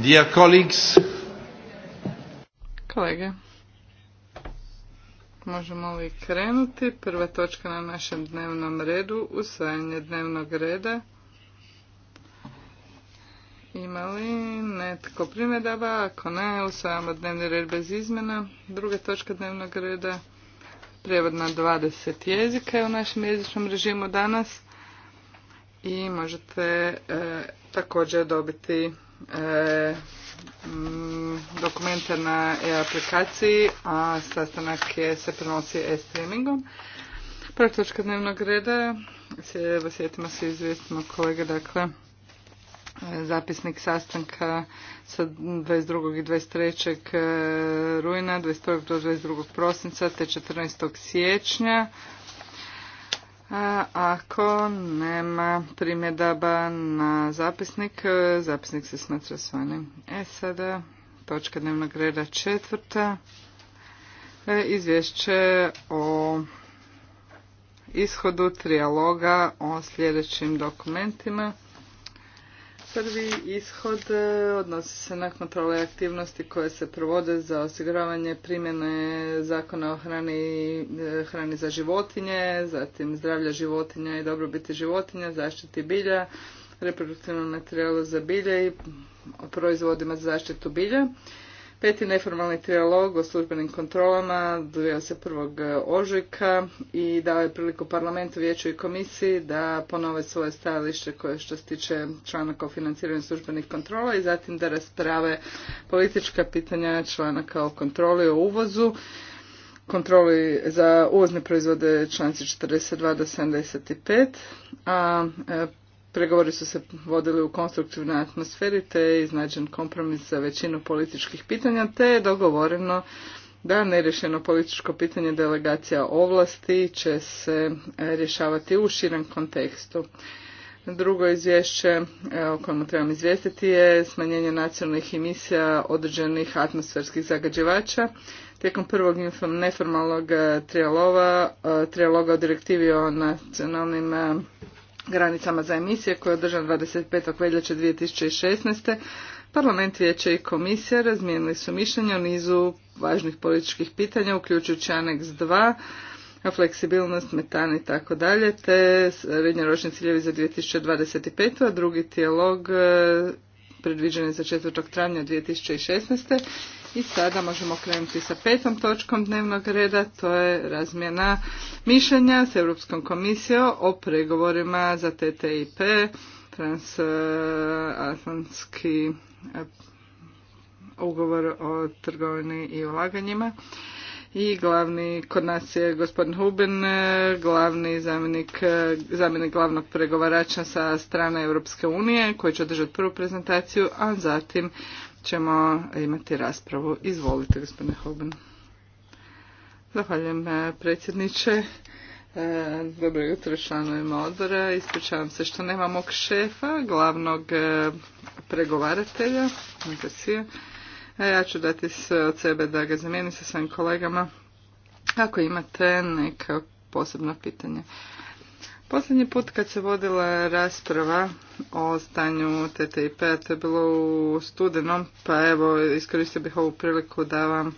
Dear colleagues. Kolege. Možemo li krenuti? Prva točka na našem dnevnom redu, usvajanje dnevnog reda. Ima li netko primjedaba? Ako ne, usvajamo dnevni red bez izmjena. Druga točka dnevnog reda, prijevod na 20 jezika je u našem jezičnom režimu danas. I možete e, također dobiti E, mm, dokumente na e-aplikaciji, a sastanak se prenosi e-streamingom. Prva točka dnevnog reda, sjetimo se izvijestimo kolege, dakle, e, zapisnik sastanka sa 22. i 23. E, rujna, 21. do 22. prosinca te 14. siječnja. A ako nema primjedaba na zapisnik, zapisnik se smatra svojim. E sada, točka dnevnog reda četvrta, e, izvješće o ishodu trijaloga o sljedećim dokumentima. Prvi ishod e, odnosi se na kontrole aktivnosti koje se provode za osiguravanje primjene zakona o hrani, e, hrani za životinje, zatim zdravlja životinja i dobrobiti životinja, zaštiti bilja, reproduktivnom materijalu za bilje i proizvodima za zaštitu bilja. Peti neformalni trijalog o službenim kontrolama dovio se 1. E, ožujka i dao je priliku parlamentu, vijeću i komisiji da ponove svoje stajalište koje što se tiče članaka o financiranju službenih kontrola i zatim da rasprave politička pitanja članaka o kontroli o uvozu kontroli za uvozne proizvode članci 42 do 75, a e, Pregovori su se vodili u konstruktivnoj atmosferi te je iznađen kompromis za većinu političkih pitanja te je dogovoreno da neriješeno političko pitanje delegacija ovlasti će se e, rješavati u širem kontekstu. Drugo izvješće e, o kojemu trebam izvijestiti je smanjenje nacionalnih emisija određenih atmosferskih zagađivača. Tijekom prvog neformalnog e, trijaloga o direktivi o nacionalnim granicama za emisije koje je održan 25. veljače 2016. Parlament, vijeće i komisija razmijenili su mišljenje o nizu važnih političkih pitanja, uključujući aneks 2, fleksibilnost, metan i tako dalje, te srednjoročni ciljevi za 2025. a drugi dijalog eh, predviđen je za 4. travnja 2016. I sada možemo krenuti sa petom točkom dnevnog reda, to je razmjena mišljenja s Europskom komisijom o pregovorima za TTIP, transatlantski eh, ugovor o trgovini i ulaganjima. I glavni, kod nas je gospodin Hubin, eh, glavni eh, zamjenik, glavnog pregovarača sa strane Europske unije, koji će održati prvu prezentaciju, a zatim ćemo imati raspravu. Izvolite, gospodine Hoban. Zahvaljujem eh, predsjedniče. Eh, dobro jutro članovima odbora. Ispričavam se što nema mog šefa, glavnog eh, pregovaratelja. Ja ću dati sve od sebe da ga zamijenim sa svojim kolegama. Ako imate neka posebna pitanja. Posljednji put kad se vodila rasprava o stanju TTIP-a, to je bilo u studenom, pa evo iskoristio bih ovu priliku da vam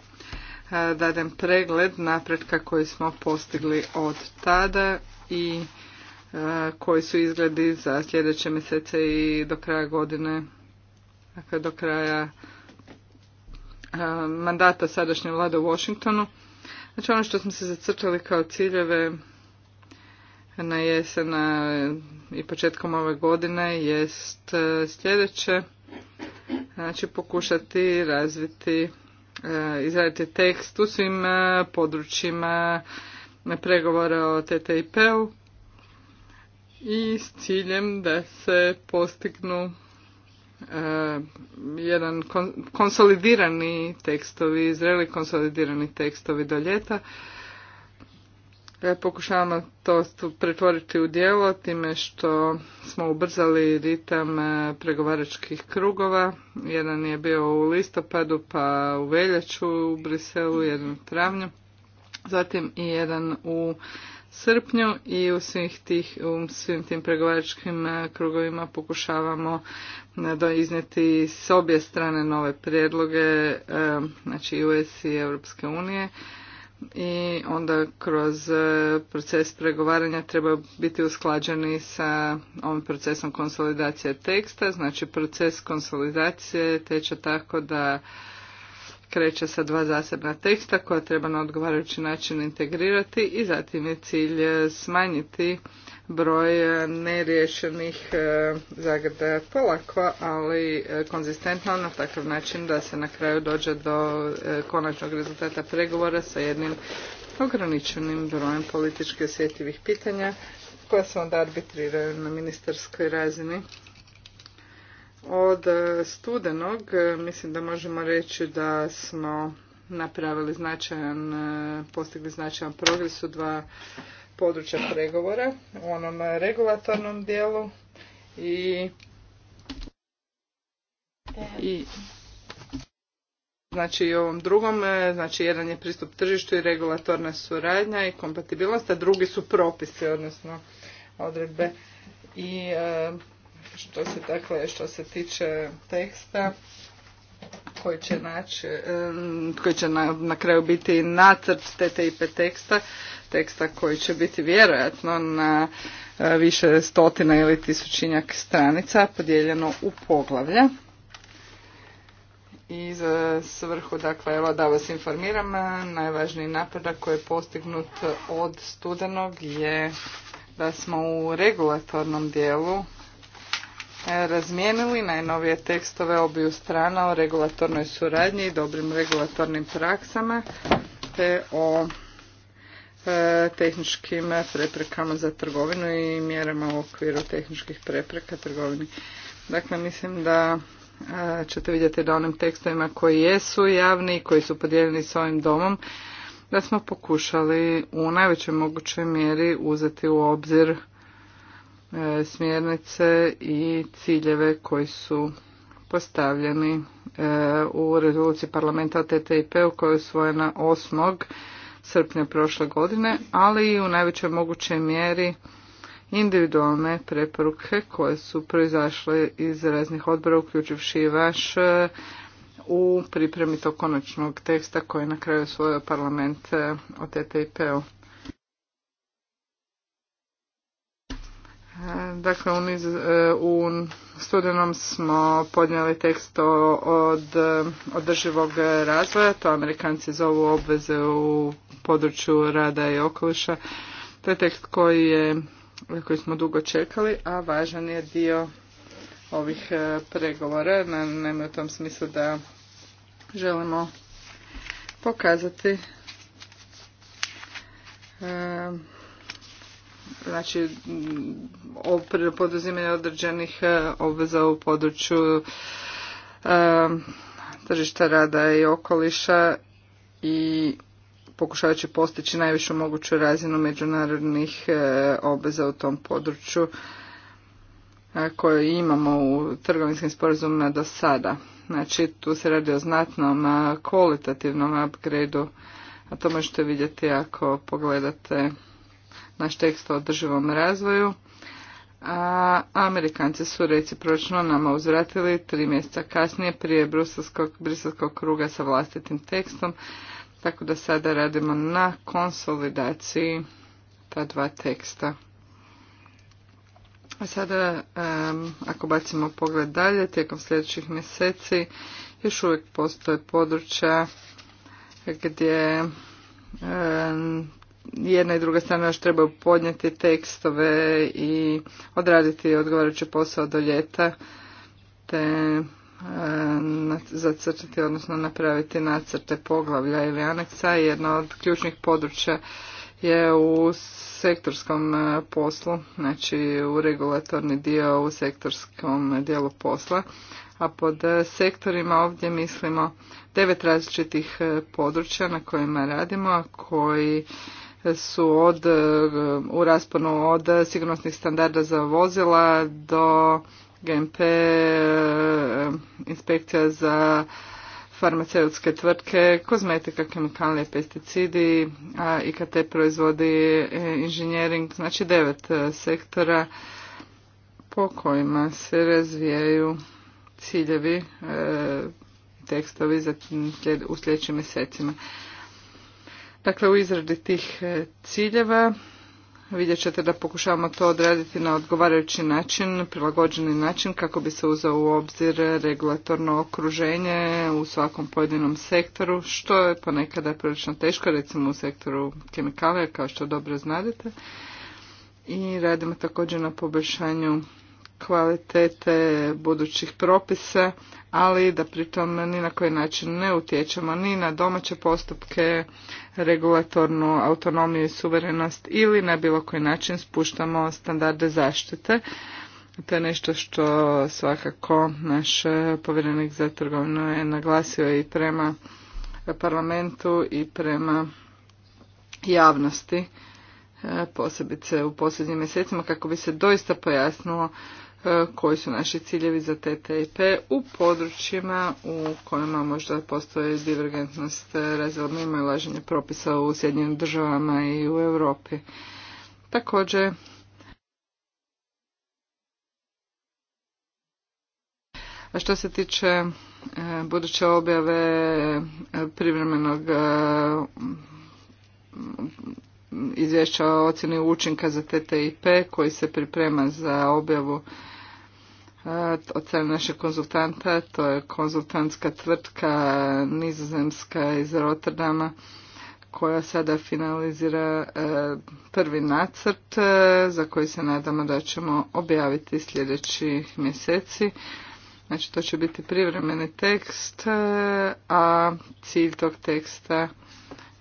dadem pregled napretka koji smo postigli od tada i koji su izgledi za sljedeće mjesece i do kraja godine, dakle do kraja mandata sadašnje vlade u Washingtonu. Znači ono što smo se zacrtali kao ciljeve na jesen i početkom ove godine jest e, sljedeće. Znači pokušati razviti, e, izraditi tekst u svim e, područjima pregovora o TTIP-u i s ciljem da se postignu jedan konsolidirani tekstovi, izreli konsolidirani tekstovi do ljeta E, pokušavamo to pretvoriti u dijelo time što smo ubrzali ritam e, pregovaračkih krugova. Jedan je bio u listopadu pa u veljaču u Briselu, jedan u travnju. Zatim i jedan u srpnju i u svih tih, u svim tim pregovaračkim e, krugovima pokušavamo iznijeti s obje strane nove prijedloge, znači US i Europske unije i onda kroz e, proces pregovaranja treba biti usklađeni sa ovim procesom konsolidacije teksta, znači proces konsolidacije teče tako da kreće sa dva zasebna teksta koja treba na odgovarajući način integrirati i zatim je cilj e, smanjiti broj e, neriješenih e, zagrada polako, ali e, konzistentno na takav način da se na kraju dođe do konačnog rezultata pregovora sa jednim ograničenim brojem politički osjetljivih pitanja koja se onda arbitriraju na ministarskoj razini. Od studenog mislim da možemo reći da smo napravili značajan, postigli značajan progres u dva područja pregovora u onom regulatornom dijelu i, i znači i ovom drugom, e, znači jedan je pristup tržištu i regulatorna suradnja i kompatibilnost, a drugi su propisi, odnosno odredbe. I e, što se dakle, što se tiče teksta koji će naći, e, koji će na, na kraju biti nacrt TTIP teksta, teksta koji će biti vjerojatno na e, više stotina ili tisućinjak stranica podijeljeno u poglavlja. I za svrhu, dakle, evo da vas informiram, najvažniji napredak koji je postignut od studenog je da smo u regulatornom dijelu e, razmijenili najnovije tekstove obiju strana o regulatornoj suradnji i dobrim regulatornim praksama te o E, tehničkim preprekama za trgovinu i mjerama u okviru tehničkih prepreka trgovini. Dakle, mislim da e, ćete vidjeti da onim tekstovima koji jesu javni i koji su podijeljeni s ovim domom, da smo pokušali u najvećoj mogućoj mjeri uzeti u obzir e, smjernice i ciljeve koji su postavljeni u rezoluciji parlamenta TTIP u koja je usvojena 8 srpnja prošle godine, ali i u najvećoj mogućoj mjeri individualne preporuke koje su proizašle iz raznih odbora, uključivši i vaš e, u pripremi tog konačnog teksta koji je na kraju svojoj parlament e, o TTIP-u. Dakle, e, u, studenom smo podnijeli tekst od e, održivog razvoja, to amerikanci zovu obveze u području rada i okoliša. To je tekst koji, je, koji smo dugo čekali, a važan je dio ovih e, pregovora. Naime, u tom smislu da želimo pokazati znači mm, poduzimanje određenih e, obveza u području e, tržišta rada i okoliša i pokušavajući postići najvišu moguću razinu međunarodnih e, obveza u tom području koje imamo u trgovinskim sporazumima do sada. Znači tu se radi o znatnom kvalitativnom upgradu a to možete vidjeti ako pogledate naš tekst o održivom razvoju. A Amerikanci su recipročno nama uzvratili tri mjeseca kasnije prije briselskog, kruga sa vlastitim tekstom, tako da sada radimo na konsolidaciji ta dva teksta. A sada, ako bacimo pogled dalje, tijekom sljedećih mjeseci još uvijek postoje područja gdje jedna i druga strana još trebaju podnijeti tekstove i odraditi odgovarajući posao do ljeta te e, zacrtati, odnosno napraviti nacrte poglavlja ili aneksa. Jedno od ključnih područja je u sektorskom e, poslu, znači u regulatorni dio u sektorskom dijelu posla, a pod e, sektorima ovdje mislimo devet različitih e, područja na kojima radimo, a koji su od, e, u rasponu od sigurnosnih standarda za vozila do GMP e, inspekcija za farmaceutske tvrtke, kozmetika, kemikalije, pesticidi, a IKT proizvodi e, inženjering, znači devet sektora po kojima se razvijaju ciljevi tekstovi za, u sljedećim mjesecima. Dakle, u izradi tih e, ciljeva vidjet ćete da pokušavamo to odraditi na odgovarajući način, prilagođeni način kako bi se uzeo u obzir regulatorno okruženje u svakom pojedinom sektoru, što je ponekada prilično teško, recimo u sektoru kemikalija, kao što dobro znadete. I radimo također na poboljšanju kvalitete budućih propisa, ali da pritom ni na koji način ne utječemo ni na domaće postupke, regulatornu autonomiju i suverenost ili na bilo koji način spuštamo standarde zaštite. To je nešto što svakako naš povjerenik za trgovinu je naglasio i prema parlamentu i prema javnosti, posebice u posljednjim mjesecima, kako bi se doista pojasnilo E, koji su naši ciljevi za TTIP u područjima u kojima možda postoji divergentnost e, razlomima i laženje propisa u Sjedinjenim državama i u Europi. Također, A što se tiče e, buduće objave privremenog izvješća o ocjeni učinka za TTIP koji se priprema za objavu E, od strane našeg konzultanta, to je konzultantska tvrtka nizozemska iz Rotterdama koja sada finalizira e, prvi nacrt e, za koji se nadamo da ćemo objaviti sljedećih mjeseci. Znači to će biti privremeni tekst, a cilj tog teksta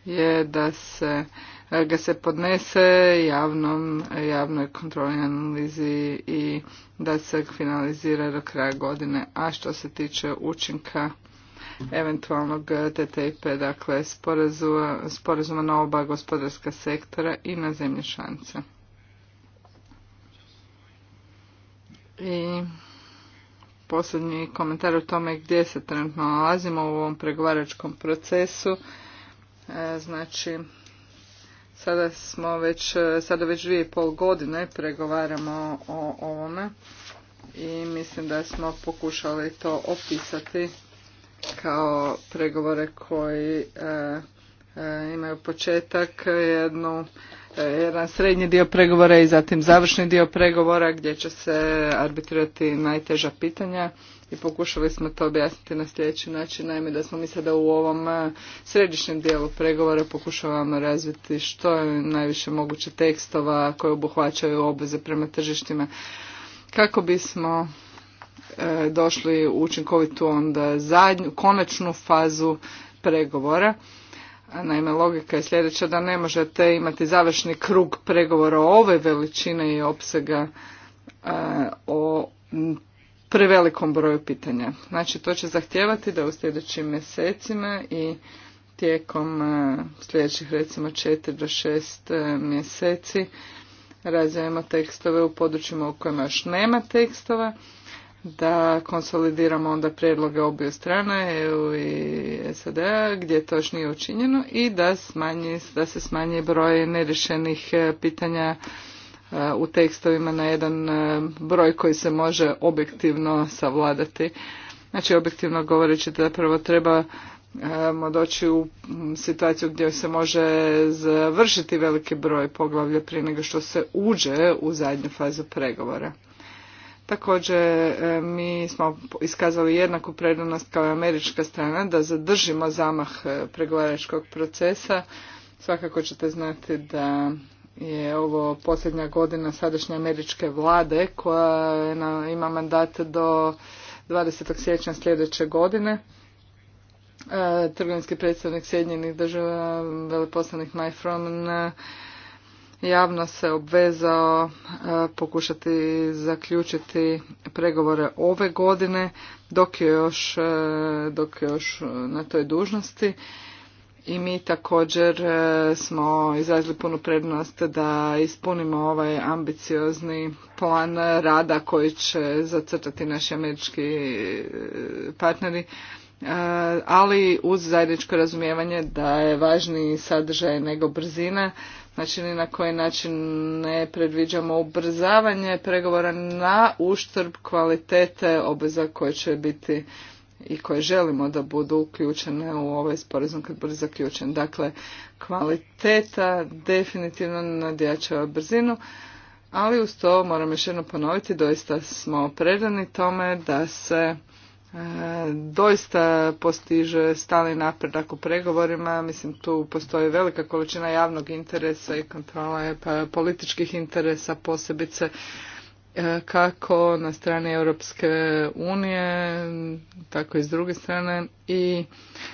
je da se E, ga se podnese javnom, javnoj kontroli analizi i da se finalizira do kraja godine. A što se tiče učinka eventualnog TTIP, dakle sporazuma, na oba gospodarska sektora i na zemlje šance. I posljednji komentar o tome gdje se trenutno nalazimo u ovom pregovaračkom procesu. E, znači, Sada smo već, e, sada već dvije i pol godine pregovaramo o ovome i mislim da smo pokušali to opisati kao pregovore koji e, e, imaju početak, jednu, jedan srednji dio pregovora i zatim završni dio pregovora gdje će se arbitrirati najteža pitanja i pokušali smo to objasniti na sljedeći način, naime da smo mi sada u ovom e, središnjem dijelu pregovora pokušavamo razviti što je najviše moguće tekstova koje obuhvaćaju obveze prema tržištima kako bismo e, došli u učinkovitu onda zadnju, konačnu fazu pregovora. Naime, logika je sljedeća da ne možete imati završni krug pregovora ove veličine i opsega e, o prevelikom broju pitanja. Znači to će zahtijevati da u sljedećim mjesecima i tijekom e, sljedećih recimo 4 do 6 e, mjeseci razvijemo tekstove u područjima u kojima još nema tekstova, da konsolidiramo onda prijedloge obje strane EU i sad gdje to još nije učinjeno i da, smanji, da se smanji broj neriješenih e, pitanja u tekstovima na jedan e, broj koji se može objektivno savladati. Znači, objektivno govoreći da prvo treba e, doći u situaciju gdje se može završiti veliki broj poglavlja prije nego što se uđe u zadnju fazu pregovora. Također e, mi smo iskazali jednaku predanost kao i američka strana da zadržimo zamah pregovaračkog procesa. Svakako ćete znati da je ovo posljednja godina sadašnje američke vlade koja ima mandat do 20. siječnja sljedeće godine. E, trgovinski predstavnik Sjedinjenih država, veleposlanik Mike Froman, javno se obvezao e, pokušati zaključiti pregovore ove godine dok e, dok je još na toj dužnosti i mi također e, smo izrazili punu prednost da ispunimo ovaj ambiciozni plan rada koji će zacrtati naši američki e, partneri, e, ali uz zajedničko razumijevanje da je važniji sadržaj nego brzina, znači ni na koji način ne predviđamo ubrzavanje pregovora na uštrb kvalitete obveza koje će biti i koje želimo da budu uključene u ovaj sporazum kad bude zaključen. Dakle, kvaliteta definitivno nadjačava brzinu, ali uz to moram još jedno ponoviti, doista smo predani tome da se e, doista postiže stalni napredak u pregovorima. Mislim, tu postoji velika količina javnog interesa i kontrola pa, političkih interesa posebice E, kako na strani Europske unije, tako i s druge strane i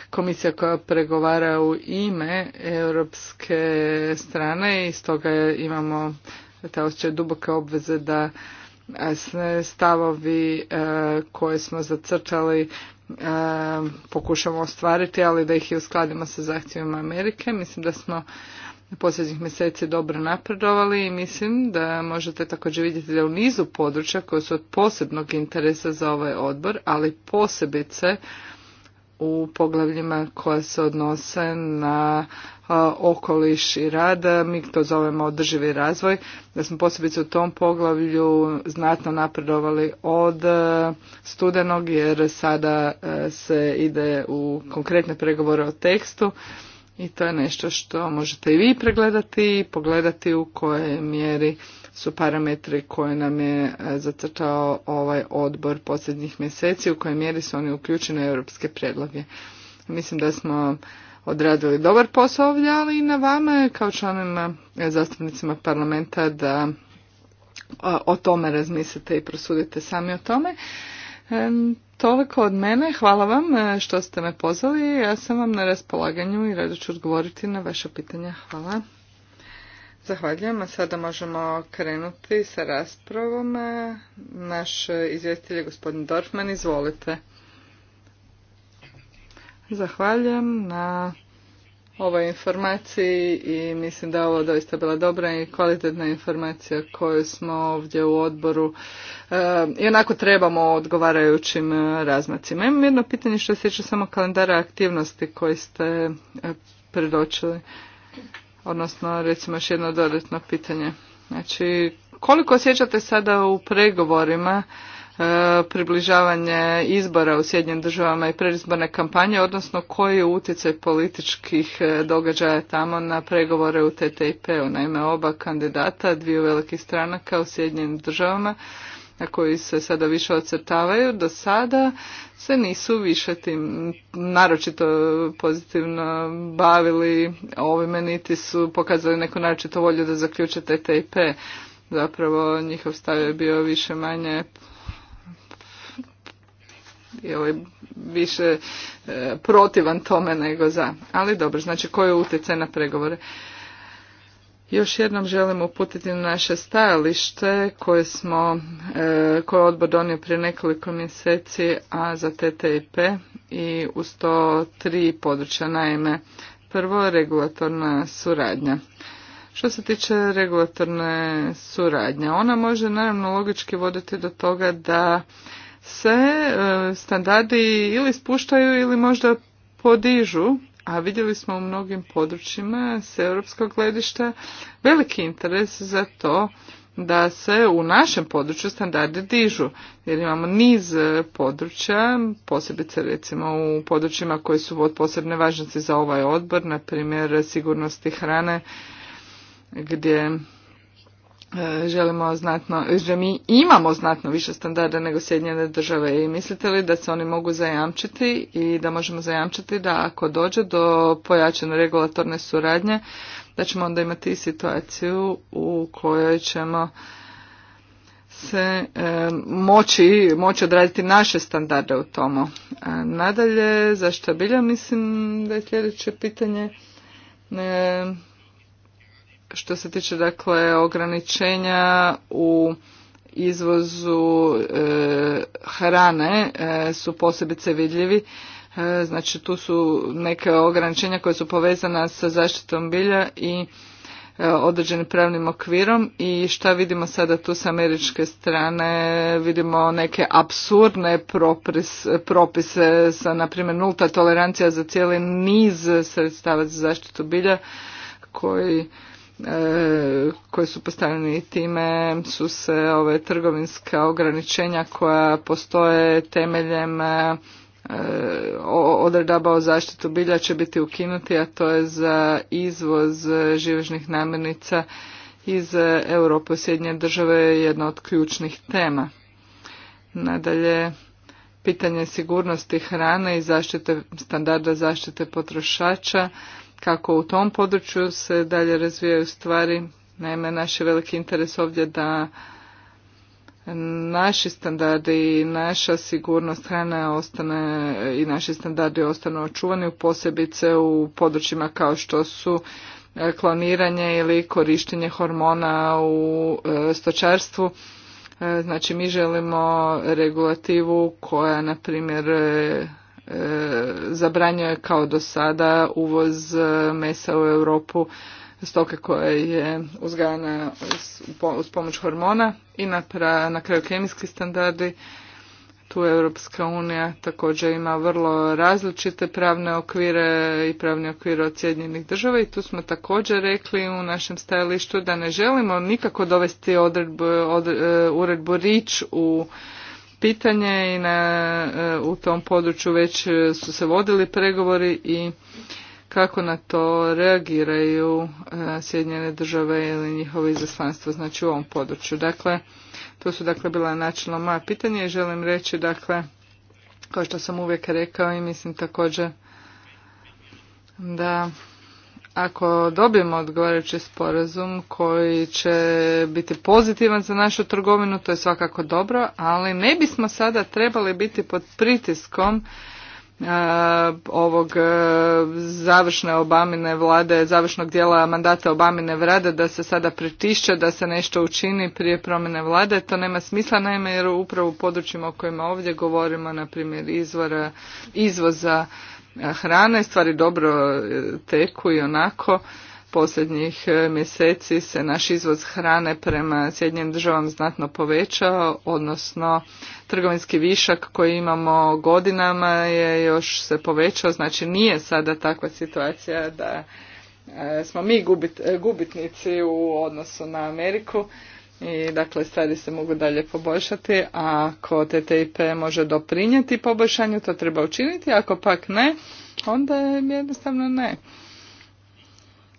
komisija koja pregovara u ime europske strane i stoga imamo te osjećaj duboke obveze da stavovi e, koje smo zacrtali e, pokušamo ostvariti, ali da ih i uskladimo sa zahtjevima Amerike. Mislim da smo posljednjih mjeseci dobro napredovali i mislim da možete također vidjeti da u nizu područja koje su od posebnog interesa za ovaj odbor, ali posebice u poglavljima koja se odnose na okoliš i rada, mi to zovemo održivi razvoj, da smo posebice u tom poglavlju znatno napredovali od studenog jer sada se ide u konkretne pregovore o tekstu i to je nešto što možete i vi pregledati i pogledati u kojoj mjeri su parametri koje nam je e, zacrtao ovaj odbor posljednjih mjeseci, u kojoj mjeri su oni uključeni u europske predloge. Mislim da smo odradili dobar posao ovdje, ali i na vama kao članima e, zastupnicima parlamenta da e, o tome razmislite i prosudite sami o tome. Toliko od mene, hvala vam e, što ste me pozvali, ja sam vam na raspolaganju i rado ću odgovoriti na vaše pitanja. Hvala. Zahvaljujem, a sada možemo krenuti sa raspravom. E, naš izvjestitelj gospodin Dorfman, izvolite. Zahvaljujem na ovoj informaciji i mislim da je ovo doista bila dobra i kvalitetna informacija koju smo ovdje u odboru e, i onako trebamo odgovarajućim e, razmacima. Imam jedno pitanje što se tiče samo kalendara aktivnosti koji ste e, predočili, odnosno recimo još jedno dodatno pitanje. Znači, koliko osjećate sada u pregovorima E, približavanje izbora u Sjednjim državama i predizborne kampanje, odnosno koji je utjecaj političkih e, događaja tamo na pregovore u TTIP-u. Naime, oba kandidata, dviju velikih stranaka u Sjednjim državama, na koji se sada više ocrtavaju, do sada se nisu više tim naročito pozitivno bavili ovime, niti su pokazali neku naročito volju da zaključe TTIP. Zapravo njihov stav je bio više manje je ovaj više e, protivan tome nego za. Ali dobro, znači koji je utjecaj na pregovore? Još jednom želim uputiti na naše stajalište koje smo, e, koje je odbor donio prije nekoliko mjeseci, a za TTIP i uz to tri područja, naime prvo regulatorna suradnja. Što se tiče regulatorne suradnje, ona može naravno logički voditi do toga da se e, standardi ili spuštaju ili možda podižu, a vidjeli smo u mnogim područjima s europskog gledišta veliki interes za to da se u našem području standardi dižu, jer imamo niz e, područja, posebice recimo u područjima koji su od posebne važnosti za ovaj odbor, na primjer sigurnosti hrane, gdje E, želimo znatno, Že mi imamo znatno više standarda nego Sjedinjene države i mislite li da se oni mogu zajamčiti i da možemo zajamčiti da ako dođe do pojačane regulatorne suradnje da ćemo onda imati situaciju u kojoj ćemo se e, moći, moći odraditi naše standarde u tomu. E, nadalje, zašto bilja mislim da je sljedeće pitanje što se tiče dakle ograničenja u izvozu e, hrane e, su posebice vidljivi. E, znači tu su neke ograničenja koja su povezana sa zaštitom bilja i određenim pravnim okvirom i šta vidimo sada tu sa američke strane, vidimo neke apsurdne propise sa na primjer nulta tolerancija za cijeli niz sredstava za zaštitu bilja koji E, koje su postavljene time su se ove trgovinska ograničenja koja postoje temeljem e, odredaba o zaštitu bilja će biti ukinuti, a to je za izvoz živežnih namirnica iz Europe u Sjedinje države je jedna od ključnih tema. Nadalje, pitanje sigurnosti hrane i zaštite, standarda zaštite potrošača kako u tom području se dalje razvijaju stvari. Naime, naš je veliki interes ovdje da naši standardi i naša sigurnost hrane ostane i naši standardi ostanu očuvani u posebice u područjima kao što su e, kloniranje ili korištenje hormona u e, stočarstvu. E, znači mi želimo regulativu koja na primjer zabranjuje kao do sada uvoz mesa u Europu stoke koja je uzgajana uz pomoć hormona i na kraju kemijski standardi. Tu Europska unija također ima vrlo različite pravne okvire i pravni okvire od Sjedinjenih država i tu smo također rekli u našem stajalištu da ne želimo nikako dovesti e, uredbu rič u pitanje i na, e, u tom području već e, su se vodili pregovori i kako na to reagiraju e, Sjedinjene države ili njihovo izaslanstvo znači u ovom području. Dakle, to su dakle bila načelno moja pitanja i želim reći dakle kao što sam uvijek rekao i mislim također da ako dobijemo odgovarajući sporazum koji će biti pozitivan za našu trgovinu, to je svakako dobro, ali ne bismo sada trebali biti pod pritiskom e, ovog e, završne Obamine vlade, završnog dijela mandata Obamine vlade da se sada pritišće, da se nešto učini prije promjene vlade. To nema smisla, naime jer upravo u područjima o kojima ovdje govorimo, na primjer izvora, izvoza, hrane, stvari dobro e, teku i onako. Posljednjih e, mjeseci se naš izvoz hrane prema Sjedinjenim državama znatno povećao, odnosno trgovinski višak koji imamo godinama je još se povećao, znači nije sada takva situacija da e, smo mi gubitnici u odnosu na Ameriku i dakle stvari se mogu dalje poboljšati, a ako e TTIP može doprinijeti poboljšanju to treba učiniti, ako pak ne, onda jednostavno ne.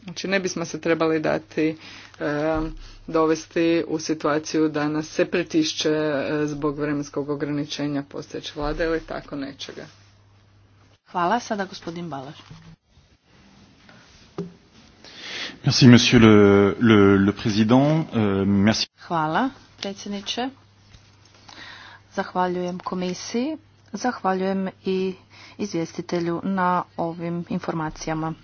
Znači ne bismo se trebali dati e, dovesti u situaciju da nas se pritišće e, zbog vremenskog ograničenja postojeće vlade ili tako nečega. Hvala sada gospodin Balaš. Euh, Hvala, predsjedniče. Zahvaljujem komisiji. Zahvaljujem i izvjestitelju na ovim informacijama.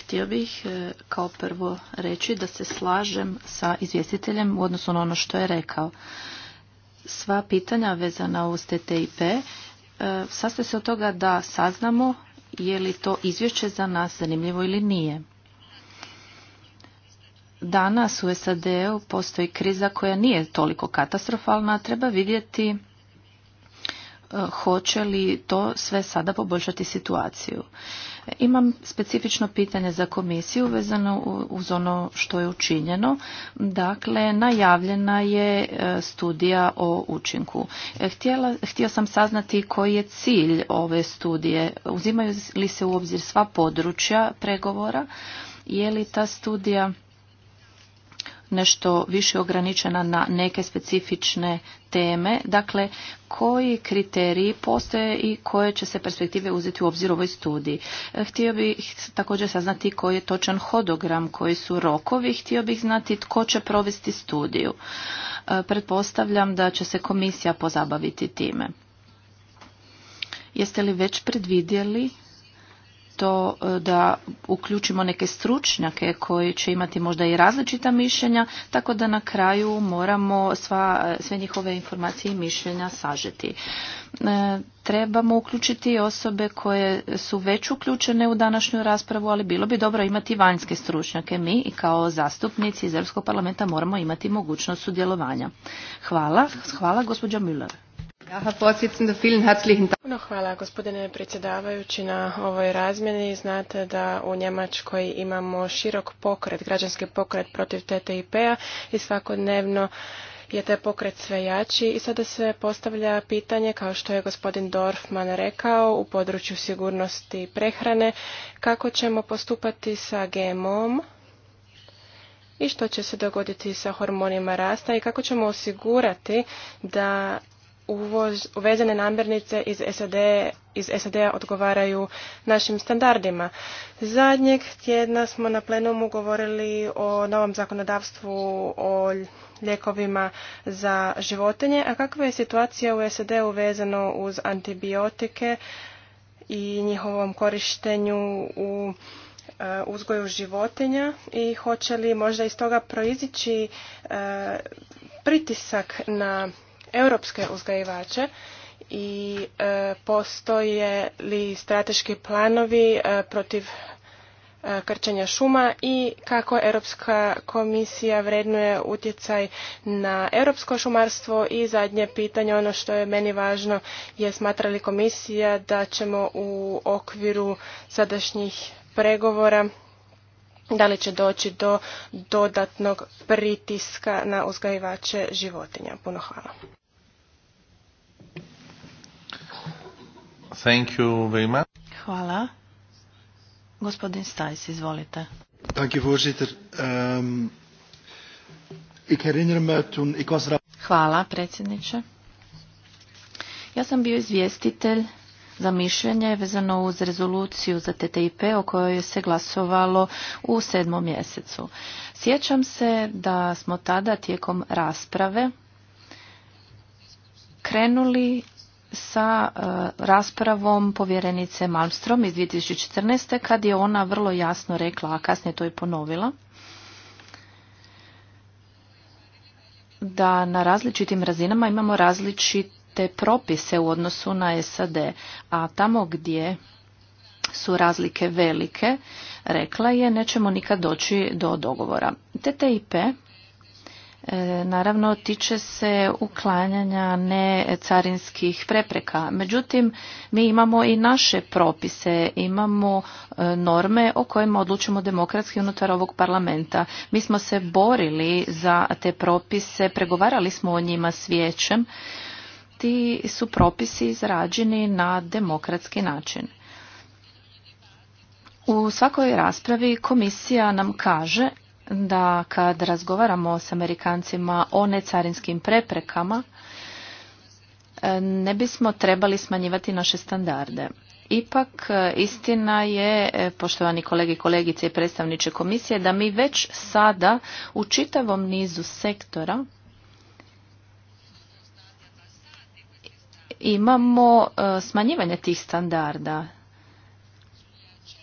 Htio bih e, kao prvo reći da se slažem sa izvjestiteljem u odnosu na ono što je rekao. Sva pitanja vezana uz TTIP e, sastoje se od toga da saznamo je li to izvješće za nas zanimljivo ili nije. Danas u SAD-u postoji kriza koja nije toliko katastrofalna, treba vidjeti E, hoće li to sve sada poboljšati situaciju. E, imam specifično pitanje za komisiju vezano uz ono što je učinjeno. Dakle, najavljena je e, studija o učinku. Htjela, htio sam saznati koji je cilj ove studije. Uzimaju li se u obzir sva područja pregovora? Je li ta studija nešto više ograničena na neke specifične teme. Dakle, koji kriteriji postoje i koje će se perspektive uzeti u obzir u ovoj studiji. E, htio bih također saznati koji je točan hodogram, koji su rokovi. Htio bih znati tko će provesti studiju. E, pretpostavljam da će se komisija pozabaviti time. Jeste li već predvidjeli to e, da uključimo neke stručnjake koji će imati možda i različita mišljenja, tako da na kraju moramo sva, e, sve njihove informacije i mišljenja sažeti. E, trebamo uključiti osobe koje su već uključene u današnju raspravu, ali bilo bi dobro imati vanjske stručnjake. Mi i kao zastupnici iz Europskog parlamenta moramo imati mogućnost sudjelovanja. Hvala, hvala gospođa Müller hvala gospodine predsjedavajući na ovoj razmjeni. Znate da u Njemačkoj imamo širok pokret, građanski pokret protiv TTIP-a i svakodnevno je taj pokret sve jači i sada se postavlja pitanje, kao što je gospodin Dorfman rekao, u području sigurnosti prehrane, kako ćemo postupati sa GMO-om i što će se dogoditi sa hormonima rasta i kako ćemo osigurati da uvoz, uvezene namirnice iz sad iz SAD odgovaraju našim standardima. Zadnjeg tjedna smo na plenumu govorili o novom zakonodavstvu o lijekovima za životinje, a kakva je situacija u sad uvezano vezano uz antibiotike i njihovom korištenju u e, uzgoju životinja i hoće li možda iz toga proizići e, pritisak na europske uzgajivače i e, postoje li strateški planovi e, protiv e, krčenja šuma i kako Europska komisija vrednuje utjecaj na europsko šumarstvo i zadnje pitanje, ono što je meni važno, je smatra li komisija da ćemo u okviru sadašnjih pregovora da li će doći do dodatnog pritiska na uzgajivače životinja. Puno hvala. Thank you very much. Hvala. Gospodin Stajs, izvolite. Dank you, voorzitter. Ehm, Hvala, predsjedniče. Ja sam bio izvjestitelj za mišljenje vezano uz rezoluciju za TTIP o kojoj se glasovalo u sedmom mjesecu. Sjećam se da smo tada tijekom rasprave krenuli sa e, raspravom povjerenice Malmstrom iz 2014. kad je ona vrlo jasno rekla, a kasnije to i ponovila, da na različitim razinama imamo različite propise u odnosu na SAD, a tamo gdje su razlike velike, rekla je, nećemo nikad doći do dogovora. TTIP E, naravno tiče se uklanjanja necarinskih prepreka. Međutim, mi imamo i naše propise, imamo e, norme o kojima odlučimo demokratski unutar ovog parlamenta. Mi smo se borili za te propise, pregovarali smo o njima s vijećem. Ti su propisi izrađeni na demokratski način. U svakoj raspravi komisija nam kaže da kad razgovaramo s Amerikancima o necarinskim preprekama, e, ne bismo trebali smanjivati naše standarde. Ipak, e, istina je, e, poštovani kolege i kolegice i predstavniče komisije, da mi već sada u čitavom nizu sektora imamo smanjivanje tih standarda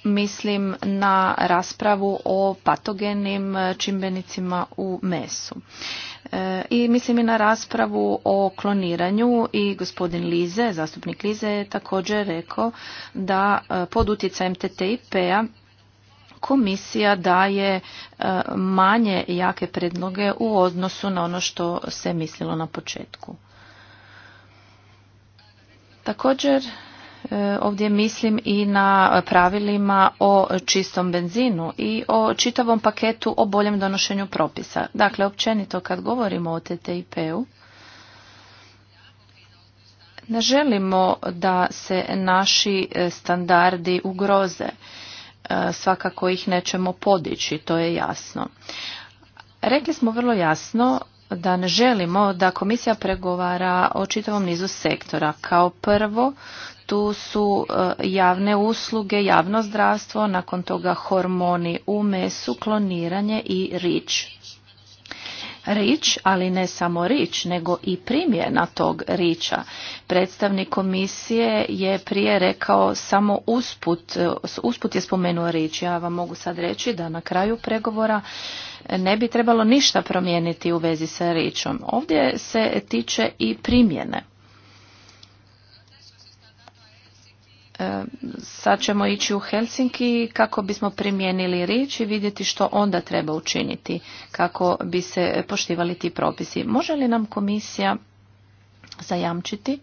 mislim na raspravu o patogenim čimbenicima u mesu. E, I mislim i na raspravu o kloniranju i gospodin Lize, zastupnik Lize je također rekao da e, pod utjecajem TTIP-a komisija daje e, manje jake predloge u odnosu na ono što se mislilo na početku. Također E, ovdje mislim i na pravilima o čistom benzinu i o čitavom paketu o boljem donošenju propisa. Dakle, općenito kad govorimo o TTIP-u, ne želimo da se naši e, standardi ugroze. E, svakako ih nećemo podići, to je jasno. Rekli smo vrlo jasno da ne želimo da komisija pregovara o čitavom nizu sektora. Kao prvo tu su e, javne usluge, javno zdravstvo, nakon toga hormoni u mesu, kloniranje i rič. Rič, ali ne samo rič, nego i primjena tog riča. Predstavnik komisije je prije rekao samo usput, e, usput je spomenuo rič. Ja vam mogu sad reći da na kraju pregovora ne bi trebalo ništa promijeniti u vezi sa ričom. Ovdje se tiče i primjene. Sad ćemo ići u Helsinki kako bismo primijenili rič i vidjeti što onda treba učiniti kako bi se poštivali ti propisi. Može li nam komisija zajamčiti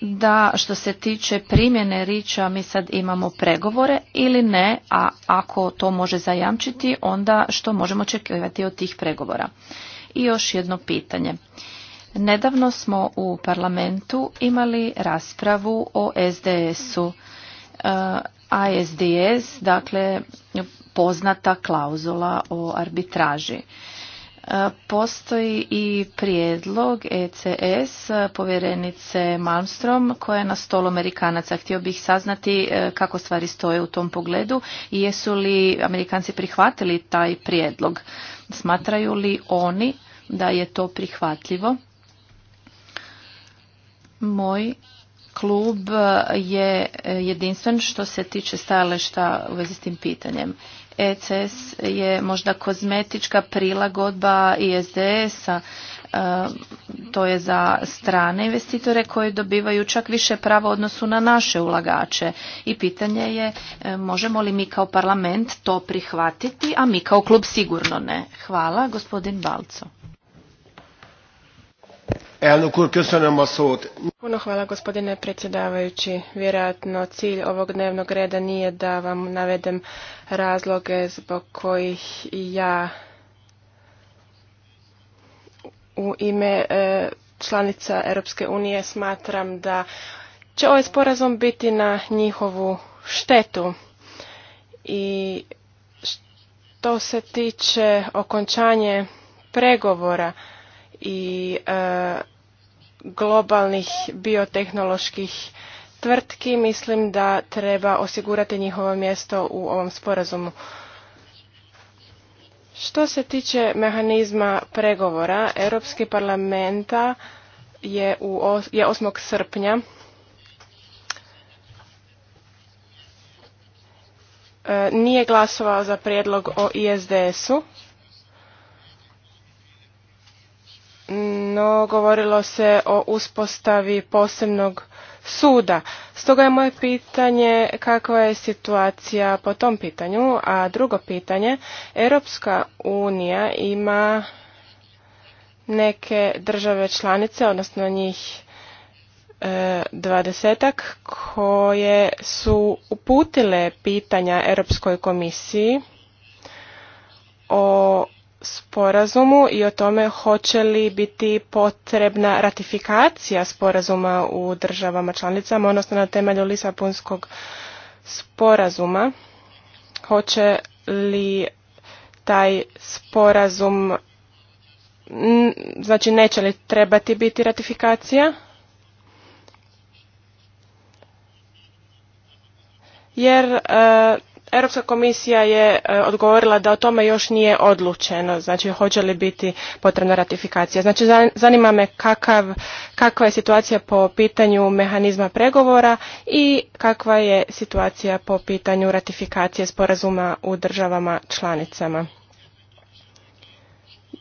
da što se tiče primjene riča mi sad imamo pregovore ili ne, a ako to može zajamčiti onda što možemo očekivati od tih pregovora. I još jedno pitanje. Nedavno smo u parlamentu imali raspravu o SDS-u. ISDS, e, dakle poznata klauzula o arbitraži. E, postoji i prijedlog ECS povjerenice Malmstrom koja je na stolu Amerikanaca. Htio bih saznati e, kako stvari stoje u tom pogledu i jesu li Amerikanci prihvatili taj prijedlog. Smatraju li oni da je to prihvatljivo? Moj klub je jedinstven što se tiče stajališta u vezi s tim pitanjem. ECS je možda kozmetička prilagodba ISDS-a. E, to je za strane investitore koji dobivaju čak više prava odnosu na naše ulagače. I pitanje je e, možemo li mi kao parlament to prihvatiti, a mi kao klub sigurno ne. Hvala, gospodin Balco. Puno hvala gospodine predsjedavajući. Vjerojatno cilj ovog dnevnog reda nije da vam navedem razloge zbog kojih ja u ime e, članica Europske unije smatram da će ovaj sporazum biti na njihovu štetu i što se tiče okončanje pregovora i e, globalnih biotehnoloških tvrtki mislim da treba osigurati njihovo mjesto u ovom sporazumu. Što se tiče mehanizma pregovora, Europski parlamenta je, u, je 8. srpnja e, nije glasovao za prijedlog o ISDS-u. no govorilo se o uspostavi posebnog suda. Stoga je moje pitanje kakva je situacija po tom pitanju, a drugo pitanje, Europska unija ima neke države članice, odnosno njih e, dvadesetak koje su uputile pitanja Europskoj komisiji o sporazumu i o tome hoće li biti potrebna ratifikacija sporazuma u državama članicama, odnosno na temelju Lisabonskog sporazuma. Hoće li taj sporazum, znači neće li trebati biti ratifikacija? Jer e, Europska komisija je e, odgovorila da o tome još nije odlučeno, znači hoće li biti potrebna ratifikacija. Znači zanima me kakva je situacija po pitanju mehanizma pregovora i kakva je situacija po pitanju ratifikacije sporazuma u državama članicama.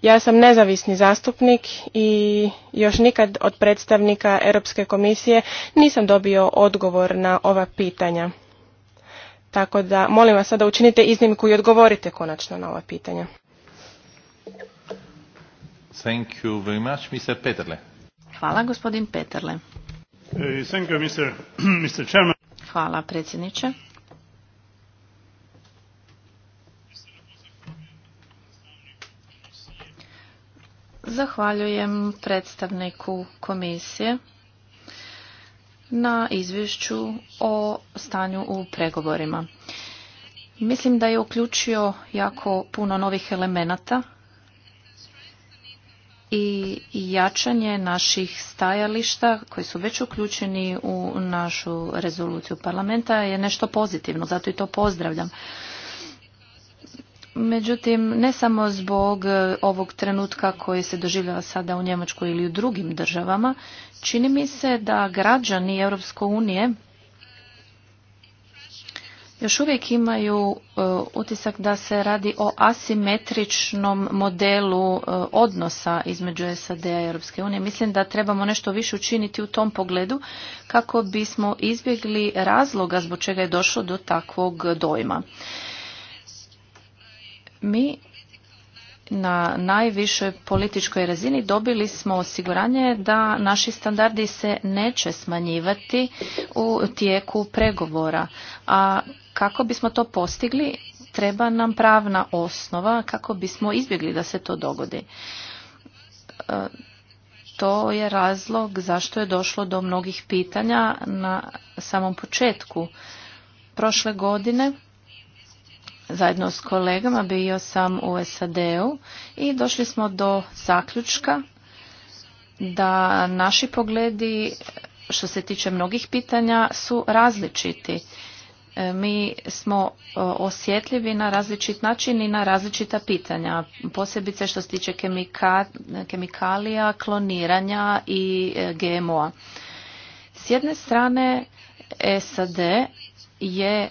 Ja sam nezavisni zastupnik i još nikad od predstavnika Europske komisije nisam dobio odgovor na ova pitanja. Tako da molim vas sada učinite iznimku i odgovorite konačno na ova pitanja. Thank you very much, Mr. Peterle. Hvala, gospodin Peterle. Thank you, Mr. Mr. Chairman. Hvala, predsjedniče. Zahvaljujem predstavniku komisije na izvješću o stanju u pregovorima. Mislim da je uključio jako puno novih elemenata i jačanje naših stajališta koji su već uključeni u našu rezoluciju parlamenta je nešto pozitivno, zato i to pozdravljam. Međutim, ne samo zbog e, ovog trenutka koji se doživljava sada u Njemačkoj ili u drugim državama, čini mi se da građani Europske unije još uvijek imaju e, utisak da se radi o asimetričnom modelu e, odnosa između SAD-a i Europske unije. Mislim da trebamo nešto više učiniti u tom pogledu kako bismo izbjegli razloga zbog čega je došlo do takvog dojma. Mi na najvišoj političkoj razini dobili smo osiguranje da naši standardi se neće smanjivati u tijeku pregovora. A kako bismo to postigli, treba nam pravna osnova kako bismo izbjegli da se to dogodi. E, to je razlog zašto je došlo do mnogih pitanja na samom početku prošle godine zajedno s kolegama, bio sam u SAD-u i došli smo do zaključka da naši pogledi što se tiče mnogih pitanja su različiti. E, mi smo e, osjetljivi na različit način i na različita pitanja, posebice što se tiče kemikalija, kloniranja i e, GMO-a. S jedne strane SAD je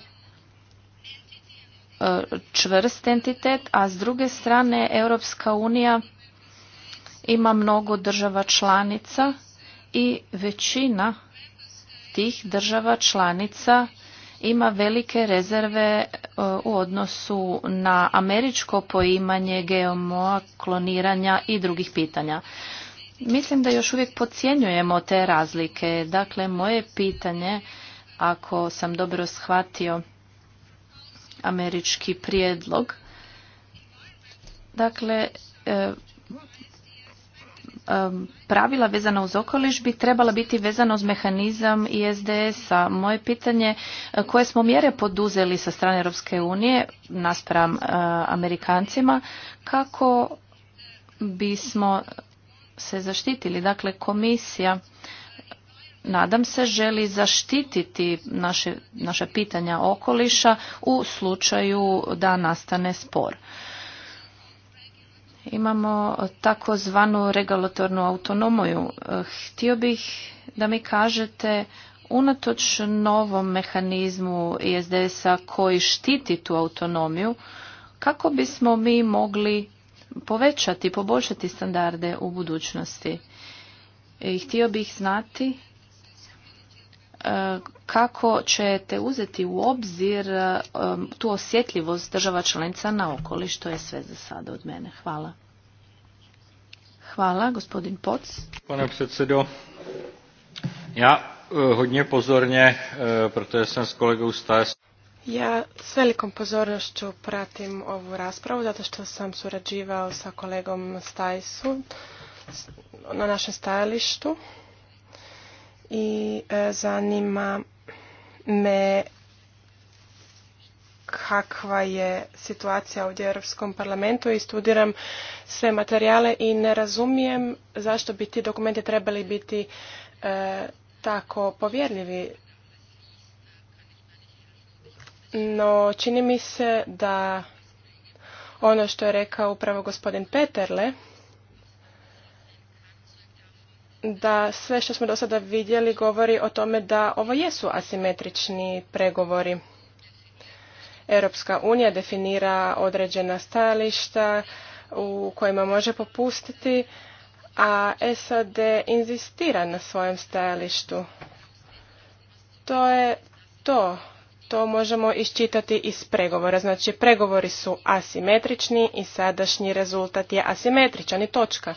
čvrst entitet, a s druge strane Europska unija ima mnogo država članica i većina tih država članica ima velike rezerve e, u odnosu na američko poimanje GMO, kloniranja i drugih pitanja. Mislim da još uvijek podcjenjujemo te razlike. Dakle, moje pitanje, ako sam dobro shvatio, američki prijedlog. Dakle, e, e, pravila vezana uz okoliš bi trebala biti vezana uz mehanizam ISDS-a. Moje pitanje e, koje smo mjere poduzeli sa strane Europske unije naspram Amerikancima kako bismo se zaštitili. Dakle, komisija nadam se, želi zaštititi naše, naša pitanja okoliša u slučaju da nastane spor. Imamo takozvanu regulatornu autonomiju. Htio bih da mi kažete unatoč novom mehanizmu ISDS-a koji štiti tu autonomiju, kako bismo mi mogli povećati, poboljšati standarde u budućnosti? I htio bih znati kako ćete uzeti u obzir um, tu osjetljivost država članica na okoliš, to je sve za sada od mene. Hvala. Hvala, gospodin Poc. ja e, pozornje, sam s Ja s velikom pozornošću pratim ovu raspravu zato što sam surađivao sa kolegom Stajsu na našem stajalištu i e, zanima me kakva je situacija ovdje u Europskom parlamentu i studiram sve materijale i ne razumijem zašto bi ti dokumenti trebali biti e, tako povjerljivi. No, čini mi se da ono što je rekao upravo gospodin Peterle, da sve što smo do sada vidjeli govori o tome da ovo jesu asimetrični pregovori. Europska unija definira određena stajališta u kojima može popustiti, a SAD inzistira na svojem stajalištu. To je to. To možemo iščitati iz pregovora. Znači, pregovori su asimetrični i sadašnji rezultat je asimetričan i točka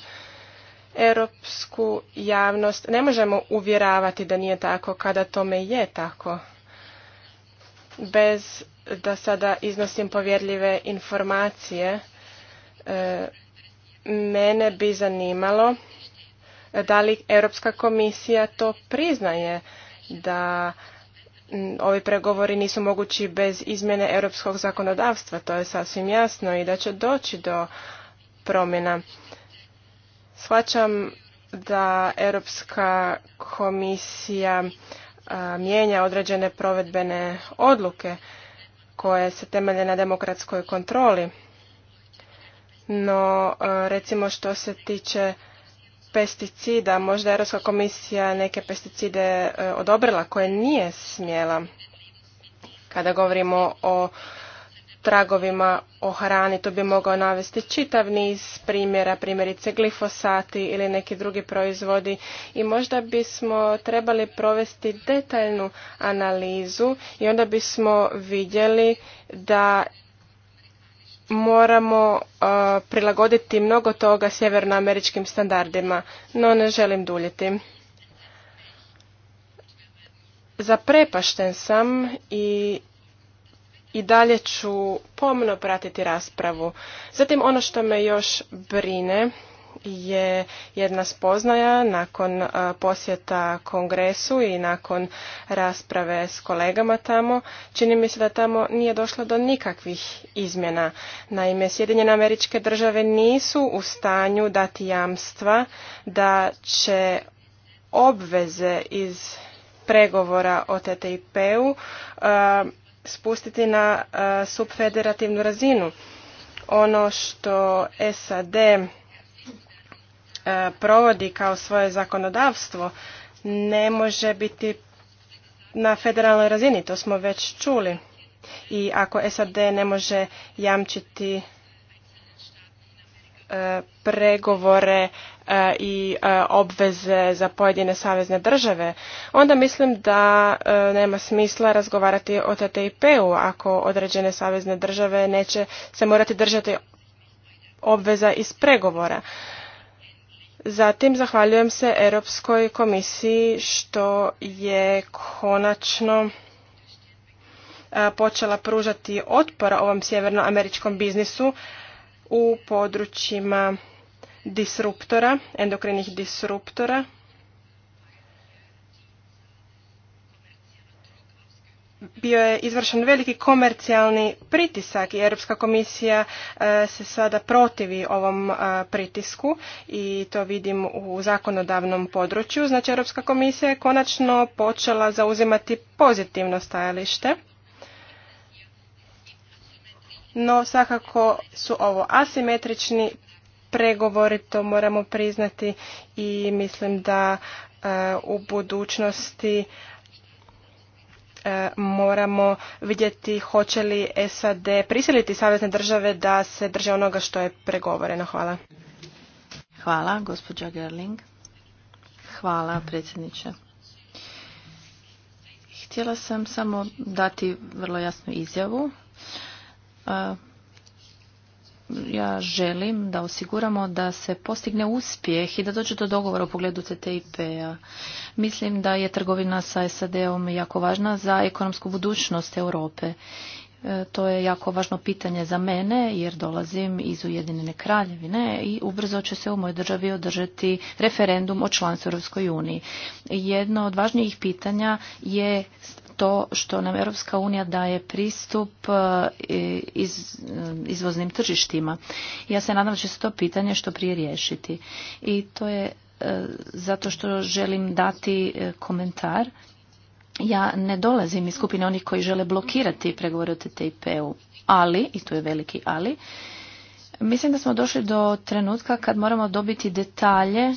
europsku javnost ne možemo uvjeravati da nije tako kada tome je tako. Bez da sada iznosim povjerljive informacije, e, mene bi zanimalo da li Europska komisija to priznaje da ovi pregovori nisu mogući bez izmjene europskog zakonodavstva, to je sasvim jasno i da će doći do promjena. Shvaćam da Europska komisija mijenja određene provedbene odluke koje se temelje na demokratskoj kontroli. No, recimo što se tiče pesticida, možda Europska komisija neke pesticide odobrila koje nije smjela. Kada govorimo o tragovima o hrani. Tu bi mogao navesti čitav niz primjera, primjerice glifosati ili neki drugi proizvodi i možda bismo trebali provesti detaljnu analizu i onda bismo vidjeli da moramo prilagoditi mnogo toga sjevernoameričkim standardima, no ne želim duljiti. Zaprepašten sam i i dalje ću pomno pratiti raspravu. Zatim ono što me još brine je jedna spoznaja nakon e, posjeta kongresu i nakon rasprave s kolegama tamo. Čini mi se da tamo nije došlo do nikakvih izmjena. Naime, Sjedinjene američke države nisu u stanju dati jamstva da će obveze iz pregovora o TTIP-u e, spustiti na e, subfederativnu razinu. Ono što SAD e, provodi kao svoje zakonodavstvo ne može biti na federalnoj razini, to smo već čuli. I ako SAD ne može jamčiti E, pregovore e, i e, obveze za pojedine savezne države, onda mislim da nema smisla razgovarati o TTIP-u ako određene savezne države neće se morati držati obveza iz pregovora. Zatim zahvaljujem se Europskoj komisiji što je konačno počela pružati otpora ovom sjevernoameričkom biznisu u područjima disruptora, endokrinih disruptora. Bio je izvršen veliki komercijalni pritisak i Europska komisija e, se sada protivi ovom e, pritisku i to vidim u zakonodavnom području. Znači Europska komisija je konačno počela zauzimati pozitivno stajalište no svakako su ovo asimetrični pregovori, to moramo priznati i mislim da e, u budućnosti e, moramo vidjeti hoće li SAD prisiliti savezne države da se drže onoga što je pregovoreno. Hvala. Hvala, gospođa Gerling. Hvala, predsjedniče. Htjela sam samo dati vrlo jasnu izjavu ja želim da osiguramo da se postigne uspjeh i da dođe do dogovora u pogledu ctip a Mislim da je trgovina sa SAD-om jako važna za ekonomsku budućnost Europe. E, to je jako važno pitanje za mene jer dolazim iz Ujedinjene kraljevine i ubrzo će se u mojoj državi održati referendum o članstvu Europskoj uniji. Jedno od važnijih pitanja je to što nam Europska unija daje pristup e, iz, e, izvoznim tržištima. Ja se nadam da će se to pitanje što prije riješiti. I to je e, zato što želim dati komentar. Ja ne dolazim iz skupine onih koji žele blokirati pregovore o TTIP-u, ali, i tu je veliki ali, mislim da smo došli do trenutka kad moramo dobiti detalje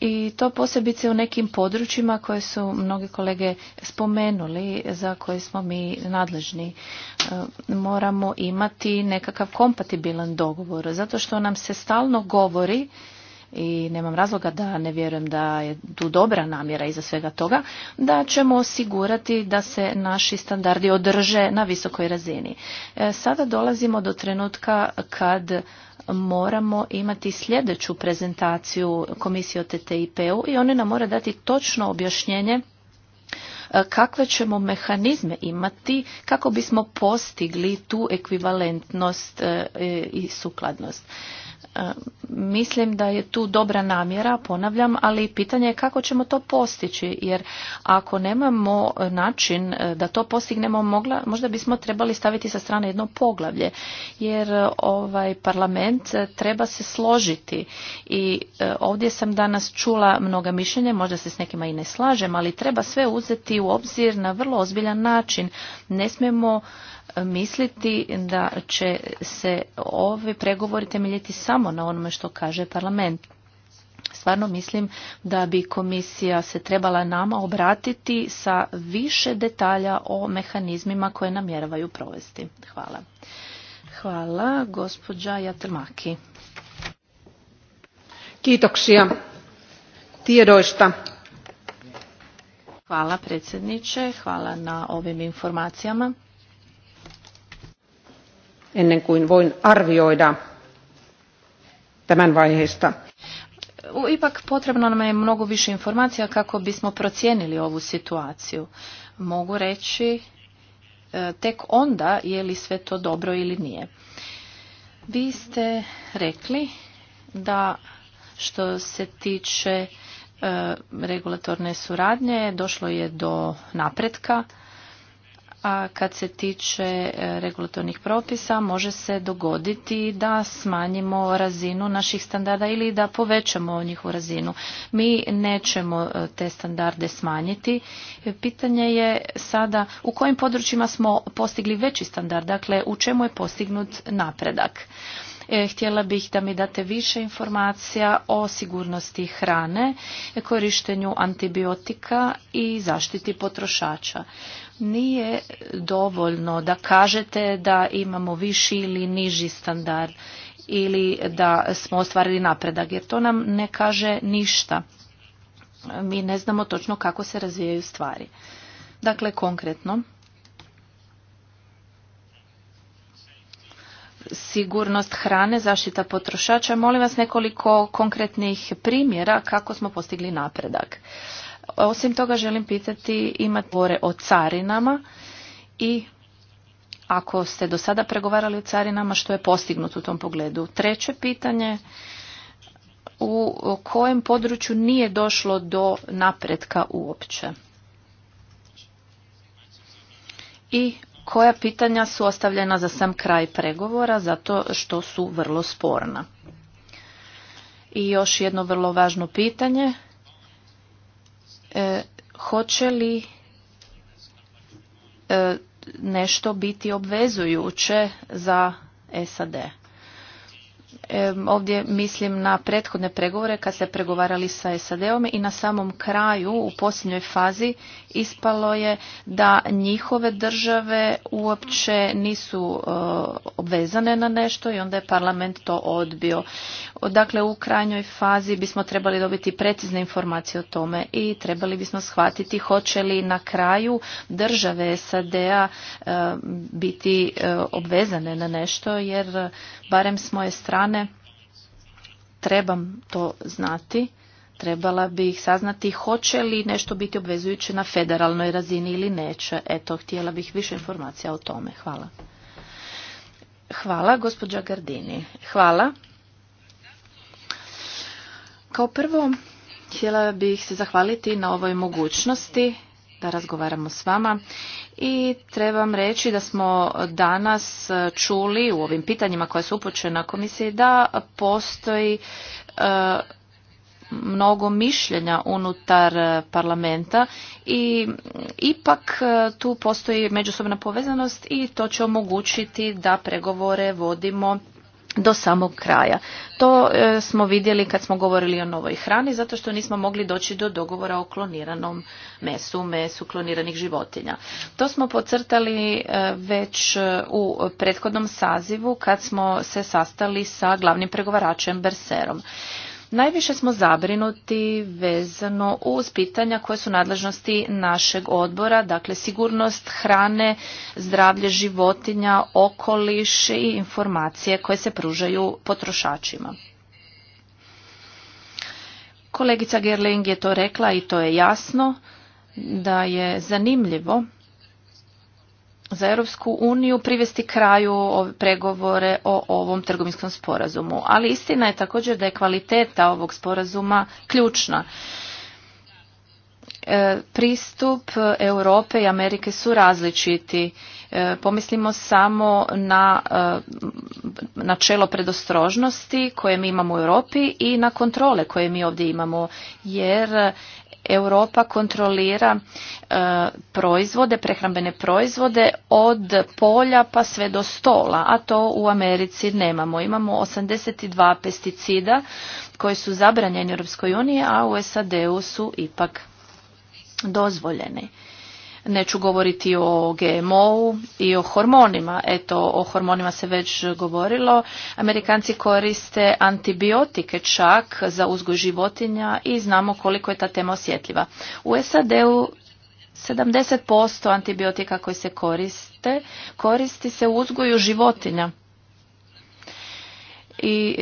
i to posebice u nekim područjima koje su mnogi kolege spomenuli za koje smo mi nadležni e, moramo imati nekakav kompatibilan dogovor zato što nam se stalno govori i nemam razloga da ne vjerujem da je tu dobra namjera iza svega toga, da ćemo osigurati da se naši standardi održe na visokoj razini. E, sada dolazimo do trenutka kad moramo imati sljedeću prezentaciju komisije o TTIP-u i ona nam mora dati točno objašnjenje e, kakve ćemo mehanizme imati kako bismo postigli tu ekvivalentnost e, i sukladnost. E, mislim da je tu dobra namjera, ponavljam, ali pitanje je kako ćemo to postići, jer ako nemamo način e, da to postignemo, mogla, možda bismo trebali staviti sa strane jedno poglavlje, jer e, ovaj parlament treba se složiti i ovdje sam danas čula mnoga mišljenja, možda se s nekima i ne slažem, ali treba sve uzeti u obzir na vrlo ozbiljan način. Ne smijemo misliti da će se ovi pregovori temeljiti samo na onome što kaže parlament. Stvarno mislim da bi komisija se trebala nama obratiti sa više detalja o mehanizmima koje namjeravaju provesti. Hvala. Hvala, gospođa Jatrmaki. Kiitoksia tiedoista. Hvala predsjedniče, hvala na ovim informacijama ennen Ipak potrebno nam je mnogo više informacija kako bismo procijenili ovu situaciju. Mogu reći e, tek onda je li sve to dobro ili nije. Vi ste rekli da što se tiče e, regulatorne suradnje došlo je do napretka a kad se tiče e, regulatornih propisa može se dogoditi da smanjimo razinu naših standarda ili da povećamo njihovu razinu. Mi nećemo e, te standarde smanjiti. E, pitanje je sada u kojim područjima smo postigli veći standard, dakle u čemu je postignut napredak. E, htjela bih da mi date više informacija o sigurnosti hrane, korištenju antibiotika i zaštiti potrošača. Nije dovoljno da kažete da imamo viši ili niži standard ili da smo ostvarili napredak, jer to nam ne kaže ništa. Mi ne znamo točno kako se razvijaju stvari. Dakle, konkretno, sigurnost hrane, zaštita potrošača. Molim vas nekoliko konkretnih primjera kako smo postigli napredak. Osim toga želim pitati imate govore o carinama i ako ste do sada pregovarali o carinama što je postignuto u tom pogledu. Treće pitanje u kojem području nije došlo do napretka uopće. I koja pitanja su ostavljena za sam kraj pregovora zato što su vrlo sporna. I još jedno vrlo važno pitanje. E, hoće li e, nešto biti obvezujuće za SAD? Ovdje mislim na prethodne pregovore kad ste pregovarali sa SAD-om i na samom kraju u posljednjoj fazi ispalo je da njihove države uopće nisu e, obvezane na nešto i onda je parlament to odbio. Dakle, u krajnjoj fazi bismo trebali dobiti precizne informacije o tome i trebali bismo shvatiti hoće li na kraju države SAD-a e, biti e, obvezane na nešto jer barem s moje strane trebam to znati, trebala bih saznati hoće li nešto biti obvezujuće na federalnoj razini ili neće. Eto, htjela bih više informacija o tome. Hvala. Hvala, gospođa Gardini. Hvala. Kao prvo, htjela bih se zahvaliti na ovoj mogućnosti razgovaramo s vama i trebam reći da smo danas čuli u ovim pitanjima koja su upućena komisiji da postoji e, mnogo mišljenja unutar parlamenta i ipak e, tu postoji međusobna povezanost i to će omogućiti da pregovore vodimo do samog kraja. To e, smo vidjeli kad smo govorili o novoj hrani, zato što nismo mogli doći do dogovora o kloniranom mesu, mesu kloniranih životinja. To smo pocrtali e, već e, u prethodnom sazivu kad smo se sastali sa glavnim pregovaračem Berserom. Najviše smo zabrinuti vezano uz pitanja koje su nadležnosti našeg odbora, dakle sigurnost hrane, zdravlje životinja, okoliš i informacije koje se pružaju potrošačima. Kolegica Gerling je to rekla i to je jasno da je zanimljivo za Europsku uniju privesti kraju pregovore o ovom trgovinskom sporazumu. Ali istina je također da je kvaliteta ovog sporazuma ključna. E, pristup Europe i Amerike su različiti. E, pomislimo samo na e, načelo predostrožnosti koje mi imamo u Europi i na kontrole koje mi ovdje imamo, jer Europa kontrolira e, proizvode, prehrambene proizvode od polja pa sve do stola, a to u Americi nemamo. Imamo 82 pesticida koji su zabranjeni u Europskoj uniji, a u SAD-u su ipak dozvoljeni. Neću govoriti o GMO-u i o hormonima. Eto, o hormonima se već govorilo. Amerikanci koriste antibiotike čak za uzgoj životinja i znamo koliko je ta tema osjetljiva. U SAD-u 70% antibiotika koji se koriste, koristi se u uzgoju životinja i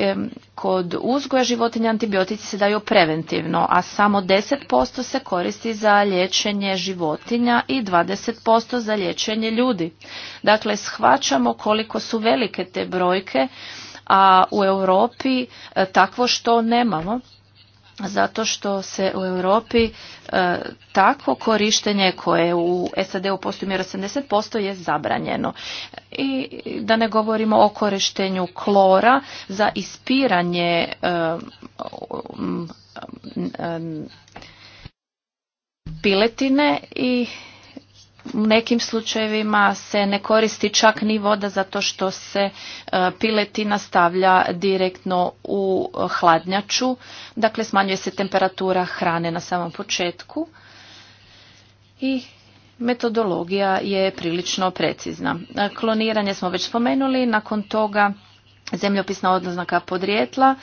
kod uzgoja životinja antibiotici se daju preventivno, a samo 10% se koristi za liječenje životinja i 20% za liječenje ljudi. Dakle, shvaćamo koliko su velike te brojke, a u Europi e, takvo što nemamo zato što se u Europi e, takvo korištenje koje u SAD-u postoji mjera 80% je zabranjeno. I da ne govorimo o korištenju klora za ispiranje e, piletine i u nekim slučajevima se ne koristi čak ni voda zato što se e, piletina stavlja direktno u e, hladnjaču. Dakle, smanjuje se temperatura hrane na samom početku i metodologija je prilično precizna. E, kloniranje smo već spomenuli, nakon toga zemljopisna oznaka podrijetla,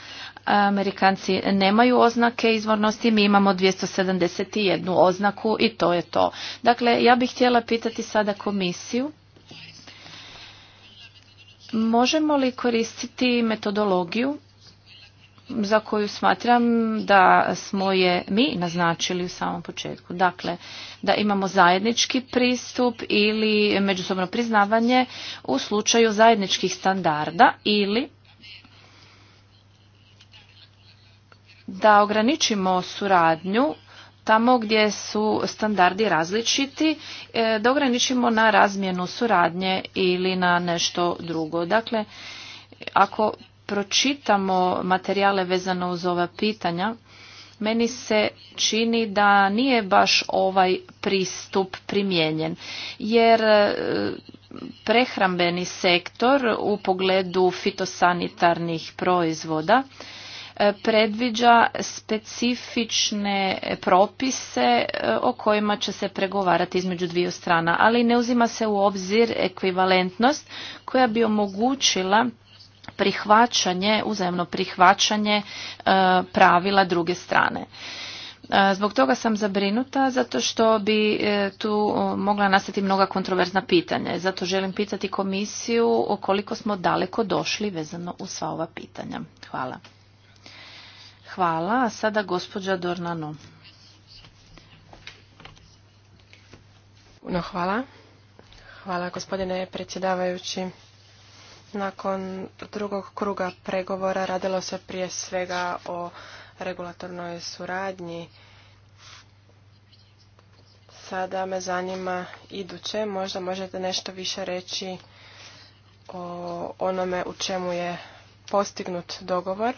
Amerikanci nemaju oznake izvornosti, mi imamo 271 oznaku i to je to. Dakle, ja bih htjela pitati sada komisiju. Možemo li koristiti metodologiju za koju smatram da smo je mi naznačili u samom početku. Dakle, da imamo zajednički pristup ili međusobno priznavanje u slučaju zajedničkih standarda ili da ograničimo suradnju tamo gdje su standardi različiti, e, da ograničimo na razmjenu suradnje ili na nešto drugo. Dakle, ako pročitamo materijale vezano uz ova pitanja, meni se čini da nije baš ovaj pristup primijenjen. Jer e, prehrambeni sektor u pogledu fitosanitarnih proizvoda predviđa specifične propise e, o kojima će se pregovarati između dviju strana, ali ne uzima se u obzir ekvivalentnost koja bi omogućila prihvaćanje, uzajemno prihvaćanje e, pravila druge strane. E, zbog toga sam zabrinuta, zato što bi tu mogla nastati mnoga kontroverzna pitanja. Zato želim pitati komisiju koliko smo daleko došli vezano u sva ova pitanja. Hvala. Hvala. A sada gospođa Dornano. No, hvala. Hvala gospodine predsjedavajući. Nakon drugog kruga pregovora radilo se prije svega o regulatornoj suradnji. Sada me zanima iduće, možda možete nešto više reći o onome u čemu je postignut dogovor.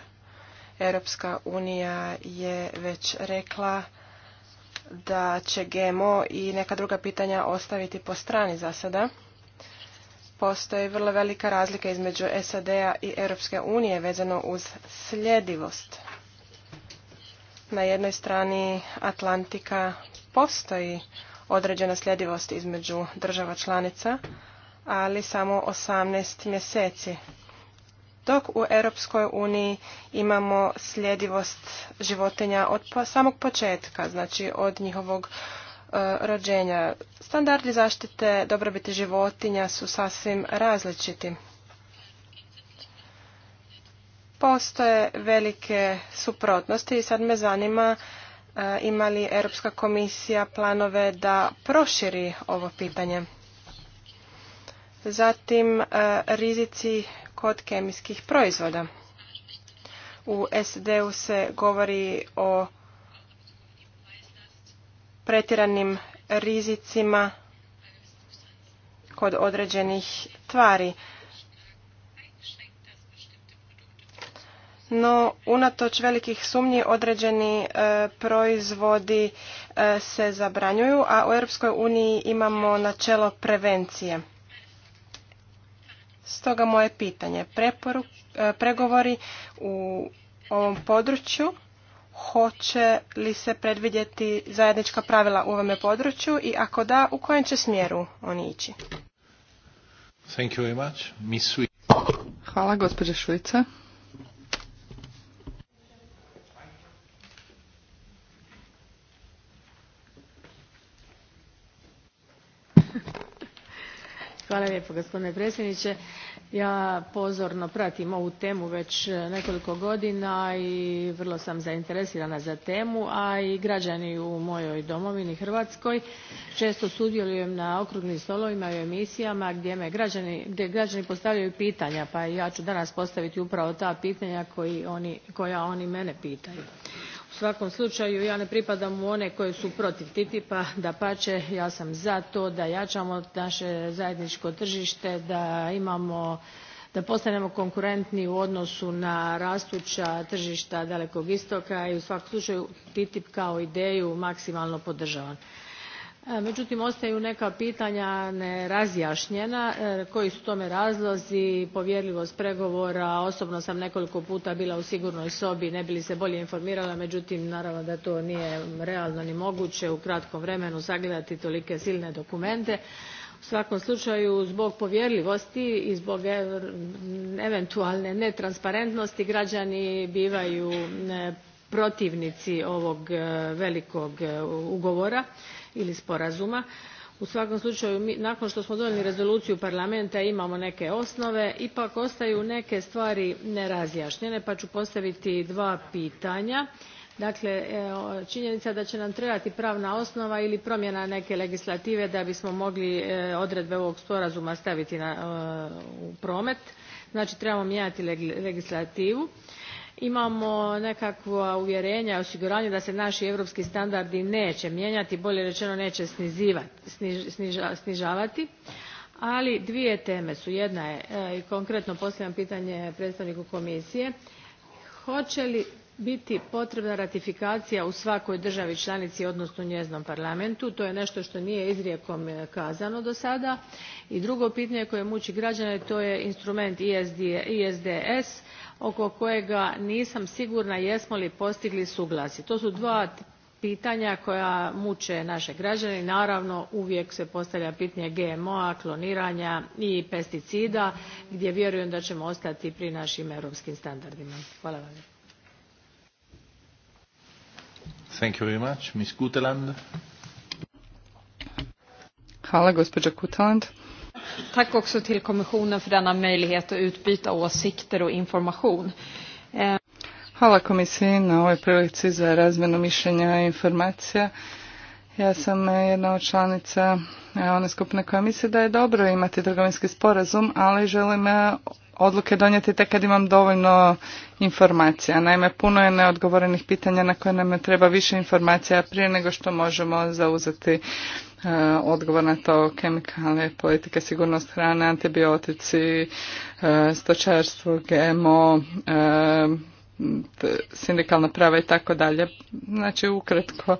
Europska unija je već rekla da će GMO i neka druga pitanja ostaviti po strani za sada. Postoji vrlo velika razlika između SAD-a i Europske unije vezano uz sljedivost. Na jednoj strani Atlantika postoji određena sljedivost između država članica, ali samo 18 mjeseci dok u Europskoj uniji imamo sljedivost životinja od samog početka, znači od njihovog e, rođenja. Standardi zaštite dobrobiti životinja su sasvim različiti. Postoje velike suprotnosti i sad me zanima e, ima li Europska komisija planove da proširi ovo pitanje. Zatim, e, rizici kod kemijskih proizvoda. U sd u se govori o pretjeranim rizicima kod određenih tvari. No, unatoč velikih sumnji određeni e, proizvodi e, se zabranjuju, a u Europskoj uniji imamo načelo prevencije. Stoga moje pitanje, e, pregovori u ovom području, hoće li se predvidjeti zajednička pravila u ovome području i ako da, u kojem će smjeru oni ići? Hvala, gospođa Hvala lijepo gospodine predsjedniče. Ja pozorno pratim ovu temu već e, nekoliko godina i vrlo sam zainteresirana za temu, a i građani u mojoj domovini Hrvatskoj. Često sudjelujem na okruglim stolovima i emisijama gdje me građani, postavljaju pitanja, pa ja ću danas postaviti upravo ta pitanja koja oni mene pitaju u svakom slučaju ja ne pripadam u one koji su protiv ttip a dapače ja sam za to da jačamo naše zajedničko tržište da postanemo konkurentni u odnosu na rastuća tržišta dalekog istoka i u svakom slučaju ttip kao ideju maksimalno podržavam. E, međutim ostaju neka pitanja nerazjašnjena e, koji su tome razlozi povjerljivost pregovora osobno sam nekoliko puta bila u sigurnoj sobi ne bi li se bolje informirala međutim naravno da to nije realno ni moguće u kratkom vremenu sagledati tolike silne dokumente. u svakom slučaju zbog povjerljivosti i zbog eventualne netransparentnosti građani bivaju e, protivnici ovog velikog ugovora ili sporazuma. u svakom slučaju nakon što smo donijeli rezoluciju parlamenta imamo neke osnove ipak ostaju neke stvari nerazjašnjene pa ću postaviti dva pitanja. dakle činjenica da će nam trebati pravna osnova ili promjena neke legislative da bismo mogli e, odredbe ovog sporazuma staviti e, u promet znači trebamo mijenjati legislativu imamo nekakva uvjerenja i osiguranja da se naši europski standardi neće mijenjati bolje rečeno neće snižavati ali dvije teme su jedna je e, i konkretno postavljam pitanje predstavniku komisije hoće li biti potrebna ratifikacija u svakoj državi članici odnosno njezinom parlamentu to je nešto što nije izrijekom e, kazano do sada i drugo pitanje koje muči građane to je instrument isds oko kojega nisam sigurna jesmo li postigli suglasje. to su dva pitanja koja muče naše građane i naravno uvijek se postavlja pitanje gmo a kloniranja i pesticida gdje vjerujem da ćemo ostati pri našim europskim standardima. hvala vam. Tack också till kommissionen för denna möjlighet att utbyta åsikter och information. Eh, Hvala komisiji na ovoj prilici za razmjenu mišljenja i informacija. Ja sam eh, jedna od članica eh, one skupine koja misli da je dobro imati trgovinski sporazum, ali želim odluke donijeti tek kad imam dovoljno informacija. Naime, puno je neodgovorenih pitanja na koje nam treba više informacija prije nego što možemo zauzeti E, odgovor na to kemikalne politike, sigurnost hrane, antibiotici, e, stočarstvo, GMO, e, sindikalna prava i tako dalje. Znači, ukratko,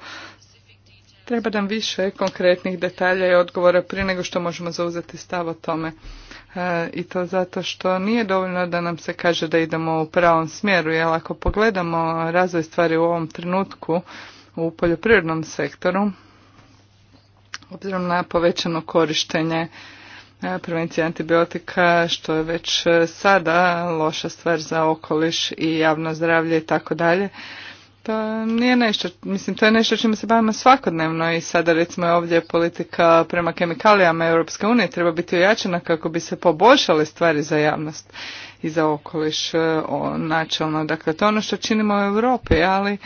treba nam više konkretnih detalja i odgovora prije nego što možemo zauzeti stav o tome. I to zato što nije dovoljno da nam se kaže da idemo u pravom smjeru, jer ako pogledamo razvoj stvari u ovom trenutku u poljoprivrednom sektoru, obzirom na povećano korištenje e, prevencije antibiotika, što je već e, sada loša stvar za okoliš i javno zdravlje i tako dalje. To nije nešto, mislim, to je nešto čime se bavimo svakodnevno i sada recimo ovdje politika prema kemikalijama Europske unije treba biti ojačana kako bi se poboljšale stvari za javnost i za okoliš e, o, načelno. Dakle, to je ono što činimo u Europi, ali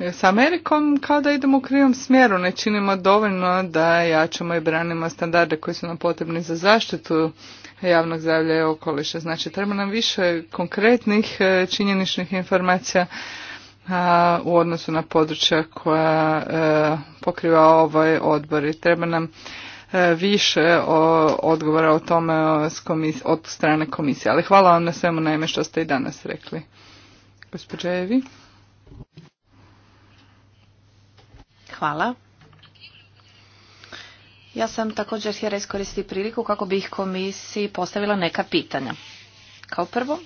s Amerikom kao da idemo u krivom smjeru, ne činimo dovoljno da jačamo i branimo standarde koji su nam potrebni za zaštitu javnog zdravlja i okoliša. Znači treba nam više konkretnih e, činjeničnih informacija u odnosu na područja koja e, pokriva ovaj odbor i treba nam e, više o, odgovora o tome s od strane komisije. Ali hvala vam na svemu naime što ste i danas rekli. Gospođa Hvala. Ja sam također htjela iskoristiti priliku kako bih komisiji postavila neka pitanja. Kao prvo,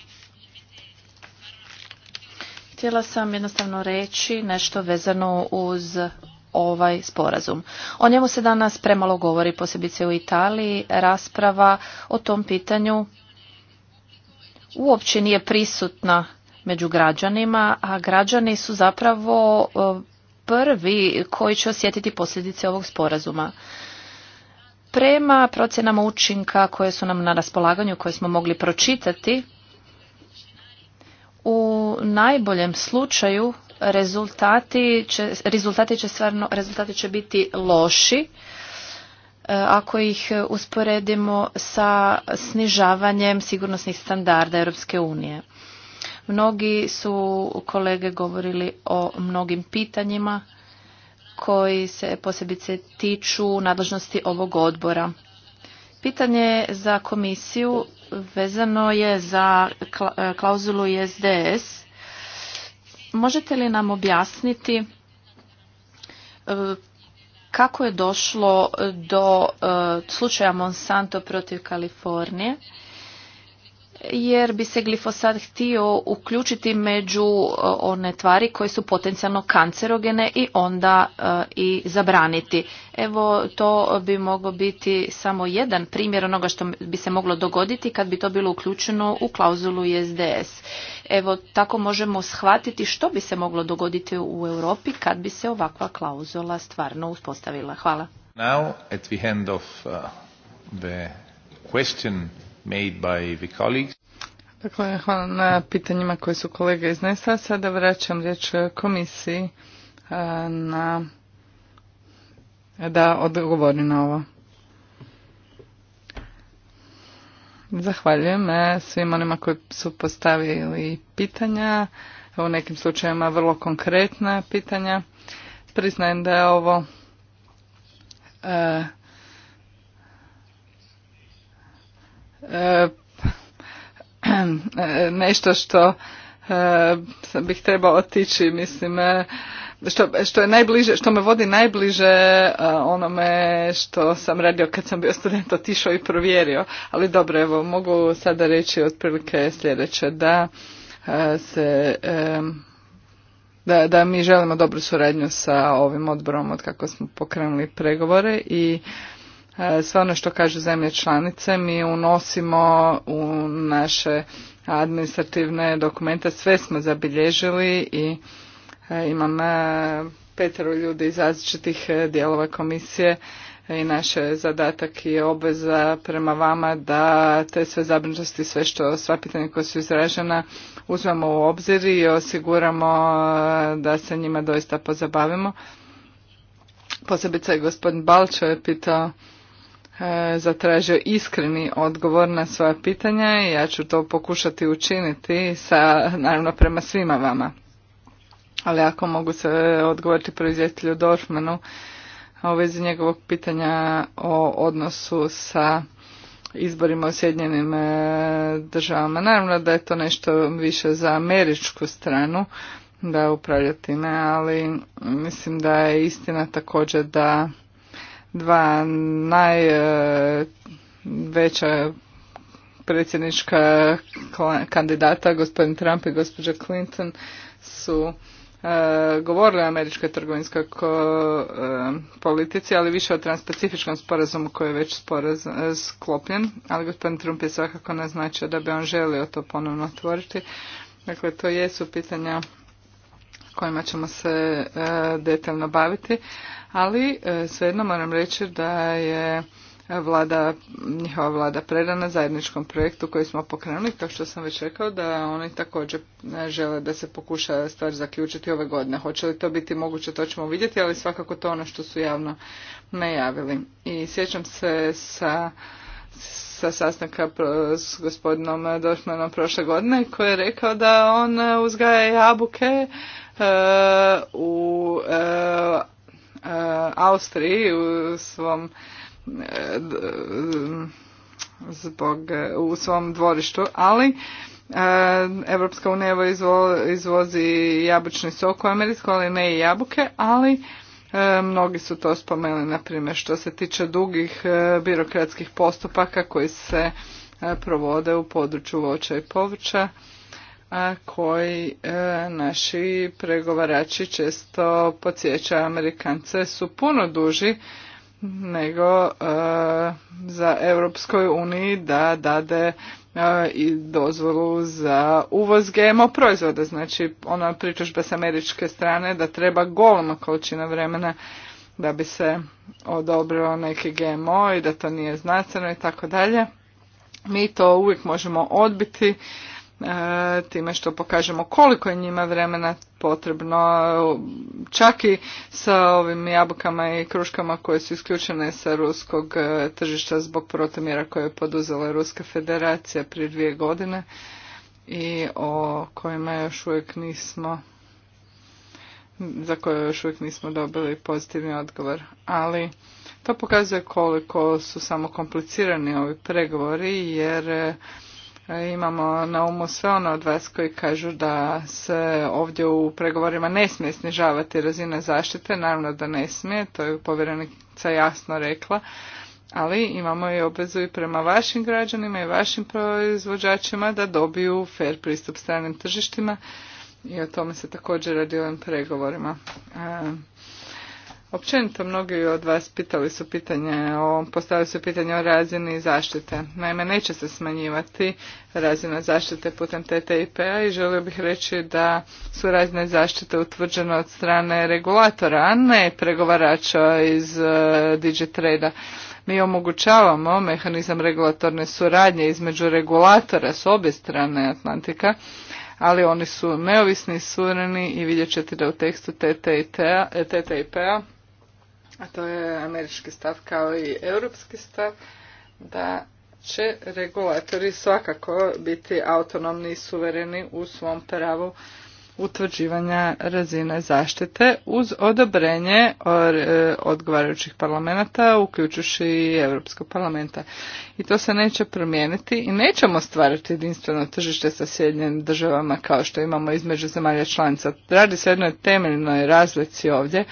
htjela sam jednostavno reći nešto vezano uz ovaj sporazum. O njemu se danas premalo govori, posebice u Italiji. Rasprava o tom pitanju uopće nije prisutna među građanima, a građani su zapravo prvi koji će osjetiti posljedice ovog sporazuma. Prema procjenama učinka koje su nam na raspolaganju, koje smo mogli pročitati, u najboljem slučaju rezultati će, rezultati će, stvarno, rezultati će biti loši e, ako ih usporedimo sa snižavanjem sigurnosnih standarda Europske unije. Mnogi su kolege govorili o mnogim pitanjima koji se posebice tiču nadležnosti ovog odbora. Pitanje za komisiju vezano je za e, klauzulu SDS. Možete li nam objasniti e, kako je došlo do e, slučaja Monsanto protiv Kalifornije jer bi se glifosat htio uključiti među e, one tvari koje su potencijalno kancerogene i onda e, i zabraniti. Evo to bi moglo biti samo jedan primjer onoga što bi se moglo dogoditi kad bi to bilo uključeno u klauzulu SDS. Evo tako možemo shvatiti što bi se moglo dogoditi u Europi kad bi se ovakva klauzula stvarno uspostavila. Hvala. Now at the of uh, the question made by the Dakle, hvala na pitanjima koje su kolege iznesla. Sada vraćam riječ komisiji na, da odgovori na ovo. Zahvaljujem e, svim onima koji su postavili pitanja, u nekim slučajevima vrlo konkretna pitanja. Priznajem da je ovo e, E, nešto što e, bih trebao otići, mislim, e, što, što, je najbliže, što me vodi najbliže onome što sam radio kad sam bio student, otišao i provjerio. Ali dobro, evo, mogu sada reći otprilike sljedeće, da se... Da, da mi želimo dobru suradnju sa ovim odborom od kako smo pokrenuli pregovore i E, sve ono što kažu zemlje članice mi unosimo u naše administrativne dokumente, sve smo zabilježili i e, imam e, petero ljudi iz različitih dijelova komisije i naš je zadatak i obveza prema vama da te sve zabrinutosti, sve što sva pitanja koja su izražena uzmemo u obzir i osiguramo da se njima doista pozabavimo. Posebice je gospodin Balčo je pitao E, zatražio iskreni odgovor na svoja pitanja i ja ću to pokušati učiniti sa, naravno prema svima vama. Ali ako mogu se odgovoriti proizvjetelju Dorfmanu u vezi njegovog pitanja o odnosu sa izborima u Sjedinjenim e, državama. Naravno da je to nešto više za američku stranu da upravljati ne, ali mislim da je istina također da dva najveća e, predsjednička kandidata, gospodin Trump i gospođa Clinton, su e, govorili o američkoj trgovinskoj e, politici, ali više o transpacifičkom sporazumu koji je već sporaz, e, sklopljen, ali gospodin Trump je svakako naznačio da bi on želio to ponovno otvoriti. Dakle, to jesu pitanja kojima ćemo se detaljno baviti, ali e, svejedno moram reći da je vlada, njihova vlada predana zajedničkom projektu koji smo pokrenuli, kao što sam već rekao, da oni također e, žele da se pokuša stvar zaključiti ove godine. Hoće li to biti moguće, to ćemo vidjeti, ali svakako to ono što su javno najavili. I sjećam se sa sa sastanka s gospodinom Došmanom prošle godine koji je rekao da on uzgaja jabuke e, u Eh, Austriji u svom eh, eh, zbog u svom dvorištu, ali Evropska unija izvozi jabučni sok u Americku, ali ne i jabuke, ali mnogi su to spomenuli, na primjer, što se tiče dugih birokratskih postupaka koji se provode u području voća i povrća a koji e, naši pregovarači često podsjeća Amerikance su puno duži nego e, za Europskoj uniji da dade e, i dozvolu za uvoz GMO proizvoda. Znači ona pritužba s američke strane da treba golema količina vremena da bi se odobrilo neki GMO i da to nije znanstveno i tako dalje. Mi to uvijek možemo odbiti E, time što pokažemo koliko je njima vremena potrebno, e, čak i sa ovim jabukama i kruškama koje su isključene sa ruskog e, tržišta zbog protomjera koje je poduzela Ruska federacija prije dvije godine i o kojima još uvijek nismo za koje još uvijek nismo dobili pozitivni odgovor. Ali to pokazuje koliko su samo komplicirani ovi pregovori jer E, imamo na umu sve ono od vas koji kažu da se ovdje u pregovorima ne smije snižavati razina zaštite, naravno da ne smije, to je povjerenica jasno rekla, ali imamo i obvezu i prema vašim građanima i vašim proizvođačima da dobiju fair pristup stranim tržištima i o tome se također radi ovim pregovorima. E, Općenito mnogi od vas pitali su pitanje o, postavili su pitanje o razini zaštite. Naime, neće se smanjivati razina zaštite putem TTIP-a i želio bih reći da su razine zaštite utvrđene od strane regulatora, a ne pregovarača iz uh, Digitrade-a. Mi omogućavamo mehanizam regulatorne suradnje između regulatora s obje strane Atlantika, ali oni su neovisni, i suvereni i vidjet ćete da u tekstu TTIP-a a to je američki stav kao i europski stav, da će regulatori svakako biti autonomni i suvereni u svom pravu utvrđivanja razine zaštite uz odobrenje e, odgovarajućih parlamenta, uključujući i Europskog parlamenta. I to se neće promijeniti i nećemo stvarati jedinstveno tržište sa Sjedinjenim državama kao što imamo između zemalja članica. Radi se jednoj temeljnoj razlici ovdje,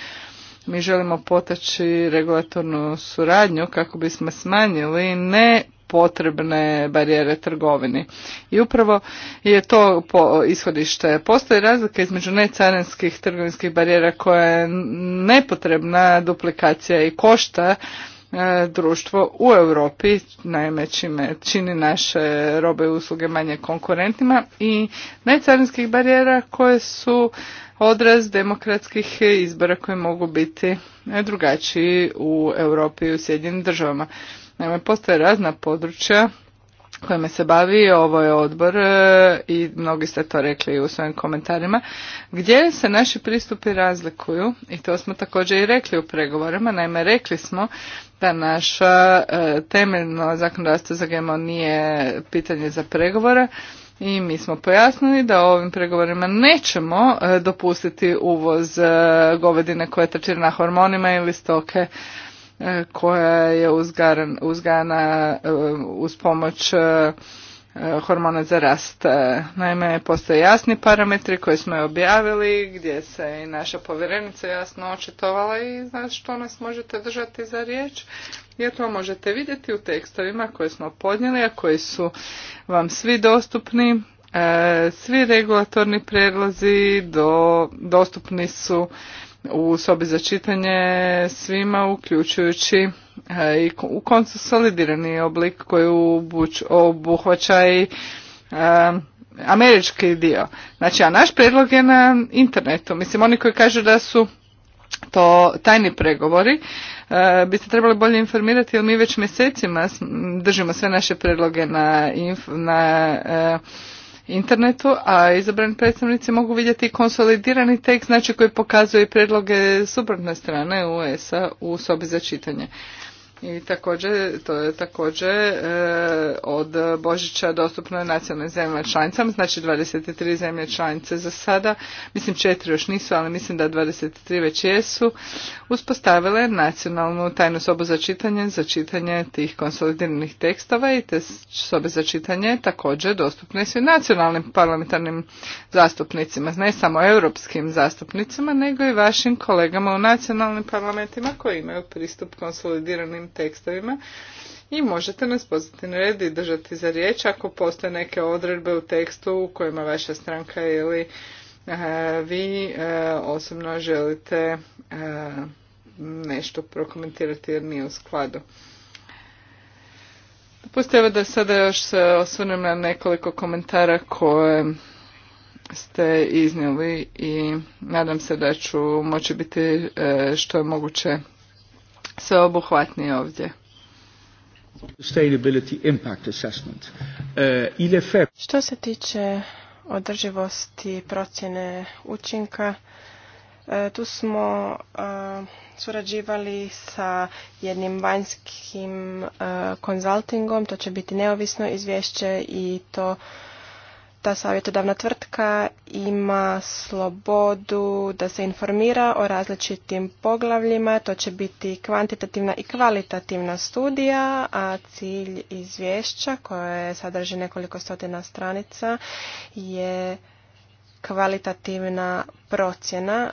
mi želimo potaći regulatornu suradnju kako bismo smanjili ne potrebne barijere trgovini. I upravo je to po ishodište. Postoji razlika između necarinskih trgovinskih barijera koja je nepotrebna duplikacija i košta E, društvo u Europi, naime čime čini naše robe i usluge manje konkurentnima i necarinskih barijera koje su odraz demokratskih izbora koji mogu biti drugačiji u Europi i u Sjedinim državama. Naime, postoje razna područja kojima se bavi, ovo ovaj je odbor e, i mnogi ste to rekli u svojim komentarima, gdje se naši pristupi razlikuju i to smo također i rekli u pregovorima. Naime, rekli smo da naša e, temeljno zakonodavstvo za GMO nije pitanje za pregovore i mi smo pojasnili da ovim pregovorima nećemo e, dopustiti uvoz govedine koja je na hormonima ili stoke E, koja je uzgana e, uz pomoć e, hormona za rast. Naime, postoje jasni parametri koje smo objavili, gdje se i naša povjerenica jasno očitovala i za što nas možete držati za riječ, jer to možete vidjeti u tekstovima koje smo podnijeli, a koji su vam svi dostupni. Svi regulatorni prijedlozi dostupni su u sobi za čitanje svima, uključujući i u koncu solidirani oblik koji obuhvaća i američki dio. Znači, a naš predlog je na internetu. Mislim, oni koji kažu da su to tajni pregovori, bi se trebali bolje informirati jer mi već mjesecima držimo sve naše predloge na, na internetu, a izabrani predstavnici mogu vidjeti konsolidirani tekst, znači koji pokazuje predloge suprotne strane us u sobi za čitanje. I također, to je također e, od Božića dostupno je nacionalnim zemljama članicama, znači 23 zemlje članice za sada, mislim četiri još nisu, ali mislim da 23 već jesu, uspostavile nacionalnu tajnu sobu za čitanje, za čitanje tih konsolidiranih tekstova i te sobe za čitanje također dostupne su i nacionalnim parlamentarnim zastupnicima, ne samo europskim zastupnicima, nego i vašim kolegama u nacionalnim parlamentima koji imaju pristup konsolidiranim tekstovima i možete nas pozvati na red i držati za riječ ako postoje neke odredbe u tekstu u kojima vaša stranka ili e, vi e, osobno želite e, nešto prokomentirati jer nije u skladu. Dopustite da sada još se osvrnem na nekoliko komentara koje ste iznijeli i nadam se da ću moći biti što je moguće sveobuhvatnije ovdje. Uh, Što se tiče održivosti procjene učinka, uh, tu smo uh, surađivali sa jednim vanjskim konzultingom, to će biti neovisno izvješće i to ta savjetodavna tvrtka ima slobodu da se informira o različitim poglavljima. To će biti kvantitativna i kvalitativna studija, a cilj izvješća koje sadrži nekoliko stotina stranica je kvalitativna procjena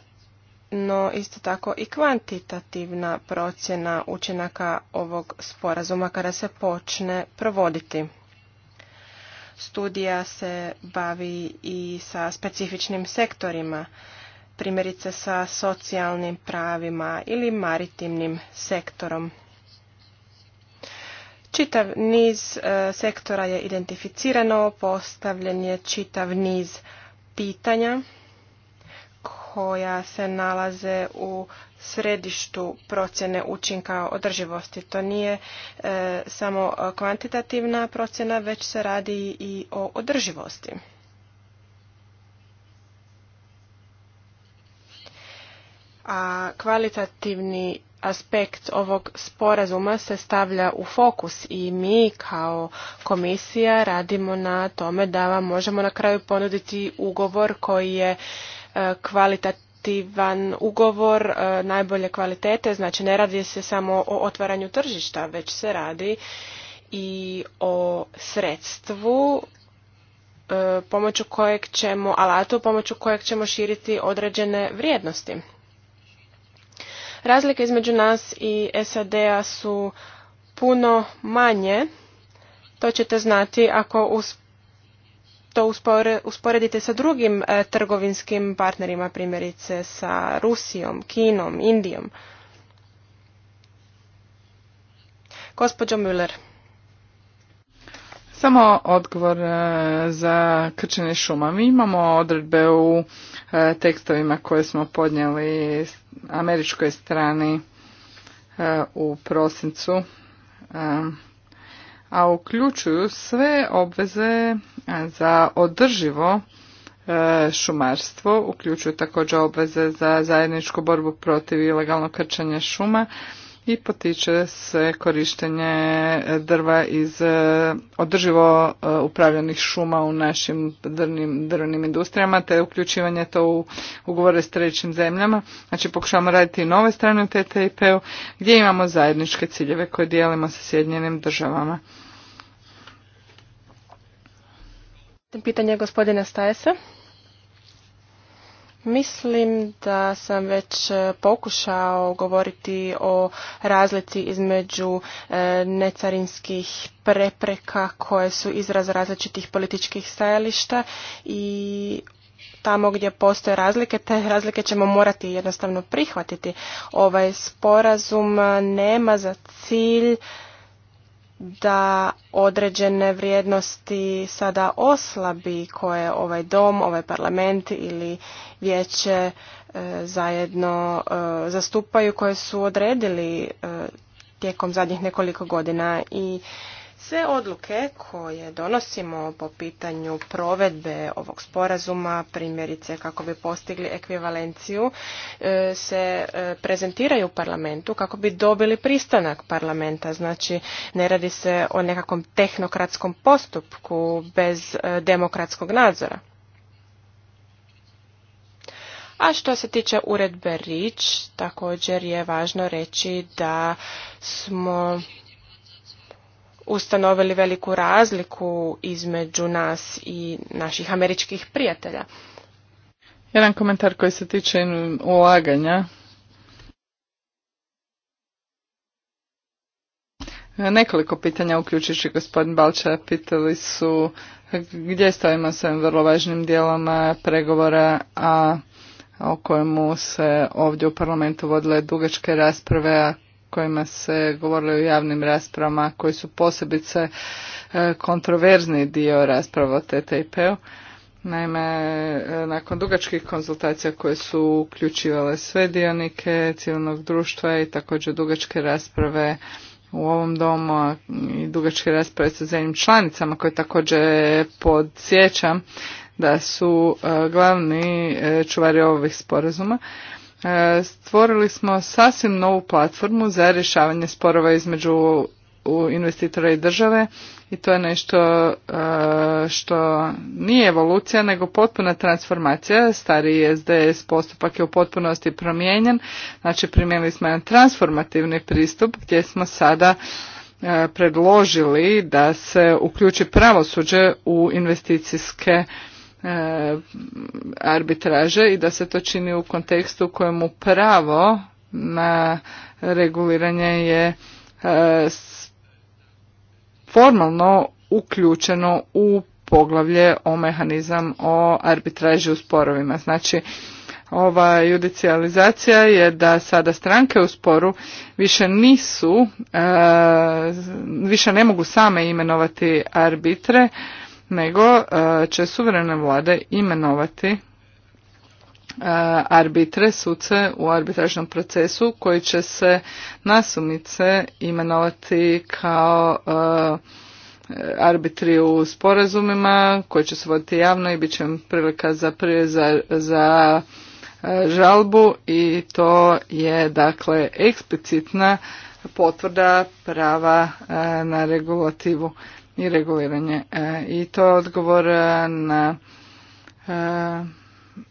no isto tako i kvantitativna procjena učinaka ovog sporazuma kada se počne provoditi studija se bavi i sa specifičnim sektorima, primjerice sa socijalnim pravima ili maritimnim sektorom. Čitav niz e, sektora je identificirano, postavljen je čitav niz pitanja koja se nalaze u središtu procjene učinka održivosti. To nije e, samo kvantitativna procjena, već se radi i o održivosti. A kvalitativni aspekt ovog sporazuma se stavlja u fokus i mi kao komisija radimo na tome da vam možemo na kraju ponuditi ugovor koji je e, kvalitativni kolektivan ugovor e, najbolje kvalitete, znači ne radi se samo o otvaranju tržišta, već se radi i o sredstvu e, pomoću kojeg ćemo, alatu pomoću kojeg ćemo širiti određene vrijednosti. Razlike između nas i SAD-a su puno manje, to ćete znati ako uz to usporedite sa drugim e, trgovinskim partnerima, primjerice sa Rusijom, Kinom, Indijom. Gospođo Müller. Samo odgovor e, za krčenje šuma. Mi imamo odredbe u e, tekstovima koje smo podnijeli američkoj strani u prosincu a uključuju sve obveze e, za održivo e, šumarstvo, uključuju također obveze za zajedničku borbu protiv ilegalnog krčanja šuma i potiče se korištenje drva iz e, održivo e, upravljanih šuma u našim drvnim, industrijama te uključivanje to u ugovore s trećim zemljama. Znači pokušavamo raditi i nove strane u TTIP-u gdje imamo zajedničke ciljeve koje dijelimo sa Sjedinjenim državama. Pitanje gospodina Stajesa. Mislim da sam već e, pokušao govoriti o razlici između e, necarinskih prepreka koje su izraz različitih političkih stajališta i tamo gdje postoje razlike, te razlike ćemo morati jednostavno prihvatiti. Ovaj sporazum nema za cilj da određene vrijednosti sada oslabi koje ovaj dom, ovaj parlament ili vijeće e, zajedno e, zastupaju koje su odredili e, tijekom zadnjih nekoliko godina i sve odluke koje donosimo po pitanju provedbe ovog sporazuma, primjerice kako bi postigli ekvivalenciju, e, se e, prezentiraju u parlamentu kako bi dobili pristanak parlamenta. Znači, ne radi se o nekakvom tehnokratskom postupku bez e, demokratskog nadzora. A što se tiče uredbe Rič, također je važno reći da smo ustanovili veliku razliku između nas i naših američkih prijatelja. Jedan komentar koji se tiče ulaganja. Nekoliko pitanja, uključujući gospodin Balča, pitali su gdje stojimo sa ovim vrlo važnim dijelom pregovora, a o kojemu se ovdje u parlamentu vodile dugačke rasprave, a kojima se govorilo u javnim raspravama, koji su posebice e, kontroverzni dio rasprava o TTIP-u. Naime, e, nakon dugačkih konzultacija koje su uključivale sve dionike civilnog društva i također dugačke rasprave u ovom domu i dugačke rasprave sa zemljim članicama koje također podsjećam da su e, glavni čuvari ovih sporazuma. E, stvorili smo sasvim novu platformu za rješavanje sporova između investitora i države i to je nešto e, što nije evolucija nego potpuna transformacija. Stari SDS postupak je u potpunosti promijenjen, znači primijenili smo jedan transformativni pristup gdje smo sada e, predložili da se uključi pravosuđe u investicijske E, arbitraže i da se to čini u kontekstu u kojemu pravo na reguliranje je e, formalno uključeno u poglavlje o mehanizam o arbitraži u sporovima. Znači, ova judicializacija je da sada stranke u sporu više nisu, e, više ne mogu same imenovati arbitre, nego e, će suverene vlade imenovati e, arbitre, suce u arbitražnom procesu koji će se nasumice imenovati kao e, arbitri u sporazumima koji će se voditi javno i bit će prilika za, za, za žalbu i to je dakle eksplicitna potvrda prava na regulativu i reguliranje. E, I to je odgovor e, na e,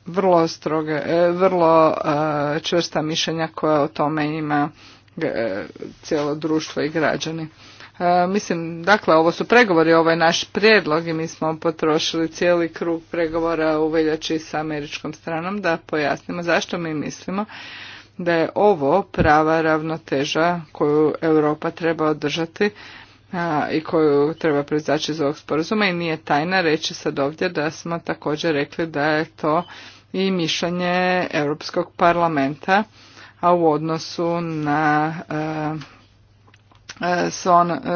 vrlo stroge, vrlo čvrsta mišljenja koja o tome ima cijelo društvo i građani. Mislim, dakle, ovo su pregovori, ovo je naš prijedlog i mi smo potrošili cijeli krug pregovora u veljači sa američkom stranom da pojasnimo zašto mi mislimo da je ovo prava ravnoteža koju Europa treba održati i koju treba proizaći iz ovog sporazuma i nije tajna reći sad ovdje da smo također rekli da je to i mišljenje Europskog parlamenta, a u odnosu na e, e,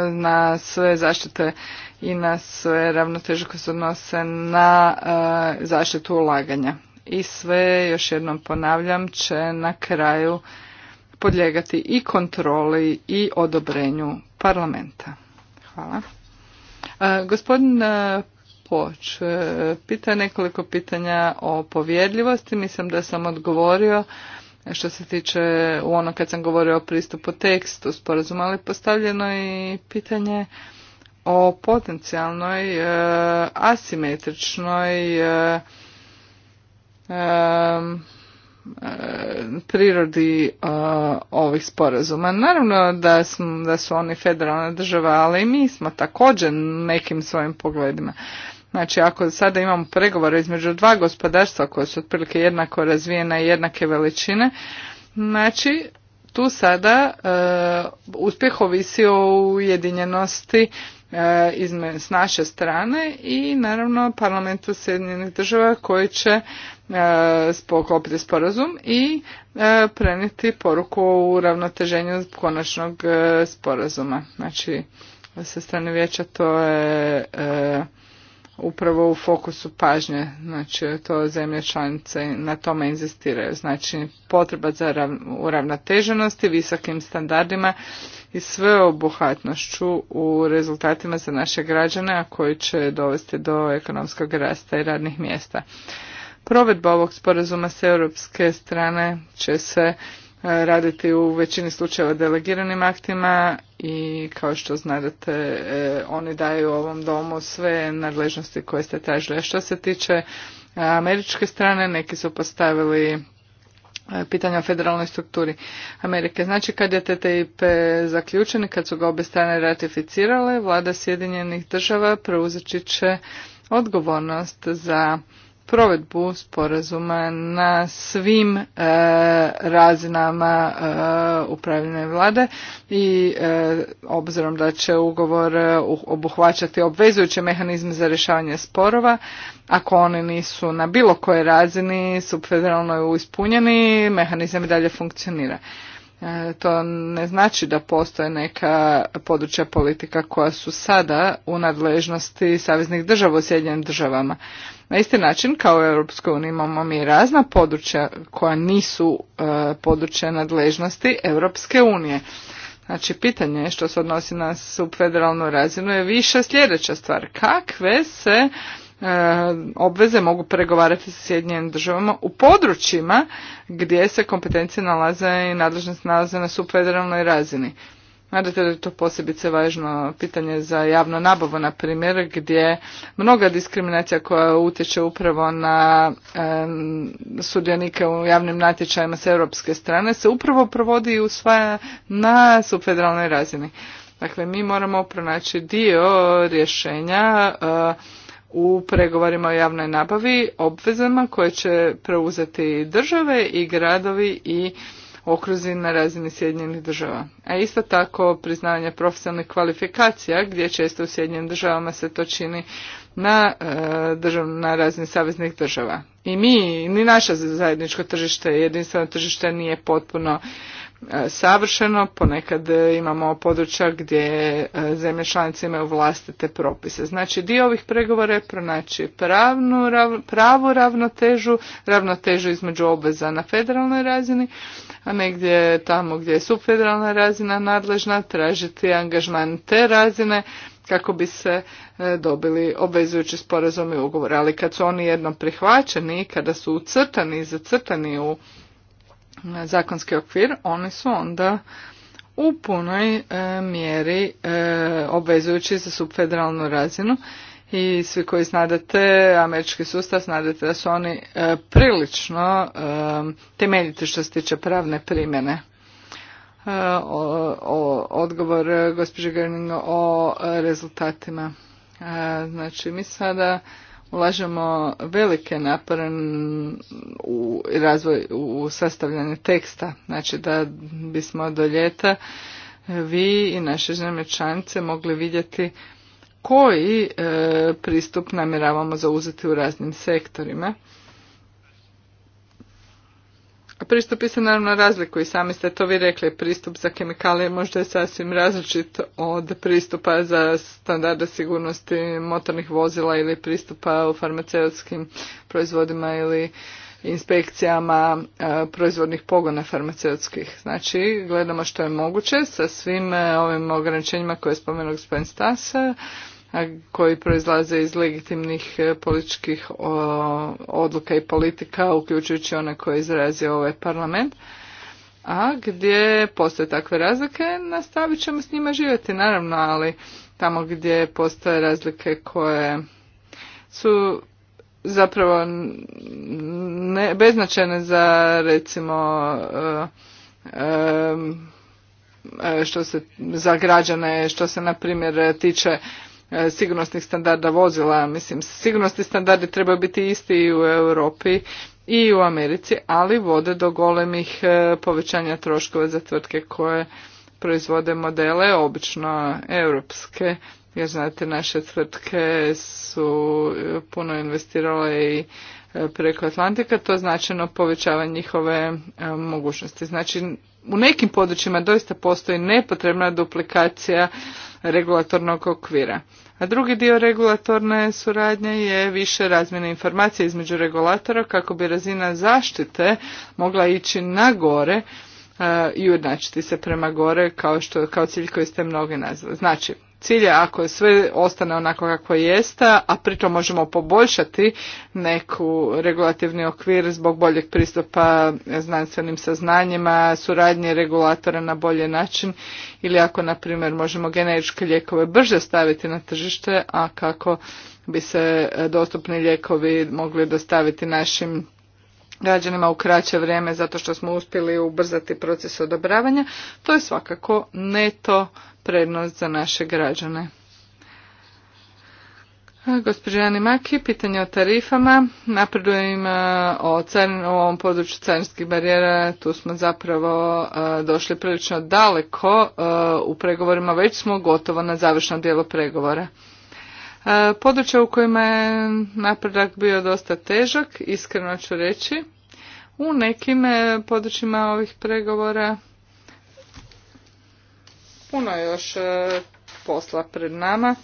e, na sve zaštite i na sve ravnoteže koje se odnose na zaštitu ulaganja. I sve, još jednom ponavljam, će na kraju podlijegati i kontroli i odobrenju parlamenta. Hvala. E, gospodin e, Poč e, pita nekoliko pitanja o povjedljivosti. Mislim da sam odgovorio što se tiče u ono kad sam govorio o pristupu tekstu sporazuma, ali postavljeno je pitanje o potencijalnoj asimetričnoj E, prirodi e, ovih sporazuma. Naravno da su, da su oni federalne države, ali i mi smo također nekim svojim pogledima. Znači, ako sada imamo pregovore između dva gospodarstva koje su otprilike jednako razvijena i jednake veličine, znači, tu sada e, uspjeh ovisi o ujedinjenosti izme, s naše strane i naravno parlamentu Sjedinjenih država koji će poklopiti e, sporazum i e, prenijeti poruku o uravnoteženju konačnog e, sporazuma. Znači, sa strane vijeća to je upravo u fokusu pažnje, znači to zemlje članice na tome inzistiraju. Znači potreba za uravnoteženosti, visokim standardima i sveobuhvatnošću u rezultatima za naše građane, a koji će dovesti do ekonomskog rasta i radnih mjesta. Provedba ovog sporazuma s europske strane će se e, raditi u većini slučajeva delegiranim aktima i kao što znate e, oni daju ovom domu sve nadležnosti koje ste tražili. A što se tiče e, američke strane, neki su postavili pitanja o federalnoj strukturi Amerike. Znači kad je TTIP zaključen i kad su ga obe strane ratificirale, vlada Sjedinjenih država preuzeći će odgovornost za provedbu sporazuma na svim e, razinama e, upravljene vlade i e, obzirom da će ugovor e, obuhvaćati obvezujuće mehanizme za rješavanje sporova, ako oni nisu na bilo kojoj razini subfederalno ispunjeni, mehanizam i dalje funkcionira. To ne znači da postoje neka područja politika koja su sada u nadležnosti saveznih država u Sjedinjenim državama. Na isti način kao u Europskoj imamo mi razna područja koja nisu e, područja nadležnosti Europske unije. Znači pitanje što se odnosi na subfederalnu razinu je više sljedeća stvar. Kakve se e, obveze mogu pregovarati sa Sjedinjenim državama u područjima gdje se kompetencije nalaze i nadležnost nalaze na subfederalnoj razini. Nadate da je to posebice važno pitanje za javnu nabavu, na primjer, gdje mnoga diskriminacija koja utječe upravo na e, sudionike u javnim natječajima s europske strane se upravo provodi i usvaja na subfederalnoj razini. Dakle, mi moramo pronaći dio rješenja eh, u pregovorima o javnoj nabavi obvezama koje će preuzeti države i gradovi i okruzi na razini Sjedinjenih država. A isto tako priznavanje profesionalnih kvalifikacija gdje često u Sjedinjenim državama se to čini na, e, držav, razini saveznih država. I mi, ni naše zajedničko tržište, jedinstveno tržište nije potpuno e, savršeno, ponekad e, imamo područja gdje zemlje članice imaju vlastite propise. Znači dio ovih pregovora je pronaći pravnu, pravu ravnotežu, ravnotežu između obveza na federalnoj razini a negdje tamo gdje je subfederalna razina nadležna tražiti angažman te razine kako bi se e, dobili obvezujući sporazumi i ugovor. Ali kad su oni jednom prihvaćeni, kada su ucrtani i zacrtani u e, zakonski okvir, oni su onda u punoj e, mjeri obvezujući za subfederalnu razinu i svi koji znadete američki sustav znadete da su oni e, prilično e, temeljiti što se tiče pravne primjene. E, o, odgovor e, gospođe Gerning o rezultatima. Znači mi sada ulažemo velike napore u razvoj u sastavljanje teksta. Znači da bismo do ljeta vi i naše zemlje mogli vidjeti koji e, pristup namjeravamo zauzeti u raznim sektorima. Pristupi se naravno razlikuju i sami ste to vi rekli, pristup za kemikalije možda je sasvim različit od pristupa za standarde sigurnosti motornih vozila ili pristupa u farmaceutskim proizvodima ili inspekcijama e, proizvodnih pogona farmaceutskih. Znači, gledamo što je moguće sa svim e, ovim ograničenjima koje je spomenuo gospodin Stasa, e, koji proizlaze iz legitimnih političkih odluka i politika, uključujući one koje izrazi izrazio ovaj parlament. A gdje postoje takve razlike, nastavit ćemo s njima živjeti, naravno, ali tamo gdje postoje razlike koje su zapravo ne, beznačajne za recimo e, e, e, što se za građane što se na primjer tiče sigurnosnih standarda vozila mislim sigurnosni standardi trebaju biti isti i u Europi i u Americi ali vode do golemih povećanja troškova za tvrtke koje proizvode modele obično europske jer znate, naše tvrtke su eh, puno investirale i eh, preko Atlantika, to značajno povećava njihove eh, mogućnosti. Znači, u nekim područjima doista postoji nepotrebna duplikacija regulatornog okvira. A drugi dio regulatorne suradnje je više razmjene informacija između regulatora kako bi razina zaštite mogla ići na gore i ujednačiti se prema gore kao, kao cilj koji ste mnogi nazvali. Znači, cilja ako sve ostane onako kako jeste, a pritom možemo poboljšati neku regulativni okvir zbog boljeg pristupa znanstvenim saznanjima, suradnje regulatora na bolji način ili ako, na primjer, možemo generičke lijekove brže staviti na tržište, a kako bi se dostupni lijekovi mogli dostaviti našim građanima u kraće vrijeme zato što smo uspjeli ubrzati proces odobravanja, to je svakako neto prednost za naše građane. Gospođa Maki, pitanje o tarifama. Napredujem e, o, o ovom području carinskih barijera. Tu smo zapravo e, došli prilično daleko e, u pregovorima. Već smo gotovo na završno dijelo pregovora. E, područja u kojima je napredak bio dosta težak, iskreno ću reći, u nekim e, područjima ovih pregovora puno je još e, posla pred nama,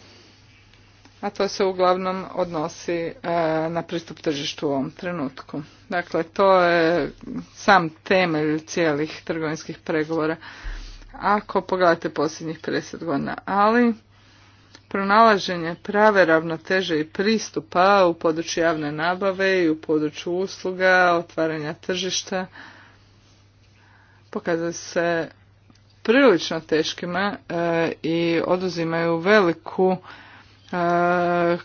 a to se uglavnom odnosi na pristup tržištu u ovom trenutku. Dakle, to je sam temelj cijelih trgovinskih pregovora. Ako pogledate posljednjih 50 godina, ali pronalaženje prave ravnoteže i pristupa u području javne nabave i u području usluga, otvaranja tržišta, pokazuje se prilično teškima e, i oduzimaju veliku e,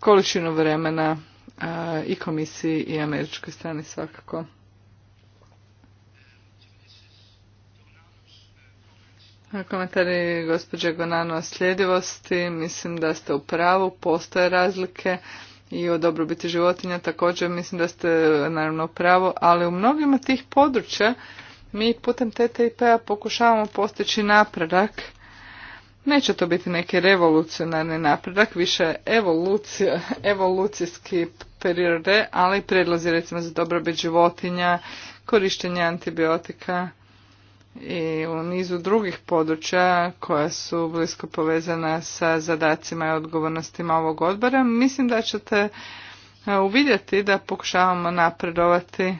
količinu vremena e, i komisiji i američkoj strani svakako. Komentari gospođe Gonano o sljedivosti. Mislim da ste u pravu, postoje razlike i o dobrobiti životinja također mislim da ste naravno u pravu, ali u mnogima tih područja mi putem TTIP-a pokušavamo postići napredak. Neće to biti neki revolucionarni napredak, više evolucijski periode, ali predlazi recimo za dobrobit životinja, korištenje antibiotika, i u nizu drugih područja koja su blisko povezana sa zadacima i odgovornostima ovog odbora, mislim da ćete e, uvidjeti da pokušavamo napredovati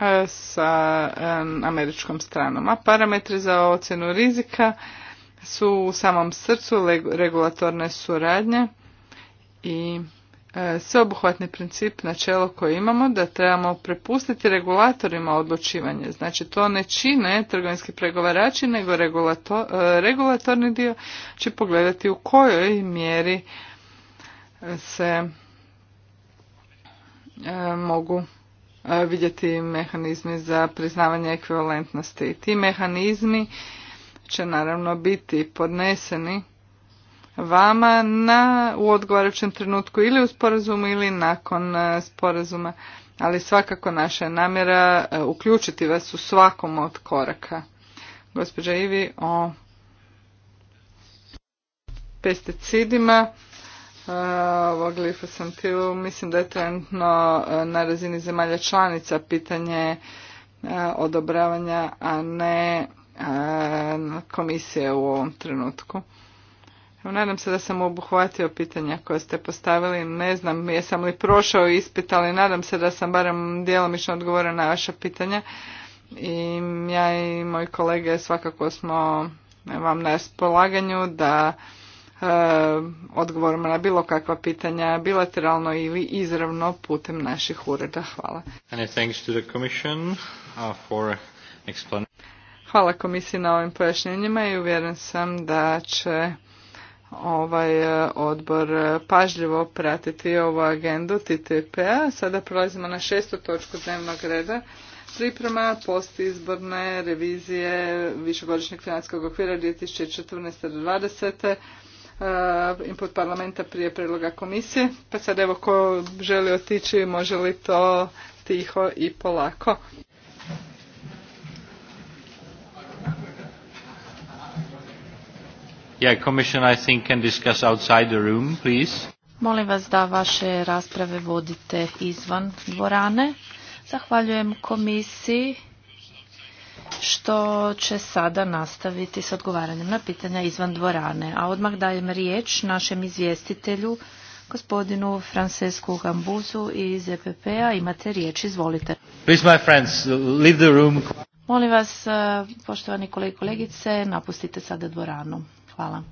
e, sa e, američkom stranom. A parametri za ocjenu rizika su u samom srcu regulatorne suradnje i E, sveobuhvatni princip, načelo koje imamo, da trebamo prepustiti regulatorima odlučivanje. Znači to ne čine trgovinski pregovarači, nego regulator, e, regulatorni dio će pogledati u kojoj mjeri se e, mogu vidjeti mehanizmi za priznavanje ekvivalentnosti. Ti mehanizmi će naravno biti podneseni vama na, u odgovarajućem trenutku ili u sporazumu ili nakon e, sporazuma, ali svakako naša je namjera e, uključiti vas u svakom od koraka. Gospođa Ivi o pesticidima, sam e, glifosantilu, mislim da je trenutno na razini zemalja članica pitanje odobravanja, a ne komisije u ovom trenutku. Nadam se da sam obuhvatio pitanja koje ste postavili. Ne znam jesam li prošao ispit, ali nadam se da sam barem djelomično odgovorio na vaša pitanja. I ja i moji kolege svakako smo e, vam na raspolaganju da e, odgovorimo na bilo kakva pitanja bilateralno ili izravno putem naših ureda. Hvala. Uh, Hvala komisiji na ovim pojašnjenjima i uvjeren sam da će ovaj e, odbor e, pažljivo pratiti ovu agendu TTP-a. Sada prelazimo na šestu točku dnevnog reda. Priprema postizborne revizije višegodišnjeg financijskog okvira 2014. do 2020. E, input parlamenta prije predloga komisije. Pa sad evo ko želi otići može li to tiho i polako. Yeah, Commission, I think, can Molim vas da vaše rasprave vodite izvan dvorane. Zahvaljujem komisiji što će sada nastaviti s odgovaranjem na pitanja izvan dvorane. A odmah dajem riječ našem izvjestitelju, gospodinu Francesku Gambuzu iz EPP-a. Imate riječ, izvolite. Please, my friends, leave the room. Molim vas, eh, poštovani kolege i kolegice, napustite sada dvoranu. Hvala.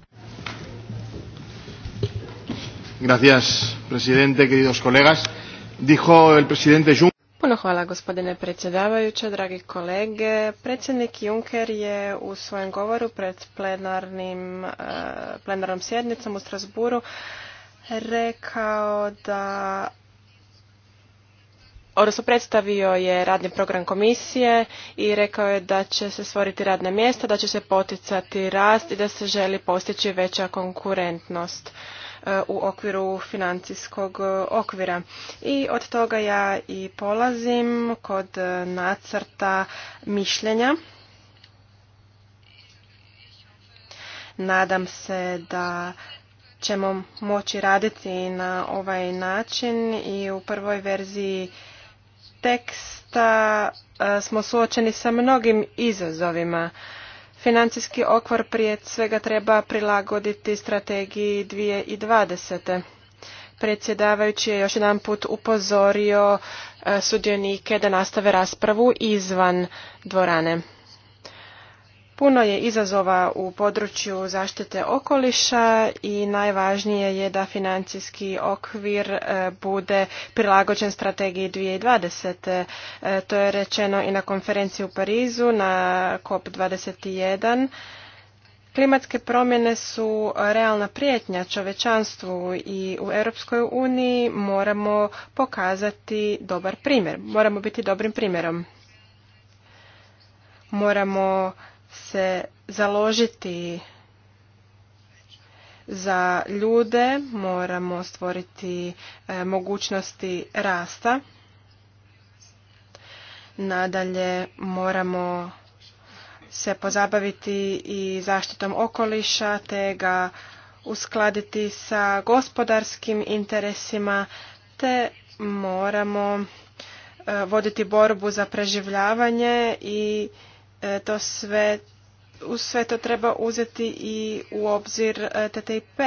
Gracias, presidente, queridos colegas. Dijo el presidente Juncker... Puno hvala gospodine predsjedavajuće, dragi kolege. Predsjednik Juncker je u svojem govoru pred plenarnim, eh, plenarnom sjednicom u Strasburu rekao da odnosno predstavio je radni program komisije i rekao je da će se stvoriti radna mjesta, da će se poticati rast i da se želi postići veća konkurentnost e, u okviru financijskog e, okvira. I od toga ja i polazim kod e, nacrta mišljenja. Nadam se da ćemo moći raditi na ovaj način i u prvoj verziji teksta e, smo suočeni sa mnogim izazovima. Financijski okvir prije svega treba prilagoditi strategiji 2020. Predsjedavajući je još jedan put upozorio e, sudionike da nastave raspravu izvan dvorane. Puno je izazova u području zaštite okoliša i najvažnije je da financijski okvir e, bude prilagođen strategiji 2020. E, to je rečeno i na konferenciji u Parizu na COP21. Klimatske promjene su realna prijetnja čovečanstvu i u Europskoj uniji moramo pokazati dobar primjer. Moramo biti dobrim primjerom. Moramo se založiti za ljude, moramo stvoriti e, mogućnosti rasta. Nadalje moramo se pozabaviti i zaštitom okoliša, te ga uskladiti sa gospodarskim interesima, te moramo e, voditi borbu za preživljavanje i E, to sve, u sve to treba uzeti i u obzir e, TTIP.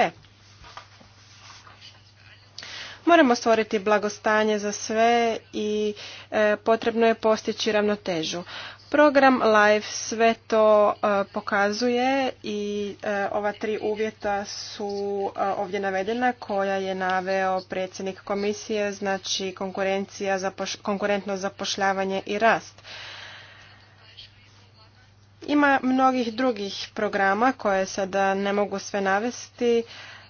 Moramo stvoriti blagostanje za sve i e, potrebno je postići ravnotežu. Program LIFE sve to pokazuje i ova tri uvjeta su ovdje navedena koja je naveo predsjednik komisije, znači konkurencija, konkurentno zapošljavanje i rast. Ima mnogih drugih programa koje sada ne mogu sve navesti,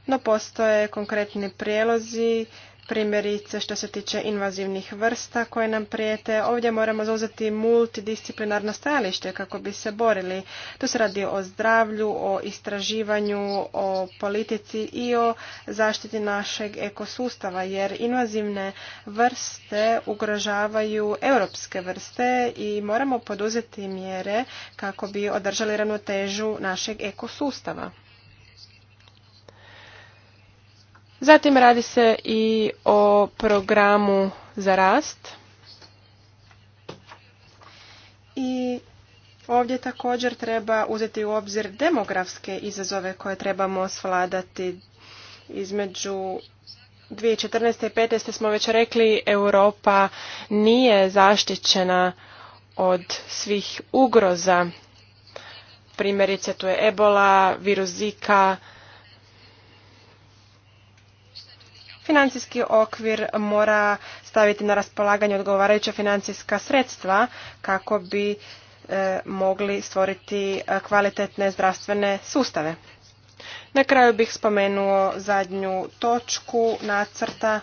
no postoje konkretni prijelozi primjerice što se tiče invazivnih vrsta koje nam prijete. Ovdje moramo zauzeti multidisciplinarno stajalište kako bi se borili. To se radi o zdravlju, o istraživanju, o politici i o zaštiti našeg ekosustava, jer invazivne vrste ugrožavaju europske vrste i moramo poduzeti mjere kako bi održali ravnotežu našeg ekosustava. Zatim radi se i o programu za rast. I ovdje također treba uzeti u obzir demografske izazove koje trebamo svladati između 2014. i 2015. smo već rekli Europa nije zaštićena od svih ugroza. Primjerice tu je ebola, virus zika, Financijski okvir mora staviti na raspolaganje odgovarajuća financijska sredstva kako bi e, mogli stvoriti e, kvalitetne zdravstvene sustave. Na kraju bih spomenuo zadnju točku nacrta.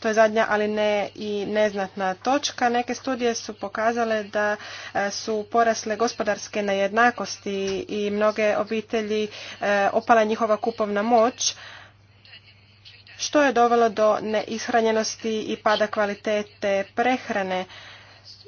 To je zadnja, ali ne i neznatna točka. Neke studije su pokazale da e, su porasle gospodarske nejednakosti i mnoge obitelji opala njihova kupovna moć, što je dovelo do neishranjenosti i pada kvalitete prehrane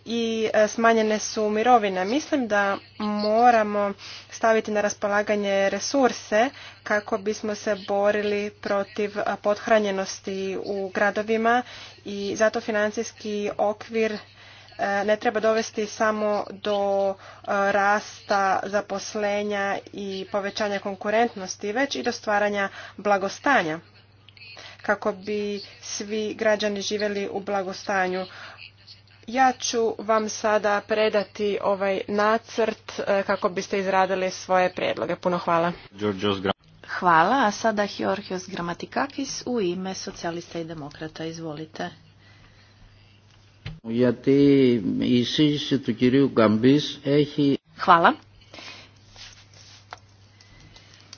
i e, smanjene su mirovine. Mislim da moramo staviti na raspolaganje resurse kako bismo se borili protiv pothranjenosti u gradovima i zato financijski okvir e, ne treba dovesti samo do e, rasta zaposlenja i povećanja konkurentnosti, već i do stvaranja blagostanja kako bi svi građani živjeli u blagostanju. Ja ću vam sada predati ovaj nacrt e, kako biste izradili svoje prijedloge. Puno hvala. Hvala, a sada Georgios Gramatikakis u ime socijalista i demokrata. Izvolite. Hvala.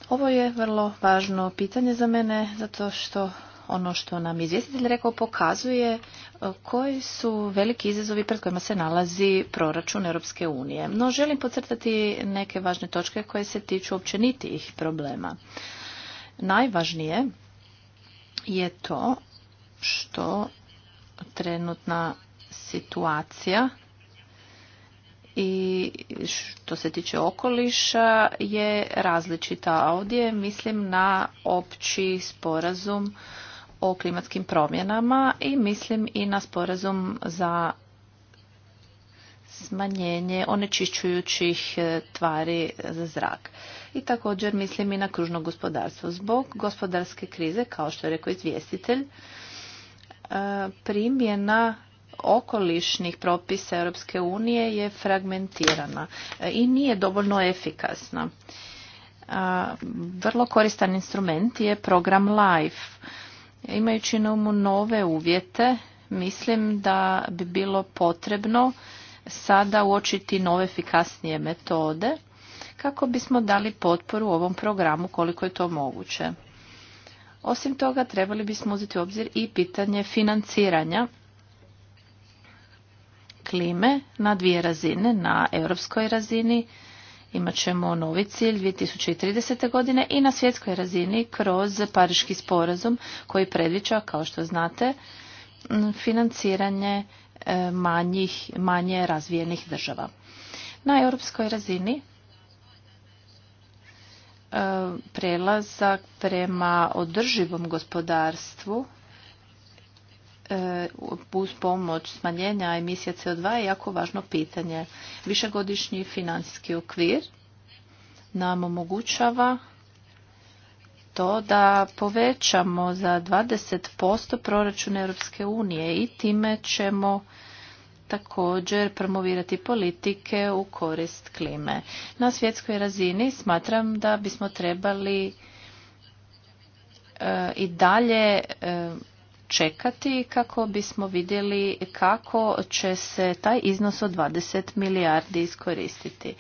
Ovo je vrlo važno pitanje za mene, zato što ono što nam izvjestitelj rekao pokazuje e, koji su veliki izazovi pred kojima se nalazi proračun Europske unije. No želim podcrtati neke važne točke koje se tiču općenitijih problema. Najvažnije je to što trenutna situacija i što se tiče okoliša je različita. ovdje mislim na opći sporazum o klimatskim promjenama i mislim i na sporazum za smanjenje onečišćujućih e, tvari za zrak. I također mislim i na kružno gospodarstvo. Zbog gospodarske krize, kao što je rekao izvjestitelj, e, primjena okolišnih propisa Europske unije je fragmentirana e, i nije dovoljno efikasna. Vrlo koristan instrument je program LIFE Imajući na umu nove uvjete, mislim da bi bilo potrebno sada uočiti nove efikasnije metode kako bismo dali potporu ovom programu koliko je to moguće. Osim toga, trebali bismo uzeti u obzir i pitanje financiranja klime na dvije razine, na europskoj razini Imat ćemo novi cilj 2030. godine i na svjetskoj razini kroz Pariški sporazum koji predviđa, kao što znate, financiranje e, manjih, manje razvijenih država. Na europskoj razini e, prelazak prema održivom gospodarstvu E, uz pomoć smanjenja emisije CO2 je jako važno pitanje. Višegodišnji financijski okvir nam omogućava to da povećamo za 20% proračun Europske unije i time ćemo također promovirati politike u korist klime. Na svjetskoj razini smatram da bismo trebali e, i dalje e, čekati kako bismo vidjeli kako će se taj iznos od 20 milijardi iskoristiti.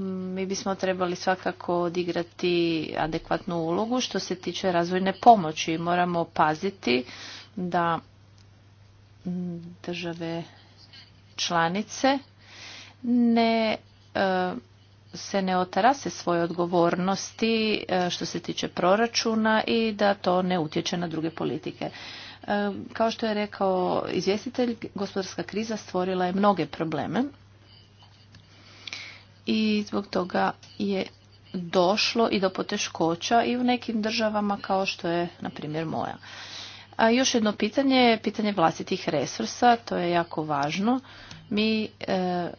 Mi bismo trebali svakako odigrati adekvatnu ulogu što se tiče razvojne pomoći. Moramo paziti da države članice ne e, se ne otarase svoje odgovornosti e, što se tiče proračuna i da to ne utječe na druge politike. E, kao što je rekao izvjestitelj, gospodarska kriza stvorila je mnoge probleme i zbog toga je došlo i do poteškoća i u nekim državama kao što je, na primjer, moja. A još jedno pitanje je pitanje vlastitih resursa, to je jako važno. Mi e,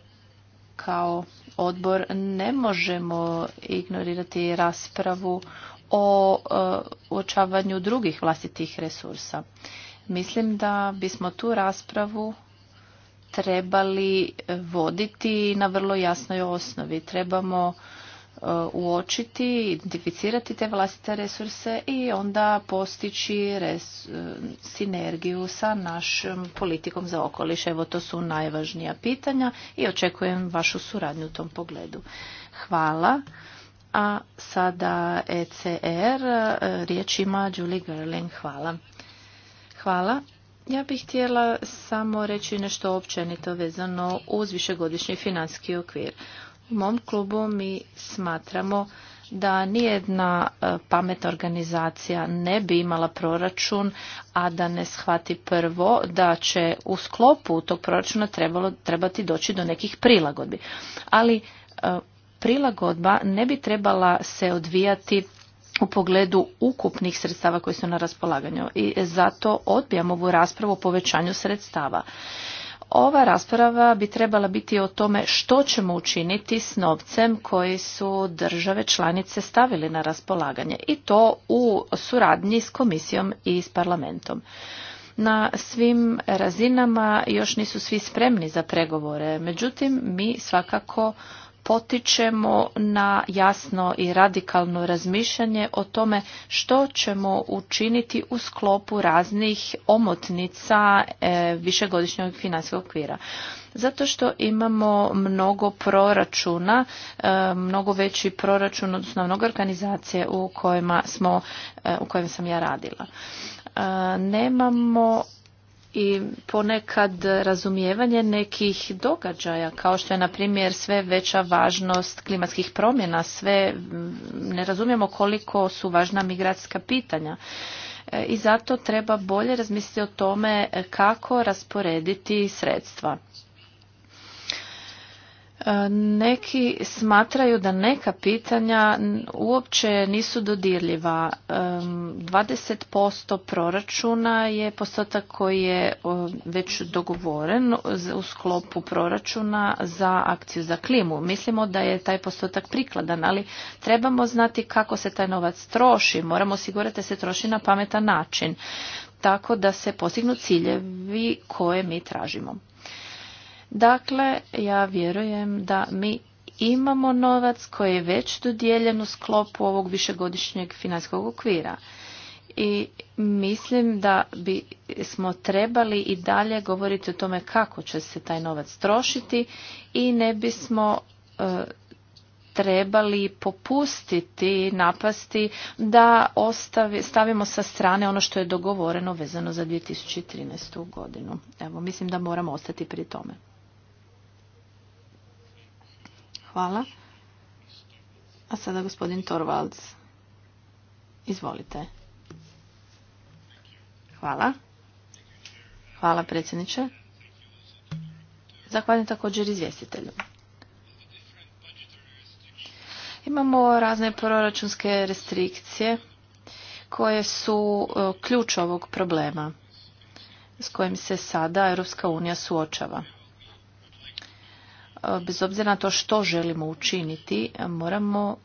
kao odbor ne možemo ignorirati raspravu o e, uočavanju drugih vlastitih resursa. Mislim da bismo tu raspravu trebali voditi na vrlo jasnoj osnovi. Trebamo E, uočiti, identificirati te vlastite resurse i onda postići e, sinergiju sa našom politikom za okoliš. Evo to su najvažnija pitanja i očekujem vašu suradnju u tom pogledu. Hvala. A sada ECR, e, riječ ima Julie Gerling, hvala. Hvala. Ja bih htjela samo reći nešto općenito vezano uz višegodišnji financijski okvir. U mom klubu mi smatramo da nijedna e, pametna organizacija ne bi imala proračun, a da ne shvati prvo da će u sklopu tog proračuna trebalo, trebati doći do nekih prilagodbi. Ali e, prilagodba ne bi trebala se odvijati u pogledu ukupnih sredstava koji su na raspolaganju i zato odbijamo ovu raspravu o povećanju sredstava. Ova rasprava bi trebala biti o tome što ćemo učiniti s novcem koji su države članice stavili na raspolaganje i to u suradnji s komisijom i s parlamentom. Na svim razinama još nisu svi spremni za pregovore, međutim mi svakako potičemo na jasno i radikalno razmišljanje o tome što ćemo učiniti u sklopu raznih omotnica e, višegodišnjeg financijskog okvira. Zato što imamo mnogo proračuna, e, mnogo veći proračun, odnosno osnovnog organizacije u kojima smo, e, u kojim sam ja radila. Nemamo i ponekad razumijevanje nekih događaja, kao što je na primjer sve veća važnost klimatskih promjena, sve ne razumijemo koliko su važna migracijska pitanja. E, I zato treba bolje razmisliti o tome kako rasporediti sredstva. E, neki smatraju da neka pitanja uopće nisu dodirljiva. 20% e, proračuna je postotak koji je već dogovoren u sklopu proračuna za akciju za klimu. Mislimo da je taj postotak prikladan, ali trebamo znati kako se taj novac troši. Moramo osigurati da se troši na pametan način, tako da se postignu ciljevi koje mi tražimo. Dakle, ja vjerujem da mi imamo novac koji je već dodijeljen u sklopu ovog višegodišnjeg financijskog okvira. I mislim da bi smo trebali i dalje govoriti o tome kako će se taj novac trošiti i ne bismo e, trebali popustiti napasti da stavimo sa strane ono što je dogovoreno vezano za 2013. godinu. Evo, mislim da moramo ostati pri tome. Hvala. A sada gospodin Torvalds. Izvolite. Hvala. Hvala predsjedniče. Zahvaljujem također izvjestitelju. Imamo razne proračunske restrikcije koje su e, ključ ovog problema s kojim se sada Europska unija suočava. E, bez obzira na to što želimo učiniti, moramo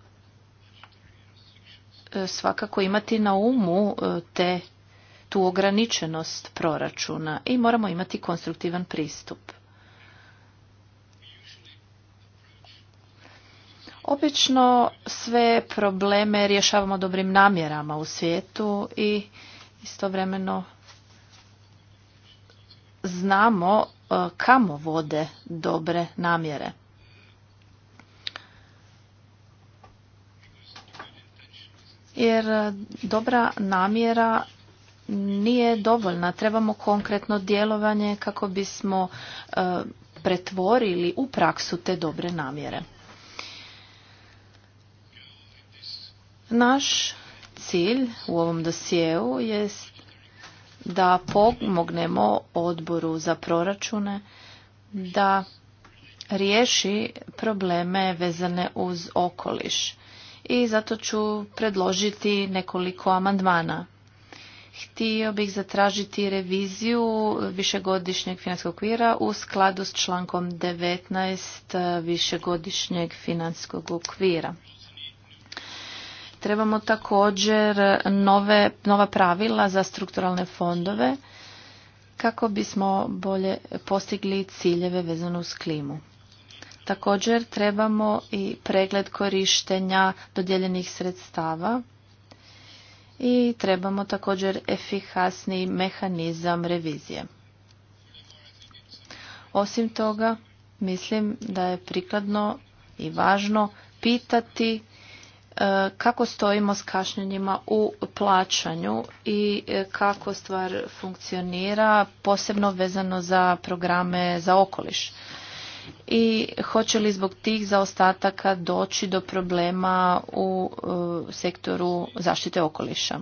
e, svakako imati na umu e, te tu ograničenost proračuna i moramo imati konstruktivan pristup. Obično sve probleme rješavamo dobrim namjerama u svijetu i istovremeno znamo E, kamo vode dobre namjere. Jer dobra namjera nije dovoljna. Trebamo konkretno djelovanje kako bismo e, pretvorili u praksu te dobre namjere. Naš cilj u ovom dosjeu jest da pomognemo odboru za proračune da riješi probleme vezane uz okoliš i zato ću predložiti nekoliko amandmana. Htio bih zatražiti reviziju višegodišnjeg financijskog okvira u skladu s člankom 19 višegodišnjeg financijskog okvira. Trebamo također nove, nova pravila za strukturalne fondove kako bismo bolje postigli ciljeve vezano uz klimu. Također trebamo i pregled korištenja dodijeljenih sredstava i trebamo također efikasni mehanizam revizije. Osim toga, mislim da je prikladno i važno pitati E, kako stojimo s kašnjenjima u plaćanju i e, kako stvar funkcionira posebno vezano za programe za okoliš i hoće li zbog tih zaostataka doći do problema u e, sektoru zaštite okoliša.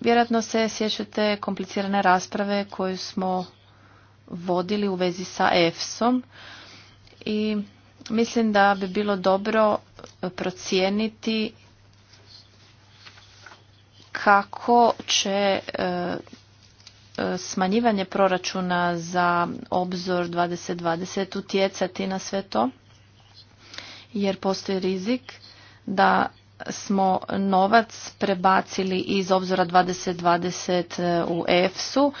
Vjerojatno se sjećate komplicirane rasprave koju smo vodili u vezi sa EFSom i Mislim da bi bilo dobro eh, procijeniti kako će eh, eh, smanjivanje proračuna za obzor 2020 utjecati na sve to, jer postoji rizik da smo novac prebacili iz obzora 2020 u EFSU,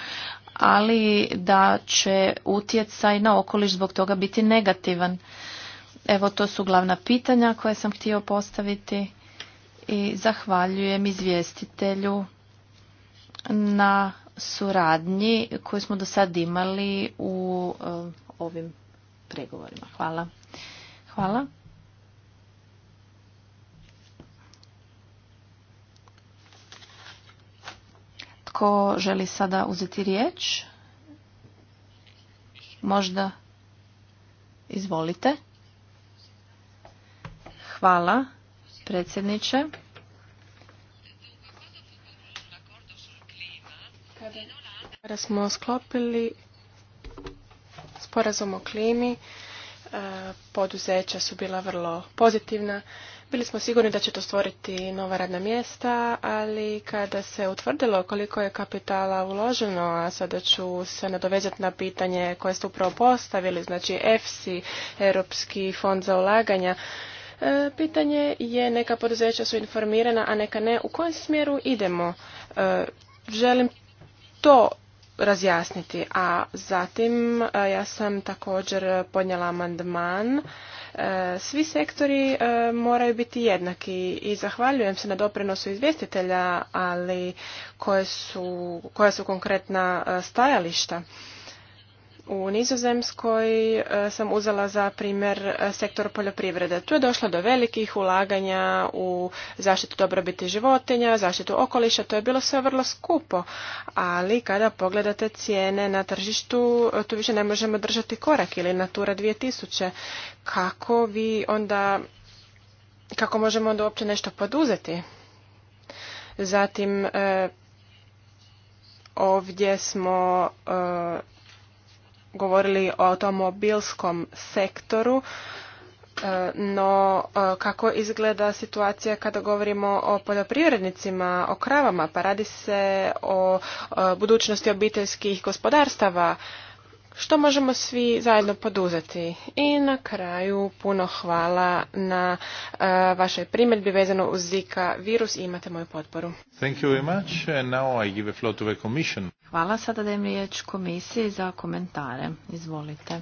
ali da će utjecaj na okoliš zbog toga biti negativan. Evo, to su glavna pitanja koje sam htio postaviti i zahvaljujem izvjestitelju na suradnji koju smo do sad imali u eh, ovim pregovorima. Hvala. Hvala. Tko želi sada uzeti riječ? Možda izvolite. Hvala, predsjedniče. Kada smo sklopili sporazum o klimi, e, poduzeća su bila vrlo pozitivna. Bili smo sigurni da će to stvoriti nova radna mjesta, ali kada se utvrdilo koliko je kapitala uloženo, a sada ću se nadovezati na pitanje koje ste upravo postavili, znači EFSI, Europski fond za ulaganja, E, pitanje je neka poduzeća su informirana, a neka ne. U kojem smjeru idemo? E, želim to razjasniti, a zatim e, ja sam također podnijela amandman. Svi sektori moraju biti jednaki i zahvaljujem se na doprinosu izvjestitelja, ali koja su konkretna stajališta u Nizozemskoj e, sam uzela za primjer e, sektor poljoprivrede. Tu je došlo do velikih ulaganja u zaštitu dobrobiti životinja, zaštitu okoliša, to je bilo sve vrlo skupo, ali kada pogledate cijene na tržištu, e, tu više ne možemo držati korak ili Natura 2000. Kako vi onda, kako možemo onda uopće nešto poduzeti? Zatim, ovdje smo govorili o automobilskom sektoru, e, no e, kako izgleda situacija kada govorimo o poljoprivrednicima, o kravama, pa radi se o e, budućnosti obiteljskih gospodarstava, što možemo svi zajedno poduzeti. I na kraju puno hvala na e, vašoj primjedbi vezano uz Zika virus i imate moju potporu. I give floor Hvala, sada dajem riječ komisiji za komentare. Izvolite.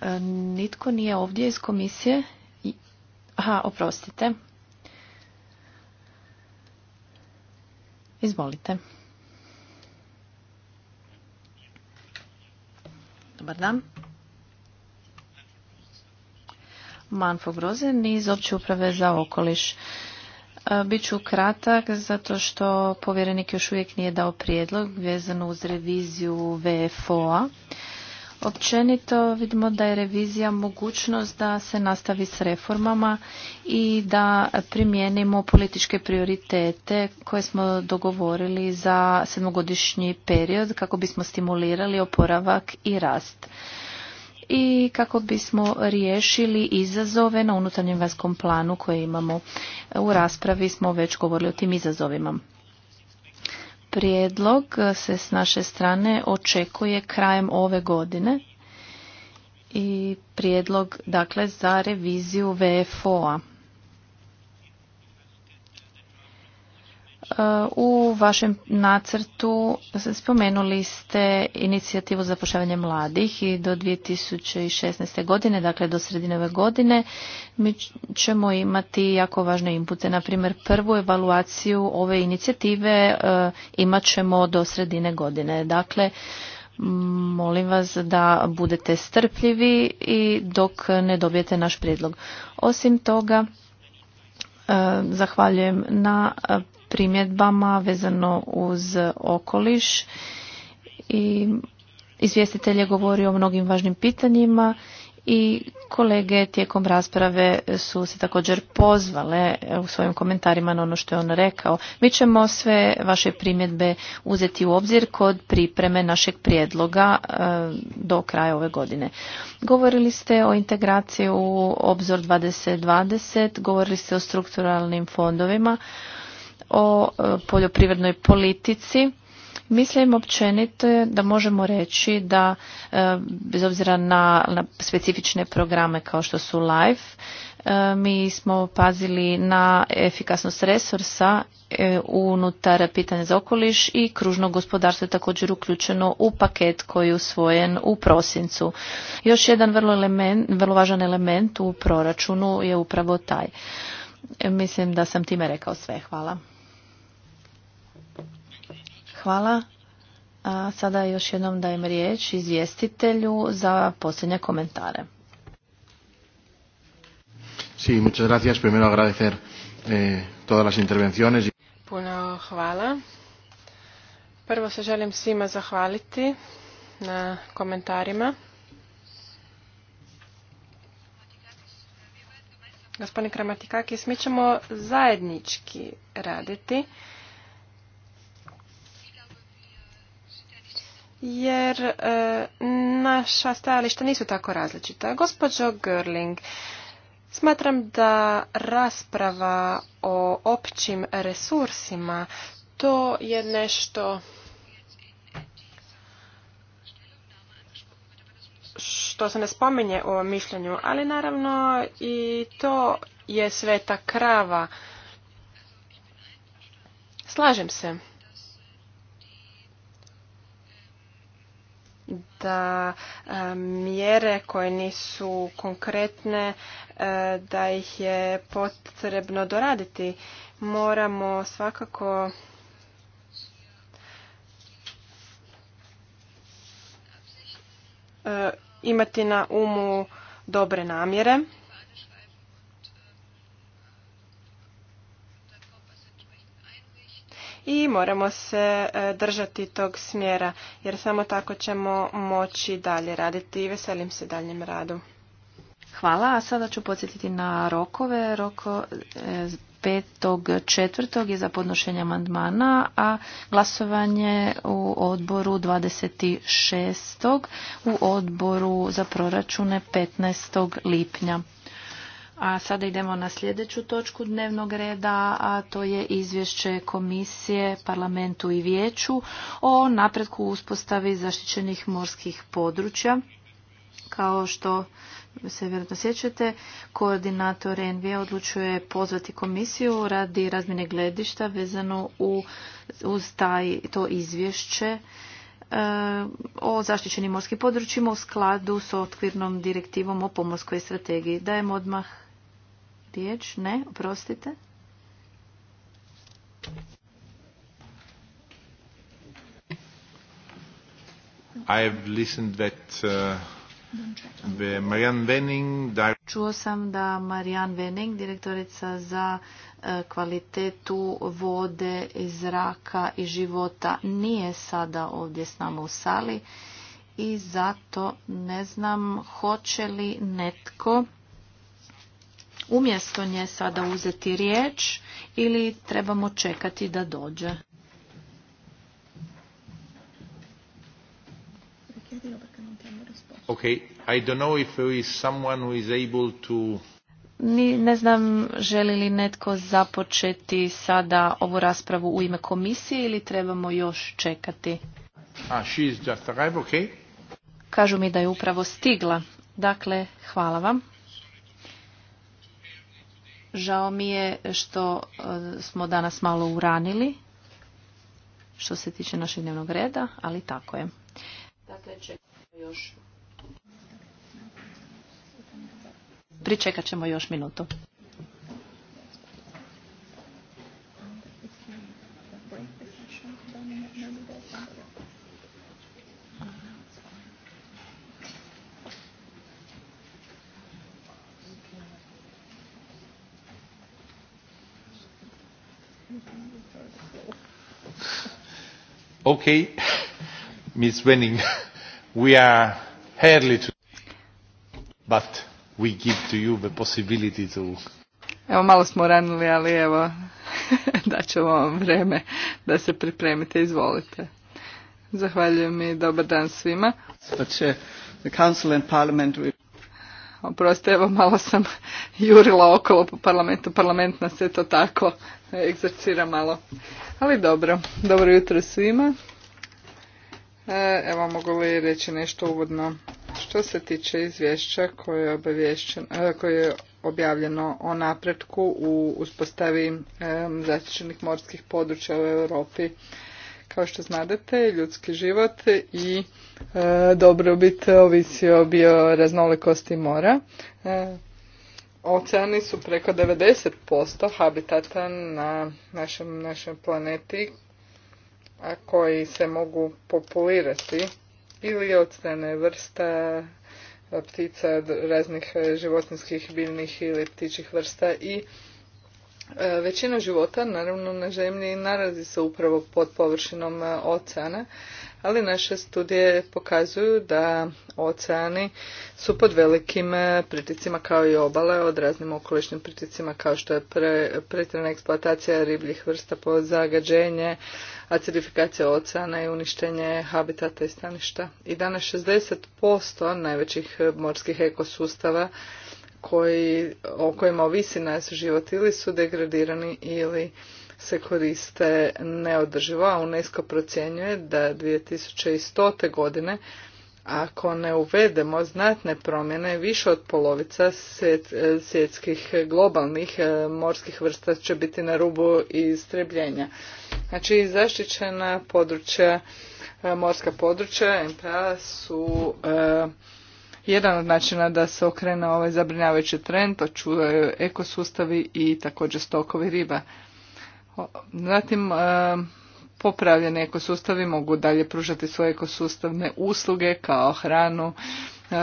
E, nitko nije ovdje iz komisije. Aha, oprostite. Izvolite. Dobar dan. Manfo Grozen iz Opće uprave za okoliš. E, Biću kratak zato što povjerenik još uvijek nije dao prijedlog vezano uz reviziju VFO-a. Općenito vidimo da je revizija mogućnost da se nastavi s reformama i da primijenimo političke prioritete koje smo dogovorili za sedmogodišnji period kako bismo stimulirali oporavak i rast i kako bismo riješili izazove na unutarnjem vanjskom planu koje imamo. U raspravi smo već govorili o tim izazovima prijedlog se s naše strane očekuje krajem ove godine i prijedlog dakle za reviziju VFO-a. U vašem nacrtu spomenuli ste inicijativu zapošljavanja mladih i do 2016. godine, dakle do sredine ove godine, mi ćemo imati jako važne impute. Na prvu evaluaciju ove inicijative e, imat ćemo do sredine godine. Dakle, molim vas da budete strpljivi i dok ne dobijete naš prijedlog. Osim toga, e, zahvaljujem na primjedbama vezano uz okoliš i izvjestitelj je govorio o mnogim važnim pitanjima i kolege tijekom rasprave su se također pozvale u svojim komentarima na ono što je on rekao. Mi ćemo sve vaše primjedbe uzeti u obzir kod pripreme našeg prijedloga e, do kraja ove godine. Govorili ste o integraciji u obzor 2020, govorili ste o strukturalnim fondovima, o e, poljoprivrednoj politici. Mislim općenito da možemo reći da e, bez obzira na, specifične programe kao što su LIFE, e, mi smo pazili na efikasnost resursa unutar pitanja za okoliš i kružno gospodarstvo je također uključeno u paket koji je usvojen u prosincu. Još jedan vrlo, element, vrlo važan element u proračunu je upravo taj. Mislim da sam time rekao sve. Hvala. Hvala. A sada još jednom dajem riječ izvjestitelju za posljednje komentare. Sí, muchas gracias. Primero agradecer eh, todas las intervenciones. Puno hvala. Prvo se želim svima zahvaliti na komentarima. Gospodin Kramatikakis, mi ćemo zajednički raditi. jer e, naša stajališta nisu tako različita. Gospođo Görling, smatram da rasprava o općim resursima to je nešto što se ne spominje u ovom mišljenju, ali naravno i to je sveta krava. Slažem se. da e, mjere koje nisu konkretne, e, da ih je potrebno doraditi. Moramo svakako e, imati na umu dobre namjere. i moramo se e, držati tog smjera jer samo tako ćemo moći dalje raditi i veselim se daljem radu. Hvala, a sada ću podsjetiti na rokove. Roko e, 5.4. je za podnošenje amandmana, a glasovanje u odboru 26. u odboru za proračune 15. lipnja. A sada idemo na sljedeću točku dnevnog reda, a to je izvješće Komisije, Parlamentu i Vijeću o napretku uspostavi zaštićenih morskih područja. Kao što se vjerojatno sjećate, koordinator Envija odlučuje pozvati komisiju radi razmjene gledišta vezano u, uz taj, to izvješće e, o zaštićenim morskim područjima u skladu s otkvirnom direktivom o pomorskoj strategiji. Dajem odmah riječ? Ne, oprostite. Uh, Čuo sam da Marijan Wenning, direktorica za e, kvalitetu vode, zraka i života, nije sada ovdje s nama u sali i zato ne znam hoće li netko umjesto nje sada uzeti riječ ili trebamo čekati da dođe? Okay, I don't know if there is someone who is able to ni, ne znam želi li netko započeti sada ovu raspravu u ime komisije ili trebamo još čekati. Ah, just arrived, okay. Kažu mi da je upravo stigla. Dakle, hvala vam. Žao mi je što e, smo danas malo uranili što se tiče našeg dnevnog reda, ali tako je. Dakle, čekamo još. Pričekat ćemo još minutu. Okay, Miss Wenning, we are early to, but we give to you the possibility to... Evo malo smo ranili, ali evo ćemo vam vreme da se pripremite, izvolite. Zahvaljujem i dobar dan svima. But, uh, the Council and Parliament will Oprosti, evo malo sam jurila okolo po parlamentu. Parlament nas je to tako egzercira malo. Ali dobro, dobro jutro svima. E, evo mogu li reći nešto uvodno što se tiče izvješća koje je, e, koje je objavljeno o napretku u uspostavi e, zaštićenih morskih područja u Europi kao što znadete, ljudski život i e, dobrobit ovisi o bioraznolikosti mora. E, oceani su preko 90% habitata na našem, našem planeti a koji se mogu populirati ili od strane vrsta ptica raznih životinskih, biljnih ili ptičih vrsta i E, većina života, naravno, na zemlji narazi se upravo pod površinom e, oceana, ali naše studije pokazuju da oceani su pod velikim e, priticima kao i obale, od raznim okolišnim priticima kao što je pre, eksploatacija ribljih vrsta, zagađenje, acidifikacija oceana i uništenje habitata i staništa. I danas 60% najvećih morskih ekosustava koji, o kojima ovisi nas život ili su degradirani ili se koriste neodrživo, a UNESCO procjenjuje da 2100. godine ako ne uvedemo znatne promjene, više od polovica svjetskih globalnih e, morskih vrsta će biti na rubu istrebljenja. Znači, zaštićena područja, e, morska područja MPA su e, jedan od načina da se okrene ovaj zabrinjavajući trend, to čuvaju ekosustavi i također stokovi riba. Zatim, e, popravljeni ekosustavi mogu dalje pružati svoje ekosustavne usluge kao hranu, e,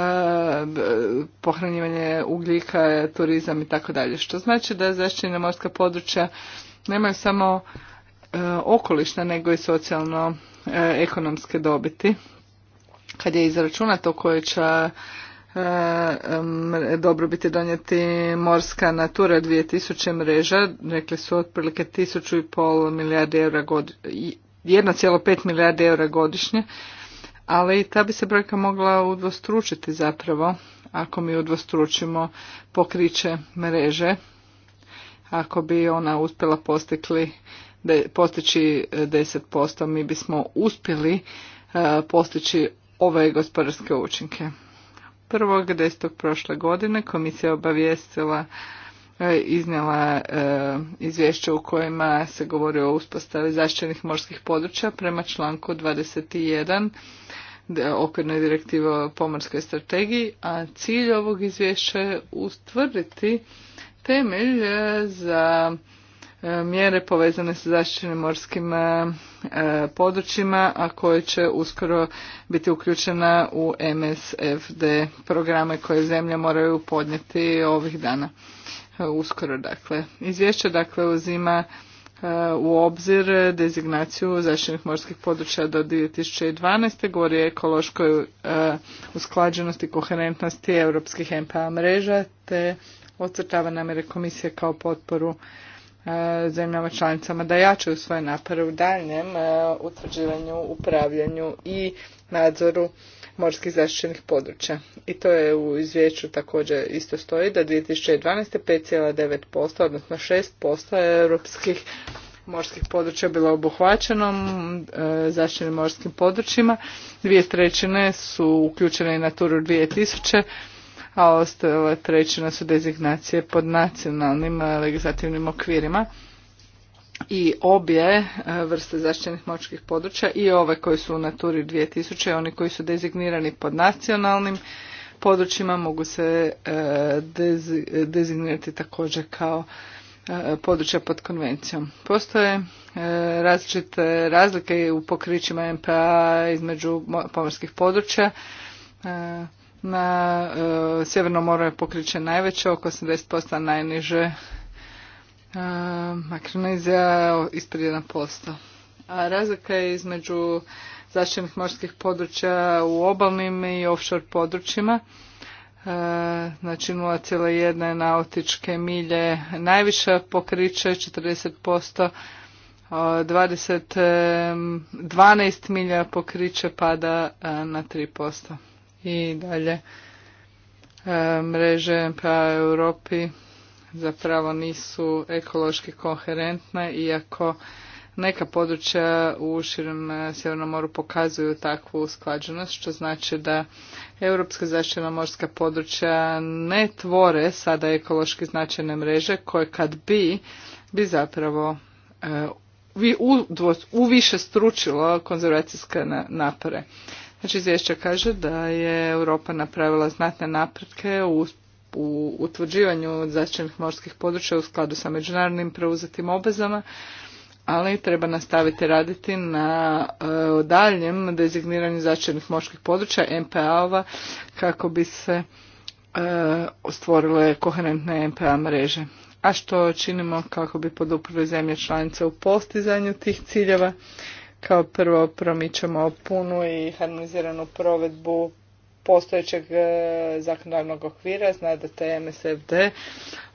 pohranjivanje ugljika, turizam i tako dalje. Što znači da zaštićena morska područja nemaju samo e, okolišne nego i socijalno ekonomske dobiti kad je izračunato koje će e, biti donijeti morska natura 2000 mreža, rekli su otprilike 1,5 milijardi eura godišnje, 1,5 milijardi eura godišnje, ali ta bi se brojka mogla udvostručiti zapravo ako mi udvostručimo pokriće mreže, ako bi ona uspjela postikli, postići 10%, e, mi bismo uspjeli e, postići ove gospodarske učinke. 1.10. prošle godine komisija obavijestila e, iznijela e, izvješće u kojima se govori o uspostavi zaštićenih morskih područja prema članku 21 okvirne direktive o pomorskoj strategiji, a cilj ovog izvješća je utvrditi temelj e, za E, mjere povezane sa zaštićenim morskim e, e, područjima, a koje će uskoro biti uključena u MSFD programe koje zemlje moraju podnijeti ovih dana. Uskoro, dakle. Izvješće, dakle, uzima u obzir dezignaciju zaštitnih morskih područja do 2012. govori o ekološkoj usklađenosti i koherentnosti europskih MPA mreža te ocrtava namjere komisije kao potporu E, zemljama članicama da jačaju svoje napore u daljnjem e, utvrđivanju, upravljanju i nadzoru morskih zaštićenih područja. I to je u izvješću također isto stoji da 2012. 5,9% odnosno 6% europskih morskih područja bilo obuhvaćeno e, zaštićenim morskim područjima. Dvije trećine su uključene i Naturu 2000 a ostale trećina su dezignacije pod nacionalnim eh, legislativnim okvirima i obje eh, vrste zaštićenih močkih područja i ove koji su u naturi 2000 i oni koji su dezignirani pod nacionalnim područjima mogu se eh, dezignirati također kao područja pod konvencijom. Postoje različite razlike u pokrićima MPA između pomorskih područja na e, Sjeverno more pokriće najveće, oko 80% najniže. E, Makronizija ispred 1%. A razlika je između zaštitnih morskih područja u obalnim i offshore područjima. E, znači 0,1 nautičke milje najviše pokriće 40%. 20, 12 milja pokriće pada e, na 3% i dalje e, mreže pa Europi zapravo nisu ekološki koherentne iako neka područja u širem e, Sjevernom moru pokazuju takvu usklađenost, što znači da europska zaštićena morska područja ne tvore sada ekološki značajne mreže koje kad bi, bi zapravo e, u više stručilo konzervacijske napore. Znači izvješća kaže da je Europa napravila znatne napretke u u utvrđivanju zaštićenih morskih područja u skladu sa međunarodnim preuzetim obvezama, ali treba nastaviti raditi na e, daljem dezigniranju zaštićenih morskih područja MPA-ova kako bi se e, stvorile koherentne MPA mreže. A što činimo kako bi poduprli zemlje članice u postizanju tih ciljeva? Kao prvo promičemo punu i harmoniziranu provedbu postojećeg e, zakonodavnog okvira, znadete MSFD,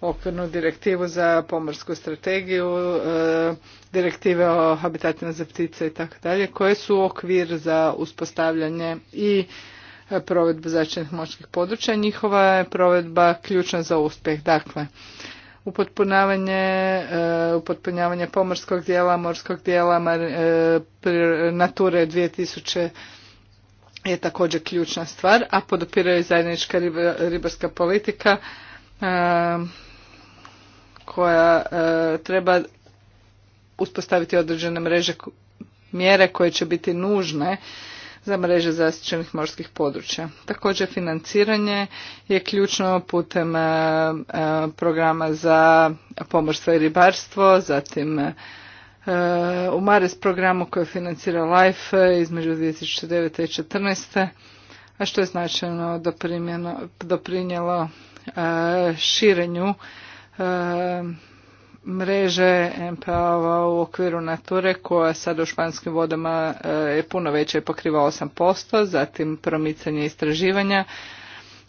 okvirnu direktivu za pomorsku strategiju, e, direktive o habitatima za ptice i tako dalje, koje su okvir za uspostavljanje i e, provedbu zaštićenih morskih područja. Njihova je provedba ključna za uspjeh. Dakle, upotpunjavanje, e, upotpunjavanje pomorskog dijela, morskog dijela, e, nature 2000 je također ključna stvar, a podupiraju zajednička ribarska politika e, koja treba uspostaviti određene mreže mjere koje će biti nužne za mreže zaštićenih morskih područja. Također financiranje je ključno putem e, e, programa za pomorstvo i ribarstvo, zatim e, u Mares programu koji financira LIFE između 2009. i 2014. a što je značajno doprinjelo širenju mreže MPA u okviru Nature koja sad u španskim vodama e, je puno veća i pokriva 8%, zatim promicanje istraživanja,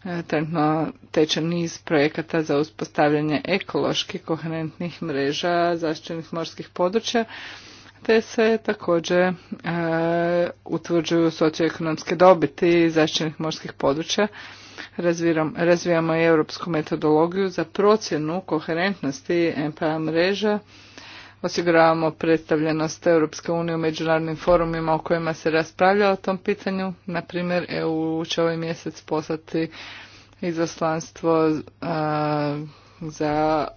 e, trenutno teče niz projekata za uspostavljanje ekološki koherentnih mreža zaštićenih morskih područja, te se također e, utvrđuju socioekonomske dobiti zaštićenih morskih područja Razvijamo i europsku metodologiju za procjenu koherentnosti MPA mreža. Osiguravamo predstavljenost Europske unije u međunarodnim forumima u kojima se raspravlja o tom pitanju. Na primjer, EU će ovaj mjesec poslati izaslanstvo za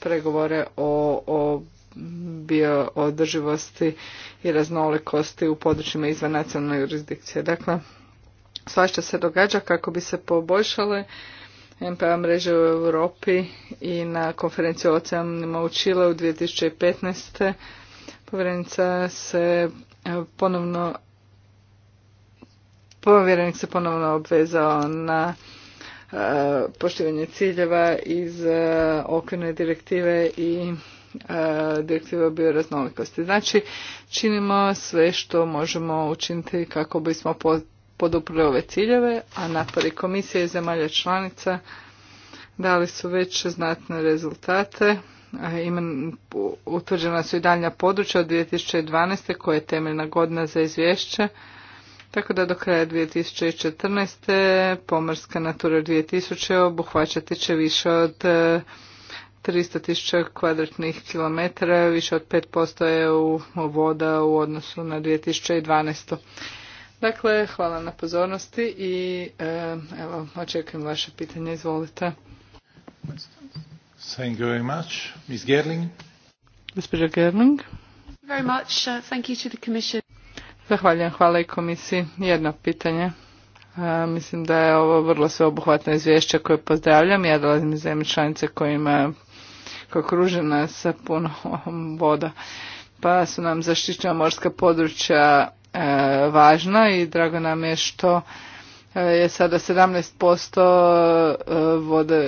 pregovore o, o i raznolikosti u područjima izvan nacionalne jurisdikcije. Dakle, svašta se događa kako bi se poboljšale MPA mreže u Europi i na konferenciji o oceanima u Čile u 2015. povjerenica se e, ponovno povjerenik se ponovno obvezao na e, poštivanje ciljeva iz e, okvirne direktive i direktive o bioraznolikosti. Znači, činimo sve što možemo učiniti kako bismo podupre ove ciljeve, a napori komisije i zemalja članica dali su već znatne rezultate. Utvrđena su i daljnja područja od 2012. koja je temeljna godina za izvješće. Tako da do kraja 2014. pomorska natura 2000 obuhvaćati će više od 300.000 e, kvadratnih kilometara, više od 5% je u voda u odnosu na 2012. Dakle, hvala na pozornosti i evo, očekujem vaše pitanje. Izvolite. Thank you very much. Ms. Gerling. Gospođa Gerling. Very much. Uh, thank you to the commission. Zahvaljujem, hvala i komisiji. Jedno pitanje. E, mislim da je ovo vrlo sveobuhvatno izvješće koje pozdravljam. Ja dolazim iz zemlje članice koja ima okružena sa puno voda. Pa su nam zaštićena morska područja E, važna i drago nam je što e, je sada 17% e, vode,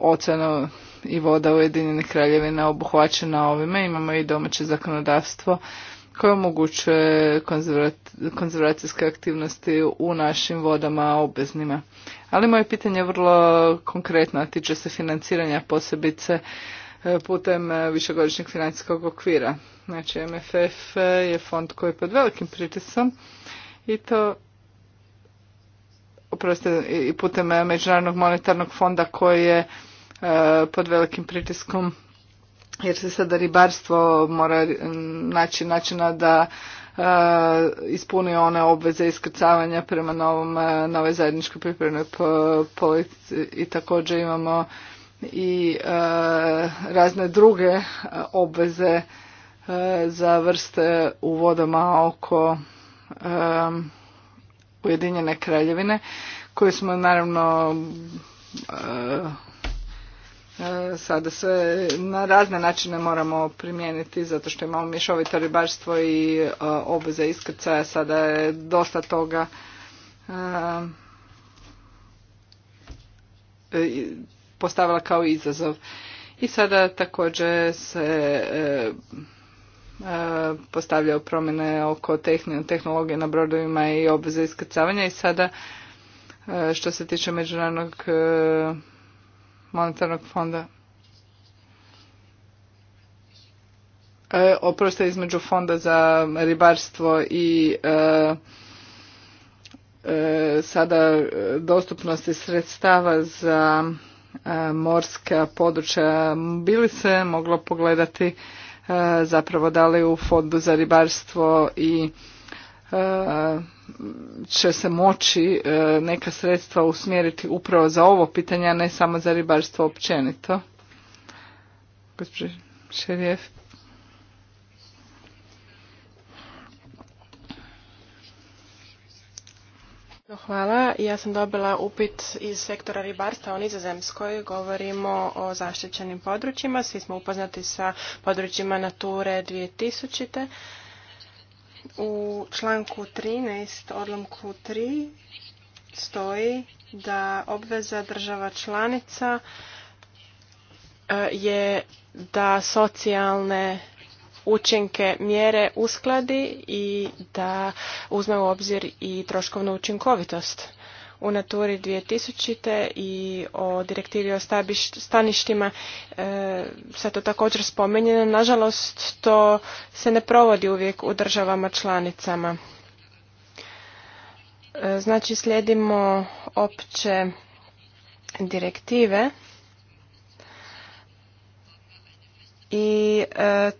oceana i voda Ujedinjenih kraljevina obuhvaćena ovime. Imamo i domaće zakonodavstvo koje omogućuje konzervacijske aktivnosti u našim vodama obveznima. Ali moje pitanje je vrlo konkretno, a tiče se financiranja posebice putem e, višegodišnjeg financijskog okvira. Znači MFF je fond koji je pod velikim pritisom i to oprostite, i putem e, Međunarodnog monetarnog fonda koji je e, pod velikim pritiskom jer se sada ribarstvo mora naći načina da ispuni one obveze iskrcavanja prema novom, nove zajedničkoj pripremnoj politici i također imamo i e, razne druge e, obveze e, za vrste u vodama oko Ujedinjene kraljevine koje smo naravno sada sve na razne načine moramo primijeniti zato što imamo mišovito ribarstvo i obveze iskrcaja sada je dosta toga postavila kao izazov. I sada također se e, e, postavljaju promjene oko tehnologije na brodovima i obveze iskrcavanja i sada e, što se tiče Međunarodnog e, monetarnog fonda e, oprosta između fonda za ribarstvo i sada dostupnosti sredstava za E, morska područja bili se moglo pogledati e, zapravo da li u fondu za ribarstvo i e, će se moći neka sredstva usmjeriti upravo za ovo pitanje, a ne samo za ribarstvo općenito. Gospodin Hvala. Ja sam dobila upit iz sektora ribarstva u Nizozemskoj. Govorimo o zaštićenim područjima. Svi smo upoznati sa područjima Nature 2000. U članku 13, odlomku 3, stoji da obveza država članica e, je da socijalne učinke mjere uskladi i da uzme u obzir i troškovnu učinkovitost. U Naturi 2000 i o direktivi o staništima se to također spomenjeno. Nažalost, to se ne provodi uvijek u državama članicama. E, znači, slijedimo opće direktive i e,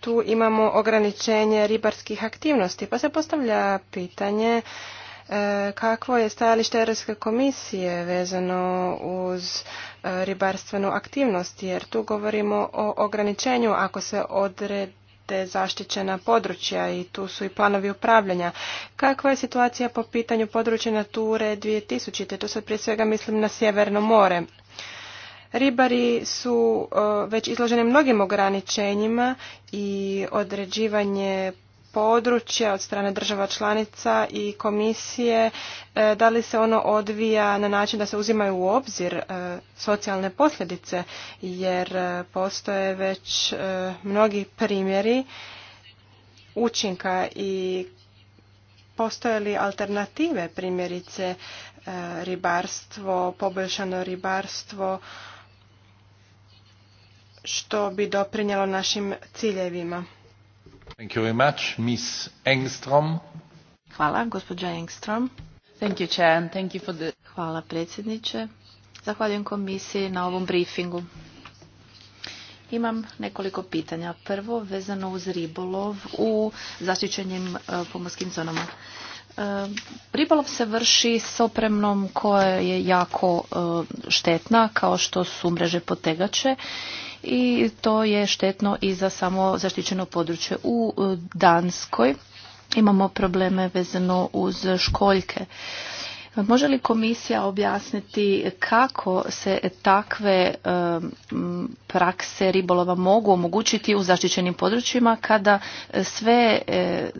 tu imamo ograničenje ribarskih aktivnosti. Pa se postavlja pitanje e, kakvo je stajalište Europske komisije vezano uz e, ribarstvenu aktivnost, jer tu govorimo o ograničenju ako se odrede zaštićena područja i tu su i planovi upravljanja. Kakva je situacija po pitanju područja Nature 2000? Tu se prije svega mislim na Sjeverno more. Ribari su e, već izloženi mnogim ograničenjima i određivanje područja od strane država članica i komisije, e, da li se ono odvija na način da se uzimaju u obzir e, socijalne posljedice, jer postoje već mnogi primjeri učinka i postoje li alternative, primjerice ribarstvo, poboljšano ribarstvo, što bi doprinjelo našim ciljevima. Thank you very much, Miss Engstrom. Hvala, gospođa Engstrom. Thank you, Chair, thank you for the... Hvala, predsjedniče. Zahvaljujem komisiji na ovom briefingu. Imam nekoliko pitanja. Prvo, vezano uz ribolov u zaštićenim e, pomorskim zonama. E, ribolov se vrši s opremnom koja je jako e, štetna, kao što su mreže potegače i to je štetno i za samo zaštićeno područje. U e, Danskoj imamo probleme vezano uz školjke Može li komisija objasniti kako se takve prakse ribolova mogu omogućiti u zaštićenim područjima kada sve, e,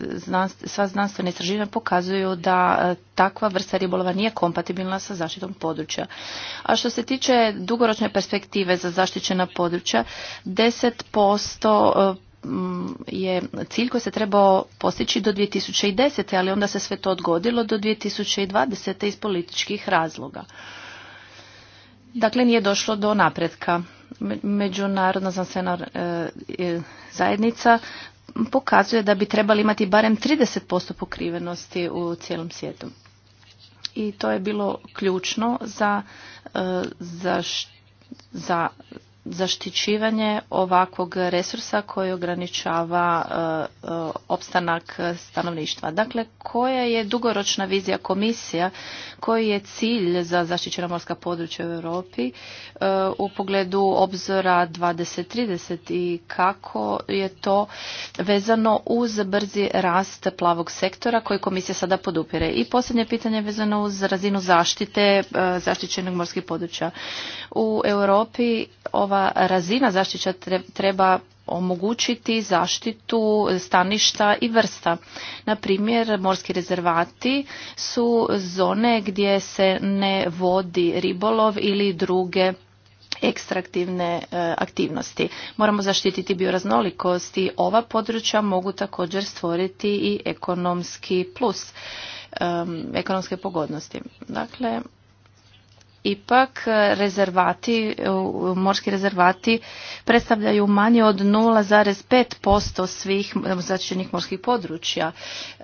sva znanstvena istraživanja pokazuju da e, takva vrsta ribolova nije kompatibilna sa zaštitom područja. A što se tiče dugoročne perspektive za zaštićena područja, 10% Mm, je cilj koji se trebao postići do 2010. ali onda se sve to odgodilo do 2020. iz političkih razloga. Dakle, nije došlo do napretka. Međunarodna znanstvena e, e, zajednica pokazuje da bi trebali imati barem 30% pokrivenosti u cijelom svijetu. I to je bilo ključno za, e, za, za zaštićivanje ovakvog resursa koji ograničava e, e, opstanak stanovništva. Dakle, koja je dugoročna vizija komisija, koji je cilj za zaštićena morska područja u Europi e, u pogledu obzora 2030 i kako je to vezano uz brzi rast plavog sektora koji komisija sada podupire. I posljednje pitanje je vezano uz razinu zaštite zaštićenog morskih područja. U Europi ova razina zaštića treba omogućiti zaštitu staništa i vrsta. Na primjer, morski rezervati su zone gdje se ne vodi ribolov ili druge ekstraktivne e, aktivnosti. Moramo zaštititi bioraznolikost i ova područja mogu također stvoriti i ekonomski plus, e, ekonomske pogodnosti. Dakle, ipak eh, rezervati, eh, morski rezervati predstavljaju manje od 0,5% svih zaštićenih morskih područja.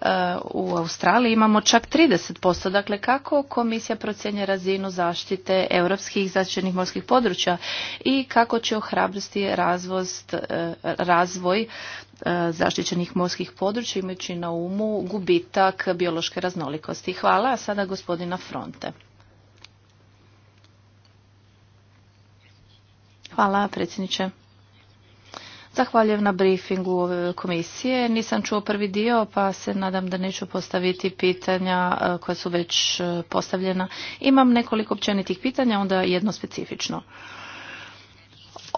Eh, u Australiji imamo čak 30%. Dakle, kako komisija procjenje razinu zaštite europskih zaštićenih morskih područja i kako će ohrabrosti razvost, razvoj zaštićenih morskih područja imajući na umu gubitak biološke raznolikosti. Hvala, a sada gospodina Fronte. Hvala, predsjedniče. Zahvaljujem na briefingu komisije. Nisam čuo prvi dio, pa se nadam da neću postaviti pitanja e, koja su već e, postavljena. Imam nekoliko općenitih pitanja, onda jedno specifično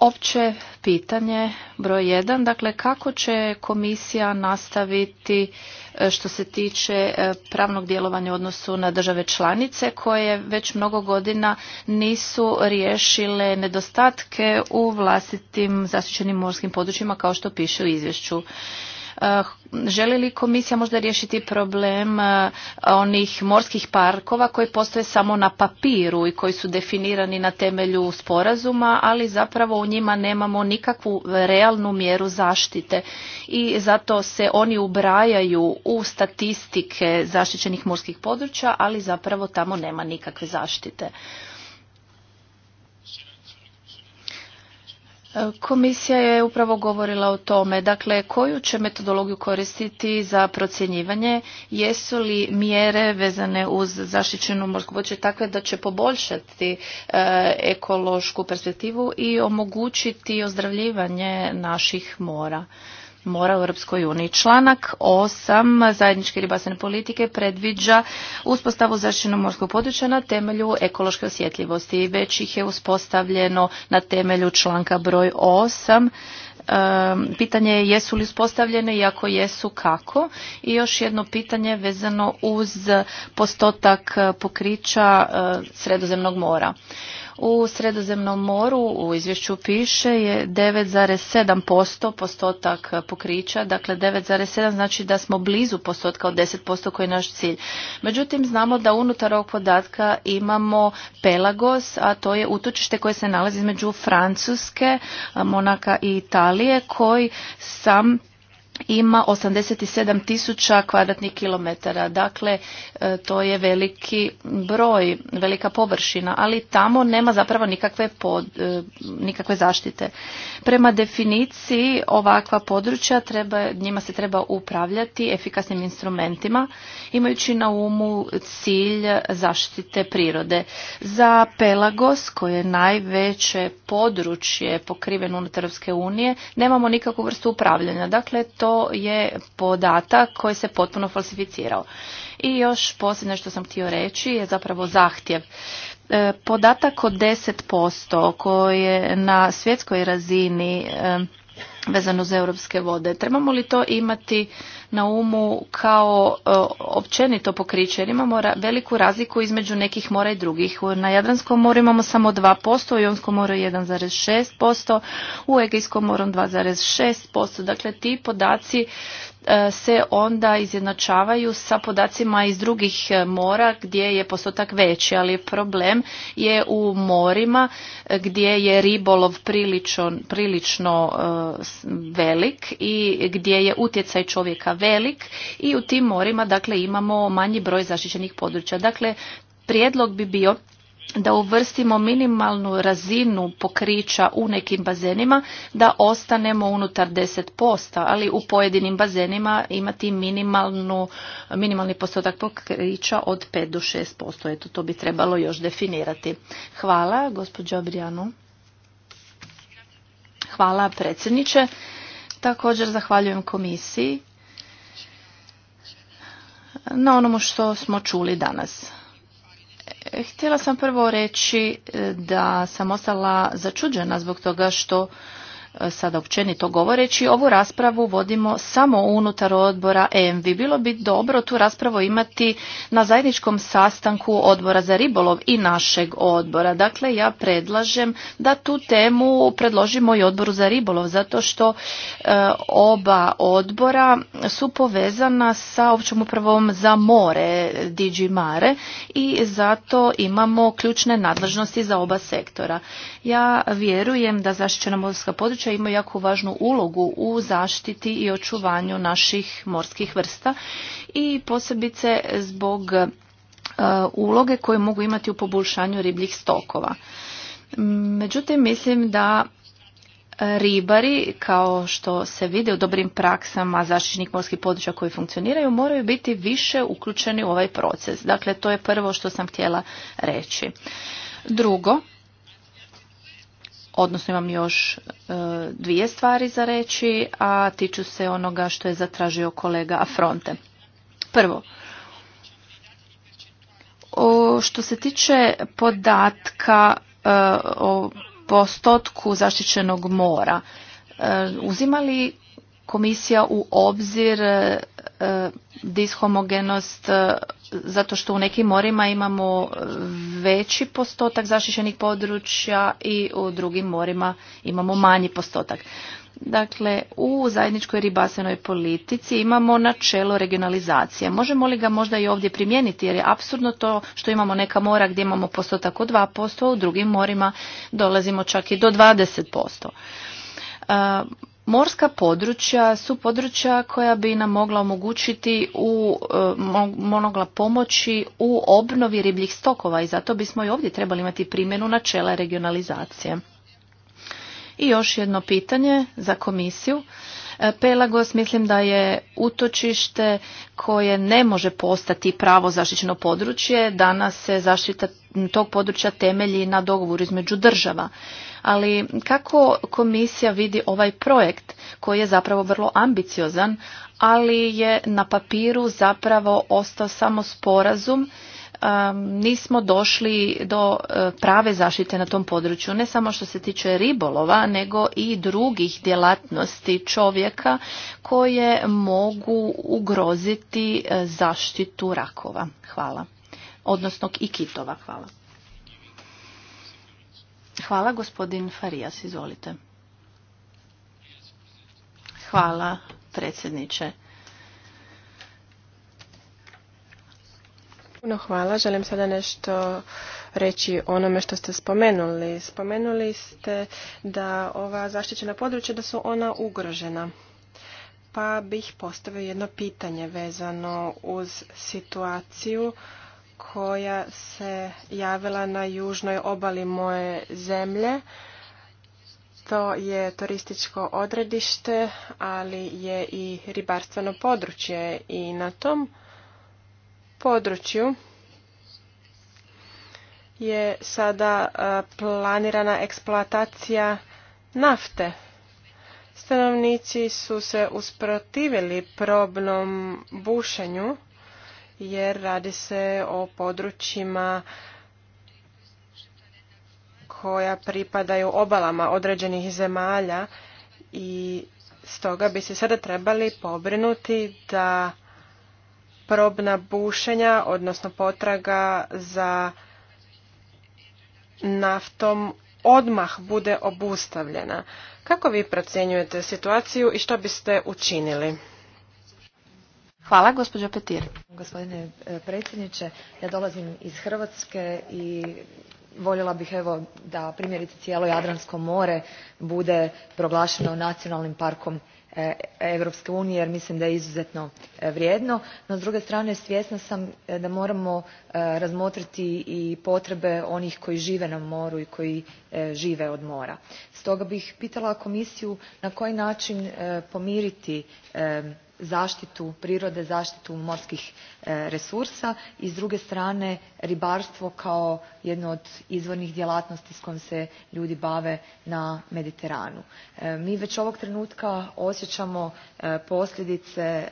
opće pitanje broj jedan, dakle kako će komisija nastaviti e, što se tiče e, pravnog djelovanja u odnosu na države članice koje već mnogo godina nisu riješile nedostatke u vlastitim zaštićenim morskim područjima kao što piše u izvješću. Eh, želi li komisija možda riješiti problem eh, onih morskih parkova koji postoje samo na papiru i koji su definirani na temelju sporazuma, ali zapravo u njima nemamo nikakvu realnu mjeru zaštite i zato se oni ubrajaju u statistike zaštićenih morskih područja, ali zapravo tamo nema nikakve zaštite. Komisija je upravo govorila o tome, dakle koju će metodologiju koristiti za procjenjivanje, jesu li mjere vezane uz zaštićenu morsku voće takve da će poboljšati e, ekološku perspektivu i omogućiti ozdravljivanje naših mora mora u Europskoj uniji. Članak 8 zajedničke ribasne politike predviđa uspostavu zaštićenog morskog područja na temelju ekološke osjetljivosti. Već ih je uspostavljeno na temelju članka broj 8 pitanje je jesu li uspostavljene i ako jesu kako. I još jedno pitanje vezano uz postotak pokrića e, Sredozemnog mora. U Sredozemnom moru u izvješću piše je 9,7% postotak pokrića, dakle 9,7 znači da smo blizu postotka od 10% koji je naš cilj. Međutim, znamo da unutar ovog podatka imamo Pelagos, a to je utočište koje se nalazi između Francuske, Monaka i Italije, koji sam ima 87 tisuća kvadratnih kilometara. Dakle, e, to je veliki broj, velika površina, ali tamo nema zapravo nikakve, pod, e, nikakve zaštite. Prema definiciji ovakva područja treba, njima se treba upravljati efikasnim instrumentima, imajući na umu cilj zaštite prirode. Za Pelagos, koje je najveće područje pokriveno unutar Europske unije, nemamo nikakvu vrstu upravljanja. Dakle, to to je podatak koji se potpuno falsificirao. I još posljedno što sam htio reći je zapravo zahtjev. E, podatak od 10% koji je na svjetskoj razini e, vezano za europske vode. Trebamo li to imati na umu kao e, općenito pokriće jer imamo veliku razliku između nekih mora i drugih. Na Jadranskom moru imamo samo 2%, u Jonskom moru 1,6%, u Egejskom moru 2,6%. Dakle, ti podaci E, se onda izjednačavaju sa podacima iz drugih e, mora gdje je postotak veći, ali problem je u morima e, gdje je ribolov prilično, prilično velik i gdje je utjecaj čovjeka velik i u tim morima dakle imamo manji broj zaštićenih područja. Dakle, prijedlog bi bio da uvrstimo minimalnu razinu pokrića u nekim bazenima, da ostanemo unutar 10%, ali u pojedinim bazenima imati minimalnu, minimalni postotak pokrića od 5 do 6%. Eto, to bi trebalo još definirati. Hvala, gospođo Abrijanu. Hvala, predsjedniče. Također zahvaljujem komisiji na onomu što smo čuli danas. Htjela sam prvo reći e, da sam ostala začuđena zbog toga što E, sada općenito govoreći, ovu raspravu vodimo samo unutar odbora EMV. Bilo bi dobro tu raspravu imati na zajedničkom sastanku odbora za ribolov i našeg odbora. Dakle, ja predlažem da tu temu predložimo i odboru za ribolov, zato što e, oba odbora su povezana sa općom upravom za more, DG Mare, i zato imamo ključne nadležnosti za oba sektora. Ja vjerujem da zaštićena morska područja područja imaju jako važnu ulogu u zaštiti i očuvanju naših morskih vrsta i posebice zbog e, uloge koje mogu imati u poboljšanju ribljih stokova. Međutim, mislim da ribari, kao što se vide u dobrim praksama zaštićenih morskih područja koji funkcioniraju, moraju biti više uključeni u ovaj proces. Dakle, to je prvo što sam htjela reći. Drugo, odnosno imam još e, dvije stvari za reći, a tiču se onoga što je zatražio kolega Afronte. Prvo, što se tiče podatka e, o postotku zaštićenog mora, e, uzimali komisija u obzir e, e, dishomogenost e, zato što u nekim morima imamo veći postotak zaštićenih područja i u drugim morima imamo manji postotak. Dakle, u zajedničkoj ribasenoj politici imamo načelo regionalizacije. Možemo li ga možda i ovdje primijeniti jer je apsurdno to što imamo neka mora gdje imamo postotak od 2%, a u drugim morima dolazimo čak i do 20%. Morska područja su područja koja bi nam mogla omogućiti u, e, mogla pomoći u obnovi ribljih stokova i zato bismo i ovdje trebali imati primjenu načela regionalizacije. I još jedno pitanje za komisiju. E, Pelagos mislim da je utočište koje ne može postati pravo zaštićeno područje. Danas se zaštita tog područja temelji na dogovoru između država ali kako komisija vidi ovaj projekt koji je zapravo vrlo ambiciozan, ali je na papiru zapravo ostao samo sporazum um, nismo došli do uh, prave zaštite na tom području, ne samo što se tiče ribolova, nego i drugih djelatnosti čovjeka koje mogu ugroziti uh, zaštitu rakova. Hvala. Odnosno i kitova. Hvala. Hvala, gospodin Farijas, izvolite. Hvala, predsjedniče. Puno hvala. Želim sada nešto reći onome što ste spomenuli. Spomenuli ste da ova zaštićena područja, da su ona ugrožena. Pa bih postavio jedno pitanje vezano uz situaciju koja se javila na južnoj obali moje zemlje. To je turističko odredište, ali je i ribarstveno područje i na tom području je sada planirana eksploatacija nafte. Stanovnici su se usprotivili probnom bušenju jer radi se o područjima koja pripadaju obalama određenih zemalja i stoga bi se sada trebali pobrinuti da probna bušenja, odnosno potraga za naftom odmah bude obustavljena. Kako vi procjenjujete situaciju i što biste učinili? Hvala, gospođo Petir. Gospodine e, predsjedniče, ja dolazim iz Hrvatske i voljela bih evo da primjerice cijelo Jadransko more bude proglašeno nacionalnim parkom europske unije jer mislim da je izuzetno e, vrijedno no s druge strane svjesna sam e, da moramo razmotriti i potrebe onih koji žive na moru i koji žive od mora. stoga bih pitala komisiju na koji način pomiriti zaštitu prirode, zaštitu morskih e, resursa i s druge strane ribarstvo kao jedno od izvornih djelatnosti s kojom se ljudi bave na Mediteranu. E, mi već ovog trenutka osjećamo e, posljedice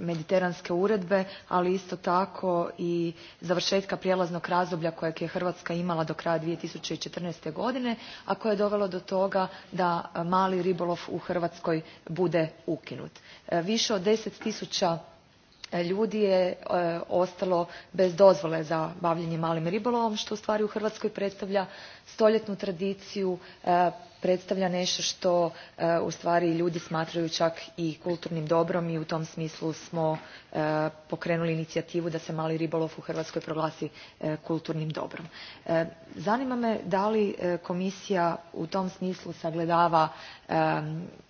mediteranske uredbe, ali isto tako i završetka prijelaznog razdoblja kojeg je Hrvatska imala do kraja 2014. godine, a koje je dovelo do toga da mali ribolov u Hrvatskoj bude ukinut. E, više od ten tisuća e, ljudi je e, ostalo bez dozvole za bavljenje malim ribolovom što ustvari u hrvatskoj predstavlja stoljetnu tradiciju predstavlja nešto što e, ustvari ljudi smatraju čak i kulturnim dobrom i u tom smislu smo e, pokrenuli inicijativu da se mali ribolov u Hrvatskoj proglasi e, kulturnim dobrom. Zanima me da li komisija u tom smislu sagledava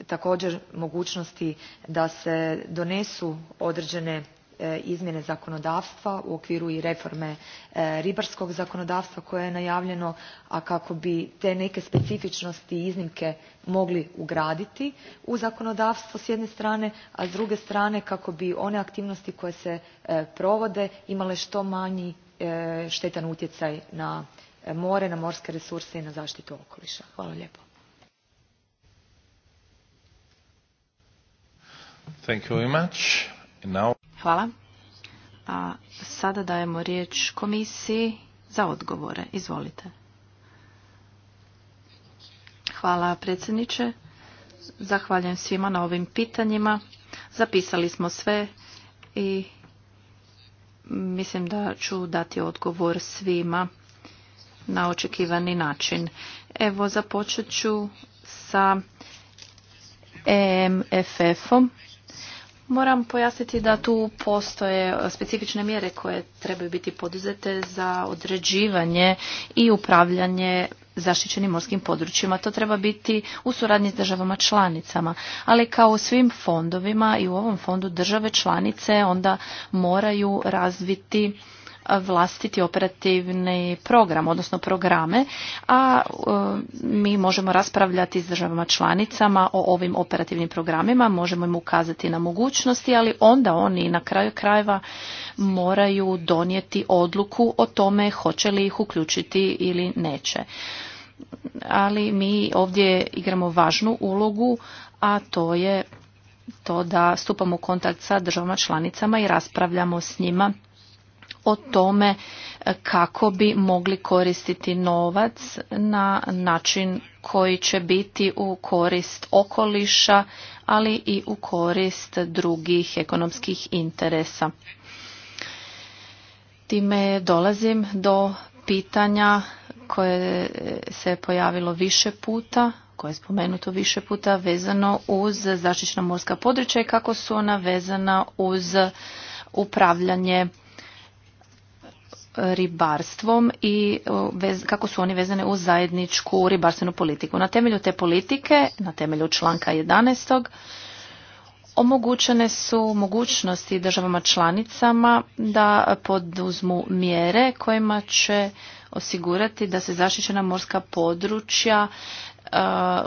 također mogućnosti da se donesu određene E, izmjene zakonodavstva u okviru i reforme e, ribarskog zakonodavstva koje je najavljeno a kako bi te neke specifičnosti i iznimke mogli ugraditi u zakonodavstvo s jedne strane a s druge strane kako bi one aktivnosti koje se e, provode imale što manji štetan utjecaj na more na morske resurse i na zaštitu okoliša. hvala lijepo. Hvala. A sada dajemo riječ komisiji za odgovore. Izvolite. Hvala predsjedniče. Zahvaljujem svima na ovim pitanjima. Zapisali smo sve i mislim da ću dati odgovor svima na očekivani način. Evo započet ću sa EMFF-om Moram pojasniti da tu postoje specifične mjere koje trebaju biti poduzete za određivanje i upravljanje zaštićenim morskim područjima. To treba biti u suradnji s državama članicama. Ali kao u svim fondovima i u ovom fondu države članice onda moraju razviti vlastiti operativni program, odnosno programe, a e, mi možemo raspravljati s državama članicama o ovim operativnim programima, možemo im ukazati na mogućnosti, ali onda oni na kraju krajeva moraju donijeti odluku o tome hoće li ih uključiti ili neće. Ali mi ovdje igramo važnu ulogu, a to je to da stupamo u kontakt sa državama članicama i raspravljamo s njima o tome e, kako bi mogli koristiti novac na način koji će biti u korist okoliša, ali i u korist drugih ekonomskih interesa. Time dolazim do pitanja koje se pojavilo više puta, koje je spomenuto više puta vezano uz zaštićena morska područja i kako su ona vezana uz upravljanje ribarstvom i kako su oni vezani uz zajedničku ribarstvenu politiku. Na temelju te politike, na temelju članka 11. Omogućene su mogućnosti državama članicama da poduzmu mjere kojima će osigurati da se zaštićena morska područja e,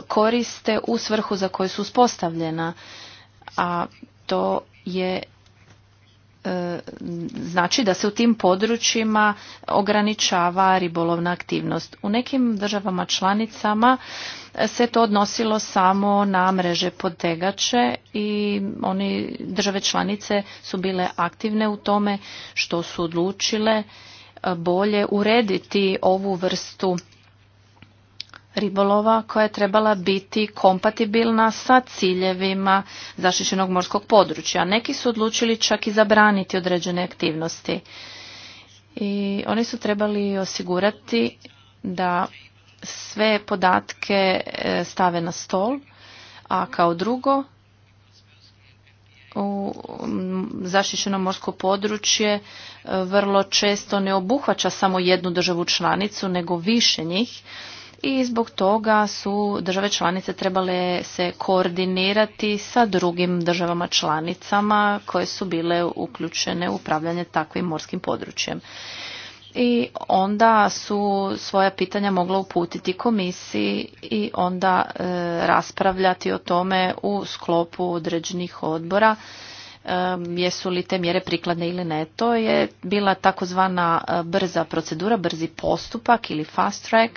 koriste u svrhu za koju su uspostavljena, a to je E, znači da se u tim područjima ograničava ribolovna aktivnost. U nekim državama članicama se to odnosilo samo na mreže potegače i oni države članice su bile aktivne u tome što su odlučile bolje urediti ovu vrstu ribolova koja je trebala biti kompatibilna sa ciljevima zaštićenog morskog područja. Neki su odlučili čak i zabraniti određene aktivnosti. I oni su trebali osigurati da sve podatke e, stave na stol, a kao drugo u zaštićenom morsko područje e, vrlo često ne obuhvaća samo jednu državu članicu, nego više njih i zbog toga su države članice trebale se koordinirati sa drugim državama članicama koje su bile uključene u upravljanje takvim morskim područjem. I onda su svoja pitanja mogla uputiti komisiji i onda e, raspravljati o tome u sklopu određenih odbora e, jesu li te mjere prikladne ili ne. To je bila takozvana e, brza procedura, brzi postupak ili fast track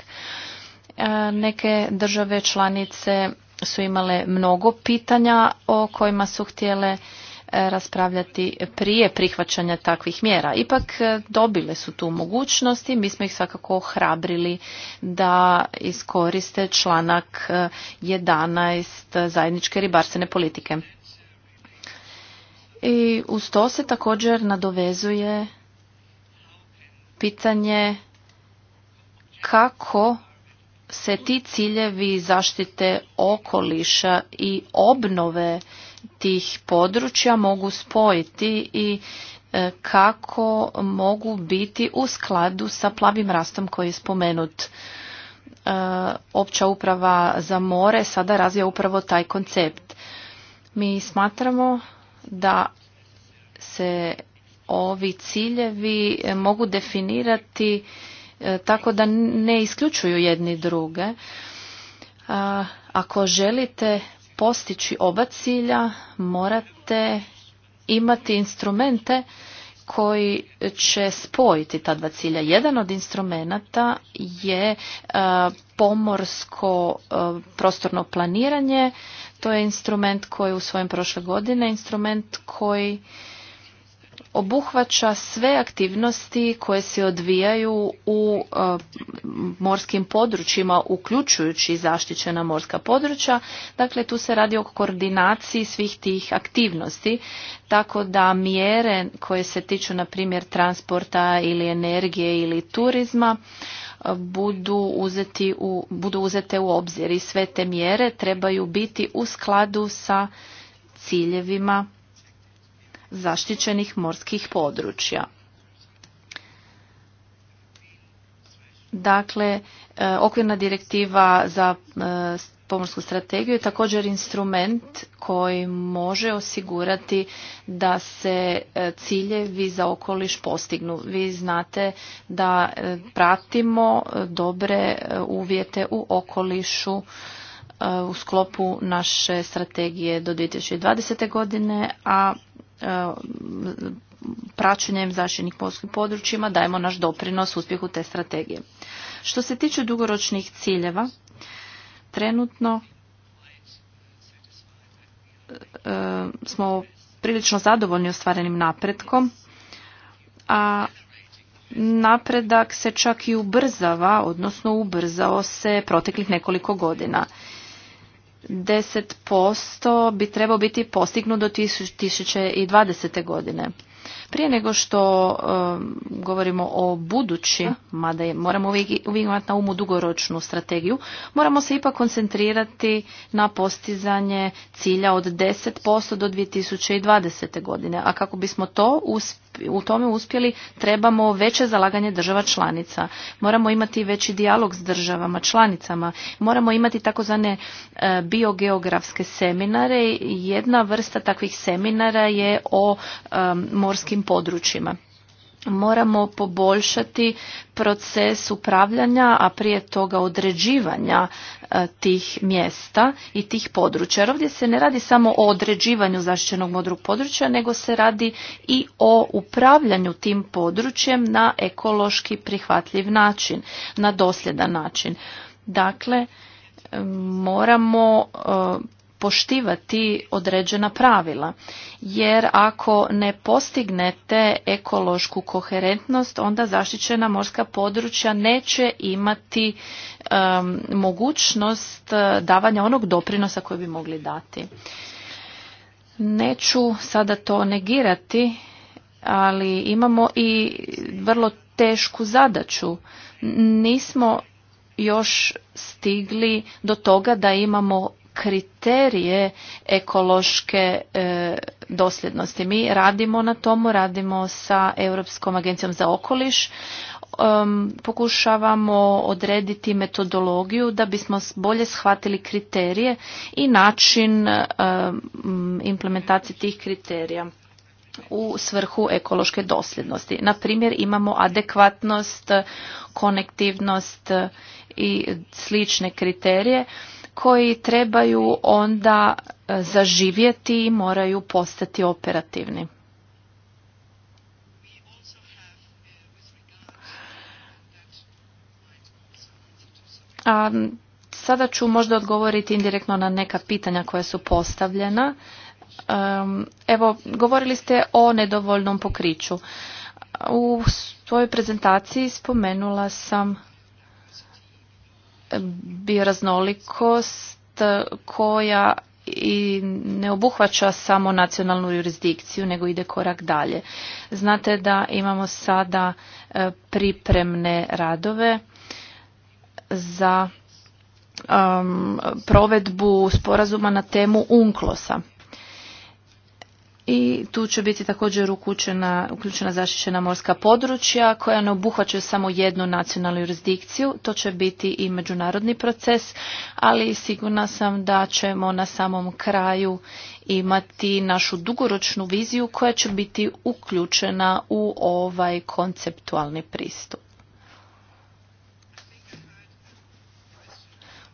Neke države članice su imale mnogo pitanja o kojima su htjele e, raspravljati prije prihvaćanja takvih mjera. Ipak e, dobile su tu mogućnost i mi smo ih svakako ohrabrili da iskoriste članak 11 e, zajedničke ribarstvene politike. I uz to se također nadovezuje pitanje kako se ti ciljevi zaštite okoliša i obnove tih područja mogu spojiti i e, kako mogu biti u skladu sa plavim rastom koji je spomenut. E, opća uprava za more sada razvija upravo taj koncept. Mi smatramo da se ovi ciljevi mogu definirati E, tako da ne isključuju jedni druge. E, ako želite postići oba cilja, morate imati instrumente koji će spojiti ta dva cilja. Jedan od instrumenata je e, pomorsko prostorno planiranje. To je instrument koji u svojem prošle godine, instrument koji obuhvaća sve aktivnosti koje se odvijaju u e, morskim područjima, uključujući zaštićena morska područja. Dakle, tu se radi o koordinaciji svih tih aktivnosti, tako da mjere koje se tiču, na primjer, transporta ili energije ili turizma, e, budu, uzeti u, budu uzete u obzir i sve te mjere trebaju biti u skladu sa ciljevima zaštićenih morskih područja. Dakle, e, okvirna direktiva za e, pomorsku strategiju je također instrument koji može osigurati da se e, ciljevi za okoliš postignu. Vi znate da pratimo dobre uvjete u okolišu u sklopu naše strategije do 2020. godine, a praćenjem zaštitnih Polskim područjima dajemo naš doprinos uspjehu te strategije. Što se tiče dugoročnih ciljeva, trenutno e, smo prilično zadovoljni ostvarenim napretkom, a napredak se čak i ubrzava, odnosno ubrzao se proteklih nekoliko godina. 10% bi trebao biti postignut do 2020. godine. Prije nego što um, govorimo o budući, mada moramo uvijek, uvijek imati na umu dugoročnu strategiju, moramo se ipak koncentrirati na postizanje cilja od 10% do 2020. godine. A kako bismo to uspjeli, u tome uspjeli, trebamo veće zalaganje država članica. Moramo imati veći dijalog s državama članicama. Moramo imati takozvane e, biogeografske seminare. Jedna vrsta takvih seminara je o e, morskim područjima moramo poboljšati proces upravljanja, a prije toga određivanja e, tih mjesta i tih područja. Jer ovdje se ne radi samo o određivanju zaštićenog modrog područja, nego se radi i o upravljanju tim područjem na ekološki prihvatljiv način, na dosljedan način. Dakle, e, moramo e, poštivati određena pravila. Jer ako ne postignete ekološku koherentnost, onda zaštićena morska područja neće imati mogućnost eh, davanja onog doprinosa koji bi mogli dati. Neću sada to negirati, ali imamo i vrlo tešku zadaću. Nismo još stigli do toga da imamo kriterije ekološke e, dosljednosti. Mi radimo na tomu, radimo sa Europskom agencijom za okoliš, pokušavamo odrediti metodologiju da bismo bolje shvatili kriterije i način e, implementacije tih kriterija u svrhu ekološke dosljednosti. Na primjer imamo adekvatnost, konektivnost i slične kriterije koji trebaju onda e, zaživjeti i moraju postati operativni. A sada ću možda odgovoriti indirektno na neka pitanja koja su postavljena. Evo, govorili ste o nedovoljnom pokriću. U svojoj prezentaciji spomenula sam bioraznolikost koja i ne obuhvaća samo nacionalnu jurisdikciju, nego ide korak dalje. Znate da imamo sada e, pripremne radove za provedbu sporazuma na temu unklosa. a i tu će biti također uključena zaštićena morska područja koja ne obuhvaćaju samo jednu nacionalnu jurisdikciju. To će biti i međunarodni proces, ali sigurna sam da ćemo na samom kraju imati našu dugoročnu viziju koja će biti uključena u ovaj konceptualni pristup.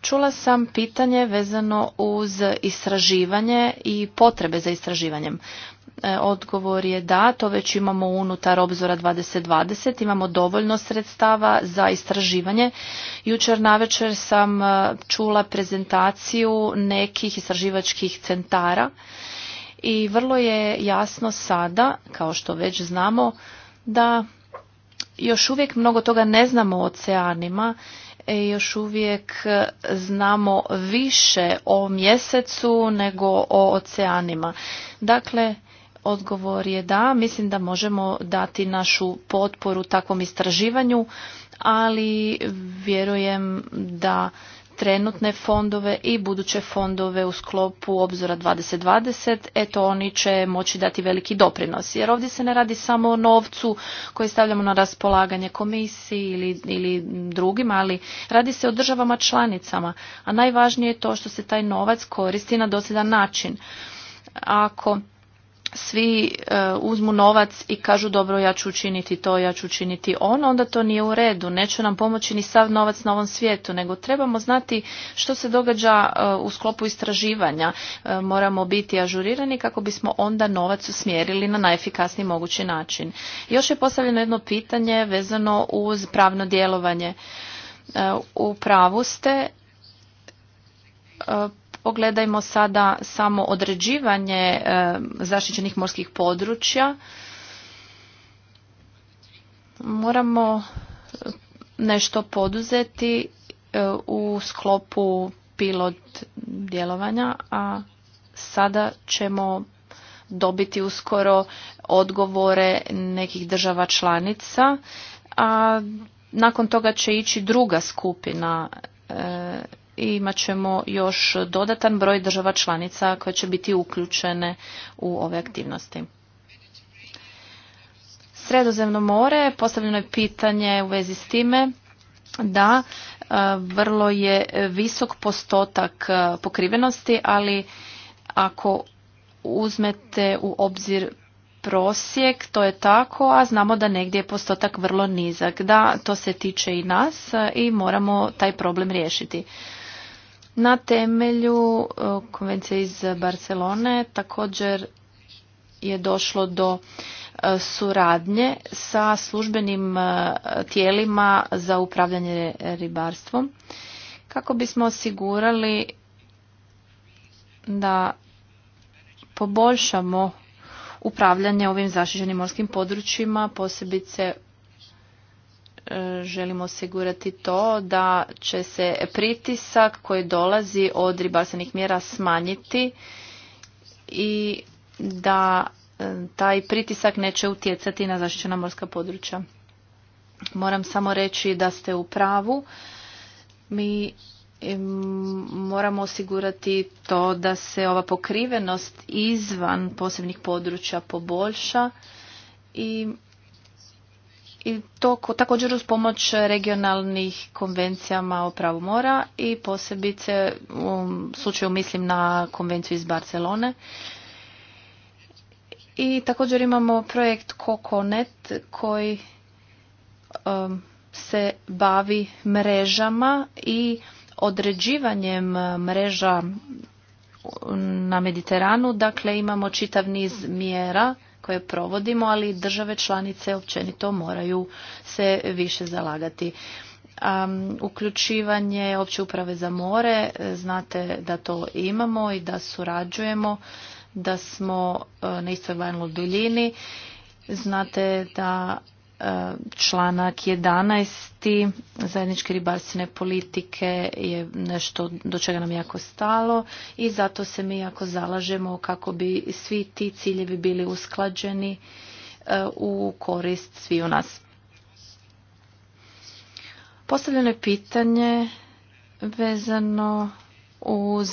Čula sam pitanje vezano uz istraživanje i potrebe za istraživanjem. E, odgovor je da, to već imamo unutar obzora 2020, imamo dovoljno sredstava za istraživanje. Jučer navečer sam e, čula prezentaciju nekih istraživačkih centara i vrlo je jasno sada, kao što već znamo, da još uvijek mnogo toga ne znamo o oceanima E, još uvijek e, znamo više o mjesecu nego o oceanima. Dakle, odgovor je da, mislim da možemo dati našu potporu takvom istraživanju, ali vjerujem da trenutne fondove i buduće fondove u sklopu obzora 2020, eto oni će moći dati veliki doprinos. Jer ovdje se ne radi samo o novcu koji stavljamo na raspolaganje komisiji ili, ili drugim, ali radi se o državama članicama. A najvažnije je to što se taj novac koristi na dosljedan način. Ako svi e, uzmu novac i kažu dobro ja ću učiniti to, ja ću učiniti ono, onda to nije u redu. Neće nam pomoći ni sav novac na ovom svijetu, nego trebamo znati što se događa e, u sklopu istraživanja. E, moramo biti ažurirani kako bismo onda novac usmjerili na najefikasniji mogući način. Još je postavljeno jedno pitanje vezano uz pravno djelovanje. U pravu ste Pogledajmo sada samo određivanje e, zaštićenih morskih područja. Moramo nešto poduzeti e, u sklopu pilot djelovanja, a sada ćemo dobiti uskoro odgovore nekih država članica, a nakon toga će ići druga skupina e, imat ćemo još dodatan broj država članica koje će biti uključene u ove aktivnosti. Sredozemno more, postavljeno je pitanje u vezi s time da e, vrlo je visok postotak e, pokrivenosti, ali ako uzmete u obzir prosjek, to je tako, a znamo da negdje je postotak vrlo nizak. Da, to se tiče i nas e, i moramo taj problem riješiti. Na temelju e, konvencije iz Barcelone također je došlo do e, suradnje sa službenim e, tijelima za upravljanje ribarstvom kako bismo osigurali da poboljšamo upravljanje ovim zaštićenim morskim područjima, posebice E, želimo osigurati to da će se pritisak koji dolazi od ribarstvenih mjera smanjiti i da e, taj pritisak neće utjecati na zaštićena morska područja. Moram samo reći da ste u pravu. Mi e, moramo osigurati to da se ova pokrivenost izvan posebnih područja poboljša i i to također uz pomoć regionalnih konvencijama o pravu mora i posebice u slučaju mislim na konvenciju iz Barcelone. I također imamo projekt COCONET koji um, se bavi mrežama i određivanjem uh, mreža um, na Mediteranu. Dakle, imamo čitav niz mjera koje provodimo, ali države članice općenito moraju se više zalagati. uključivanje opće uprave za more, e, znate da to imamo i da surađujemo, da smo e, na istoj valnoj duljini. Znate da članak 11. zajedničke ribarstvene politike je nešto do čega nam jako stalo i zato se mi jako zalažemo kako bi svi ti ciljevi bili usklađeni e, u korist svi u nas. Postavljeno je pitanje vezano uz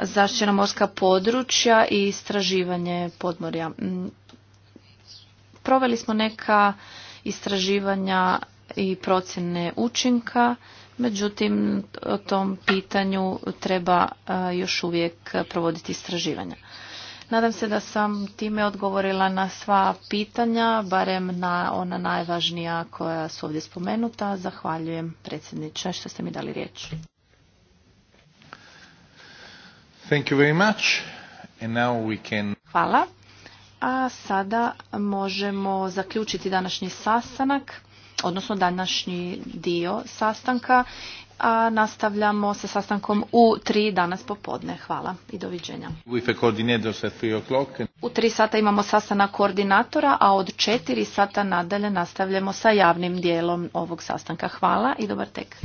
zaštićena morska područja i istraživanje podmorja. Proveli smo neka istraživanja i procjene učinka, međutim o tom pitanju treba e, još uvijek provoditi istraživanja. Nadam se da sam time odgovorila na sva pitanja, barem na ona najvažnija koja su ovdje spomenuta. Zahvaljujem predsjedniče što ste mi dali riječ. Thank you very much. And now we can... Hvala. A sada možemo zaključiti današnji sastanak, odnosno današnji dio sastanka, a nastavljamo sa sastankom u tri danas popodne. Hvala i doviđenja. U tri sata imamo sastanak koordinatora, a od četiri sata nadalje nastavljamo sa javnim dijelom ovog sastanka. Hvala i dobar tek.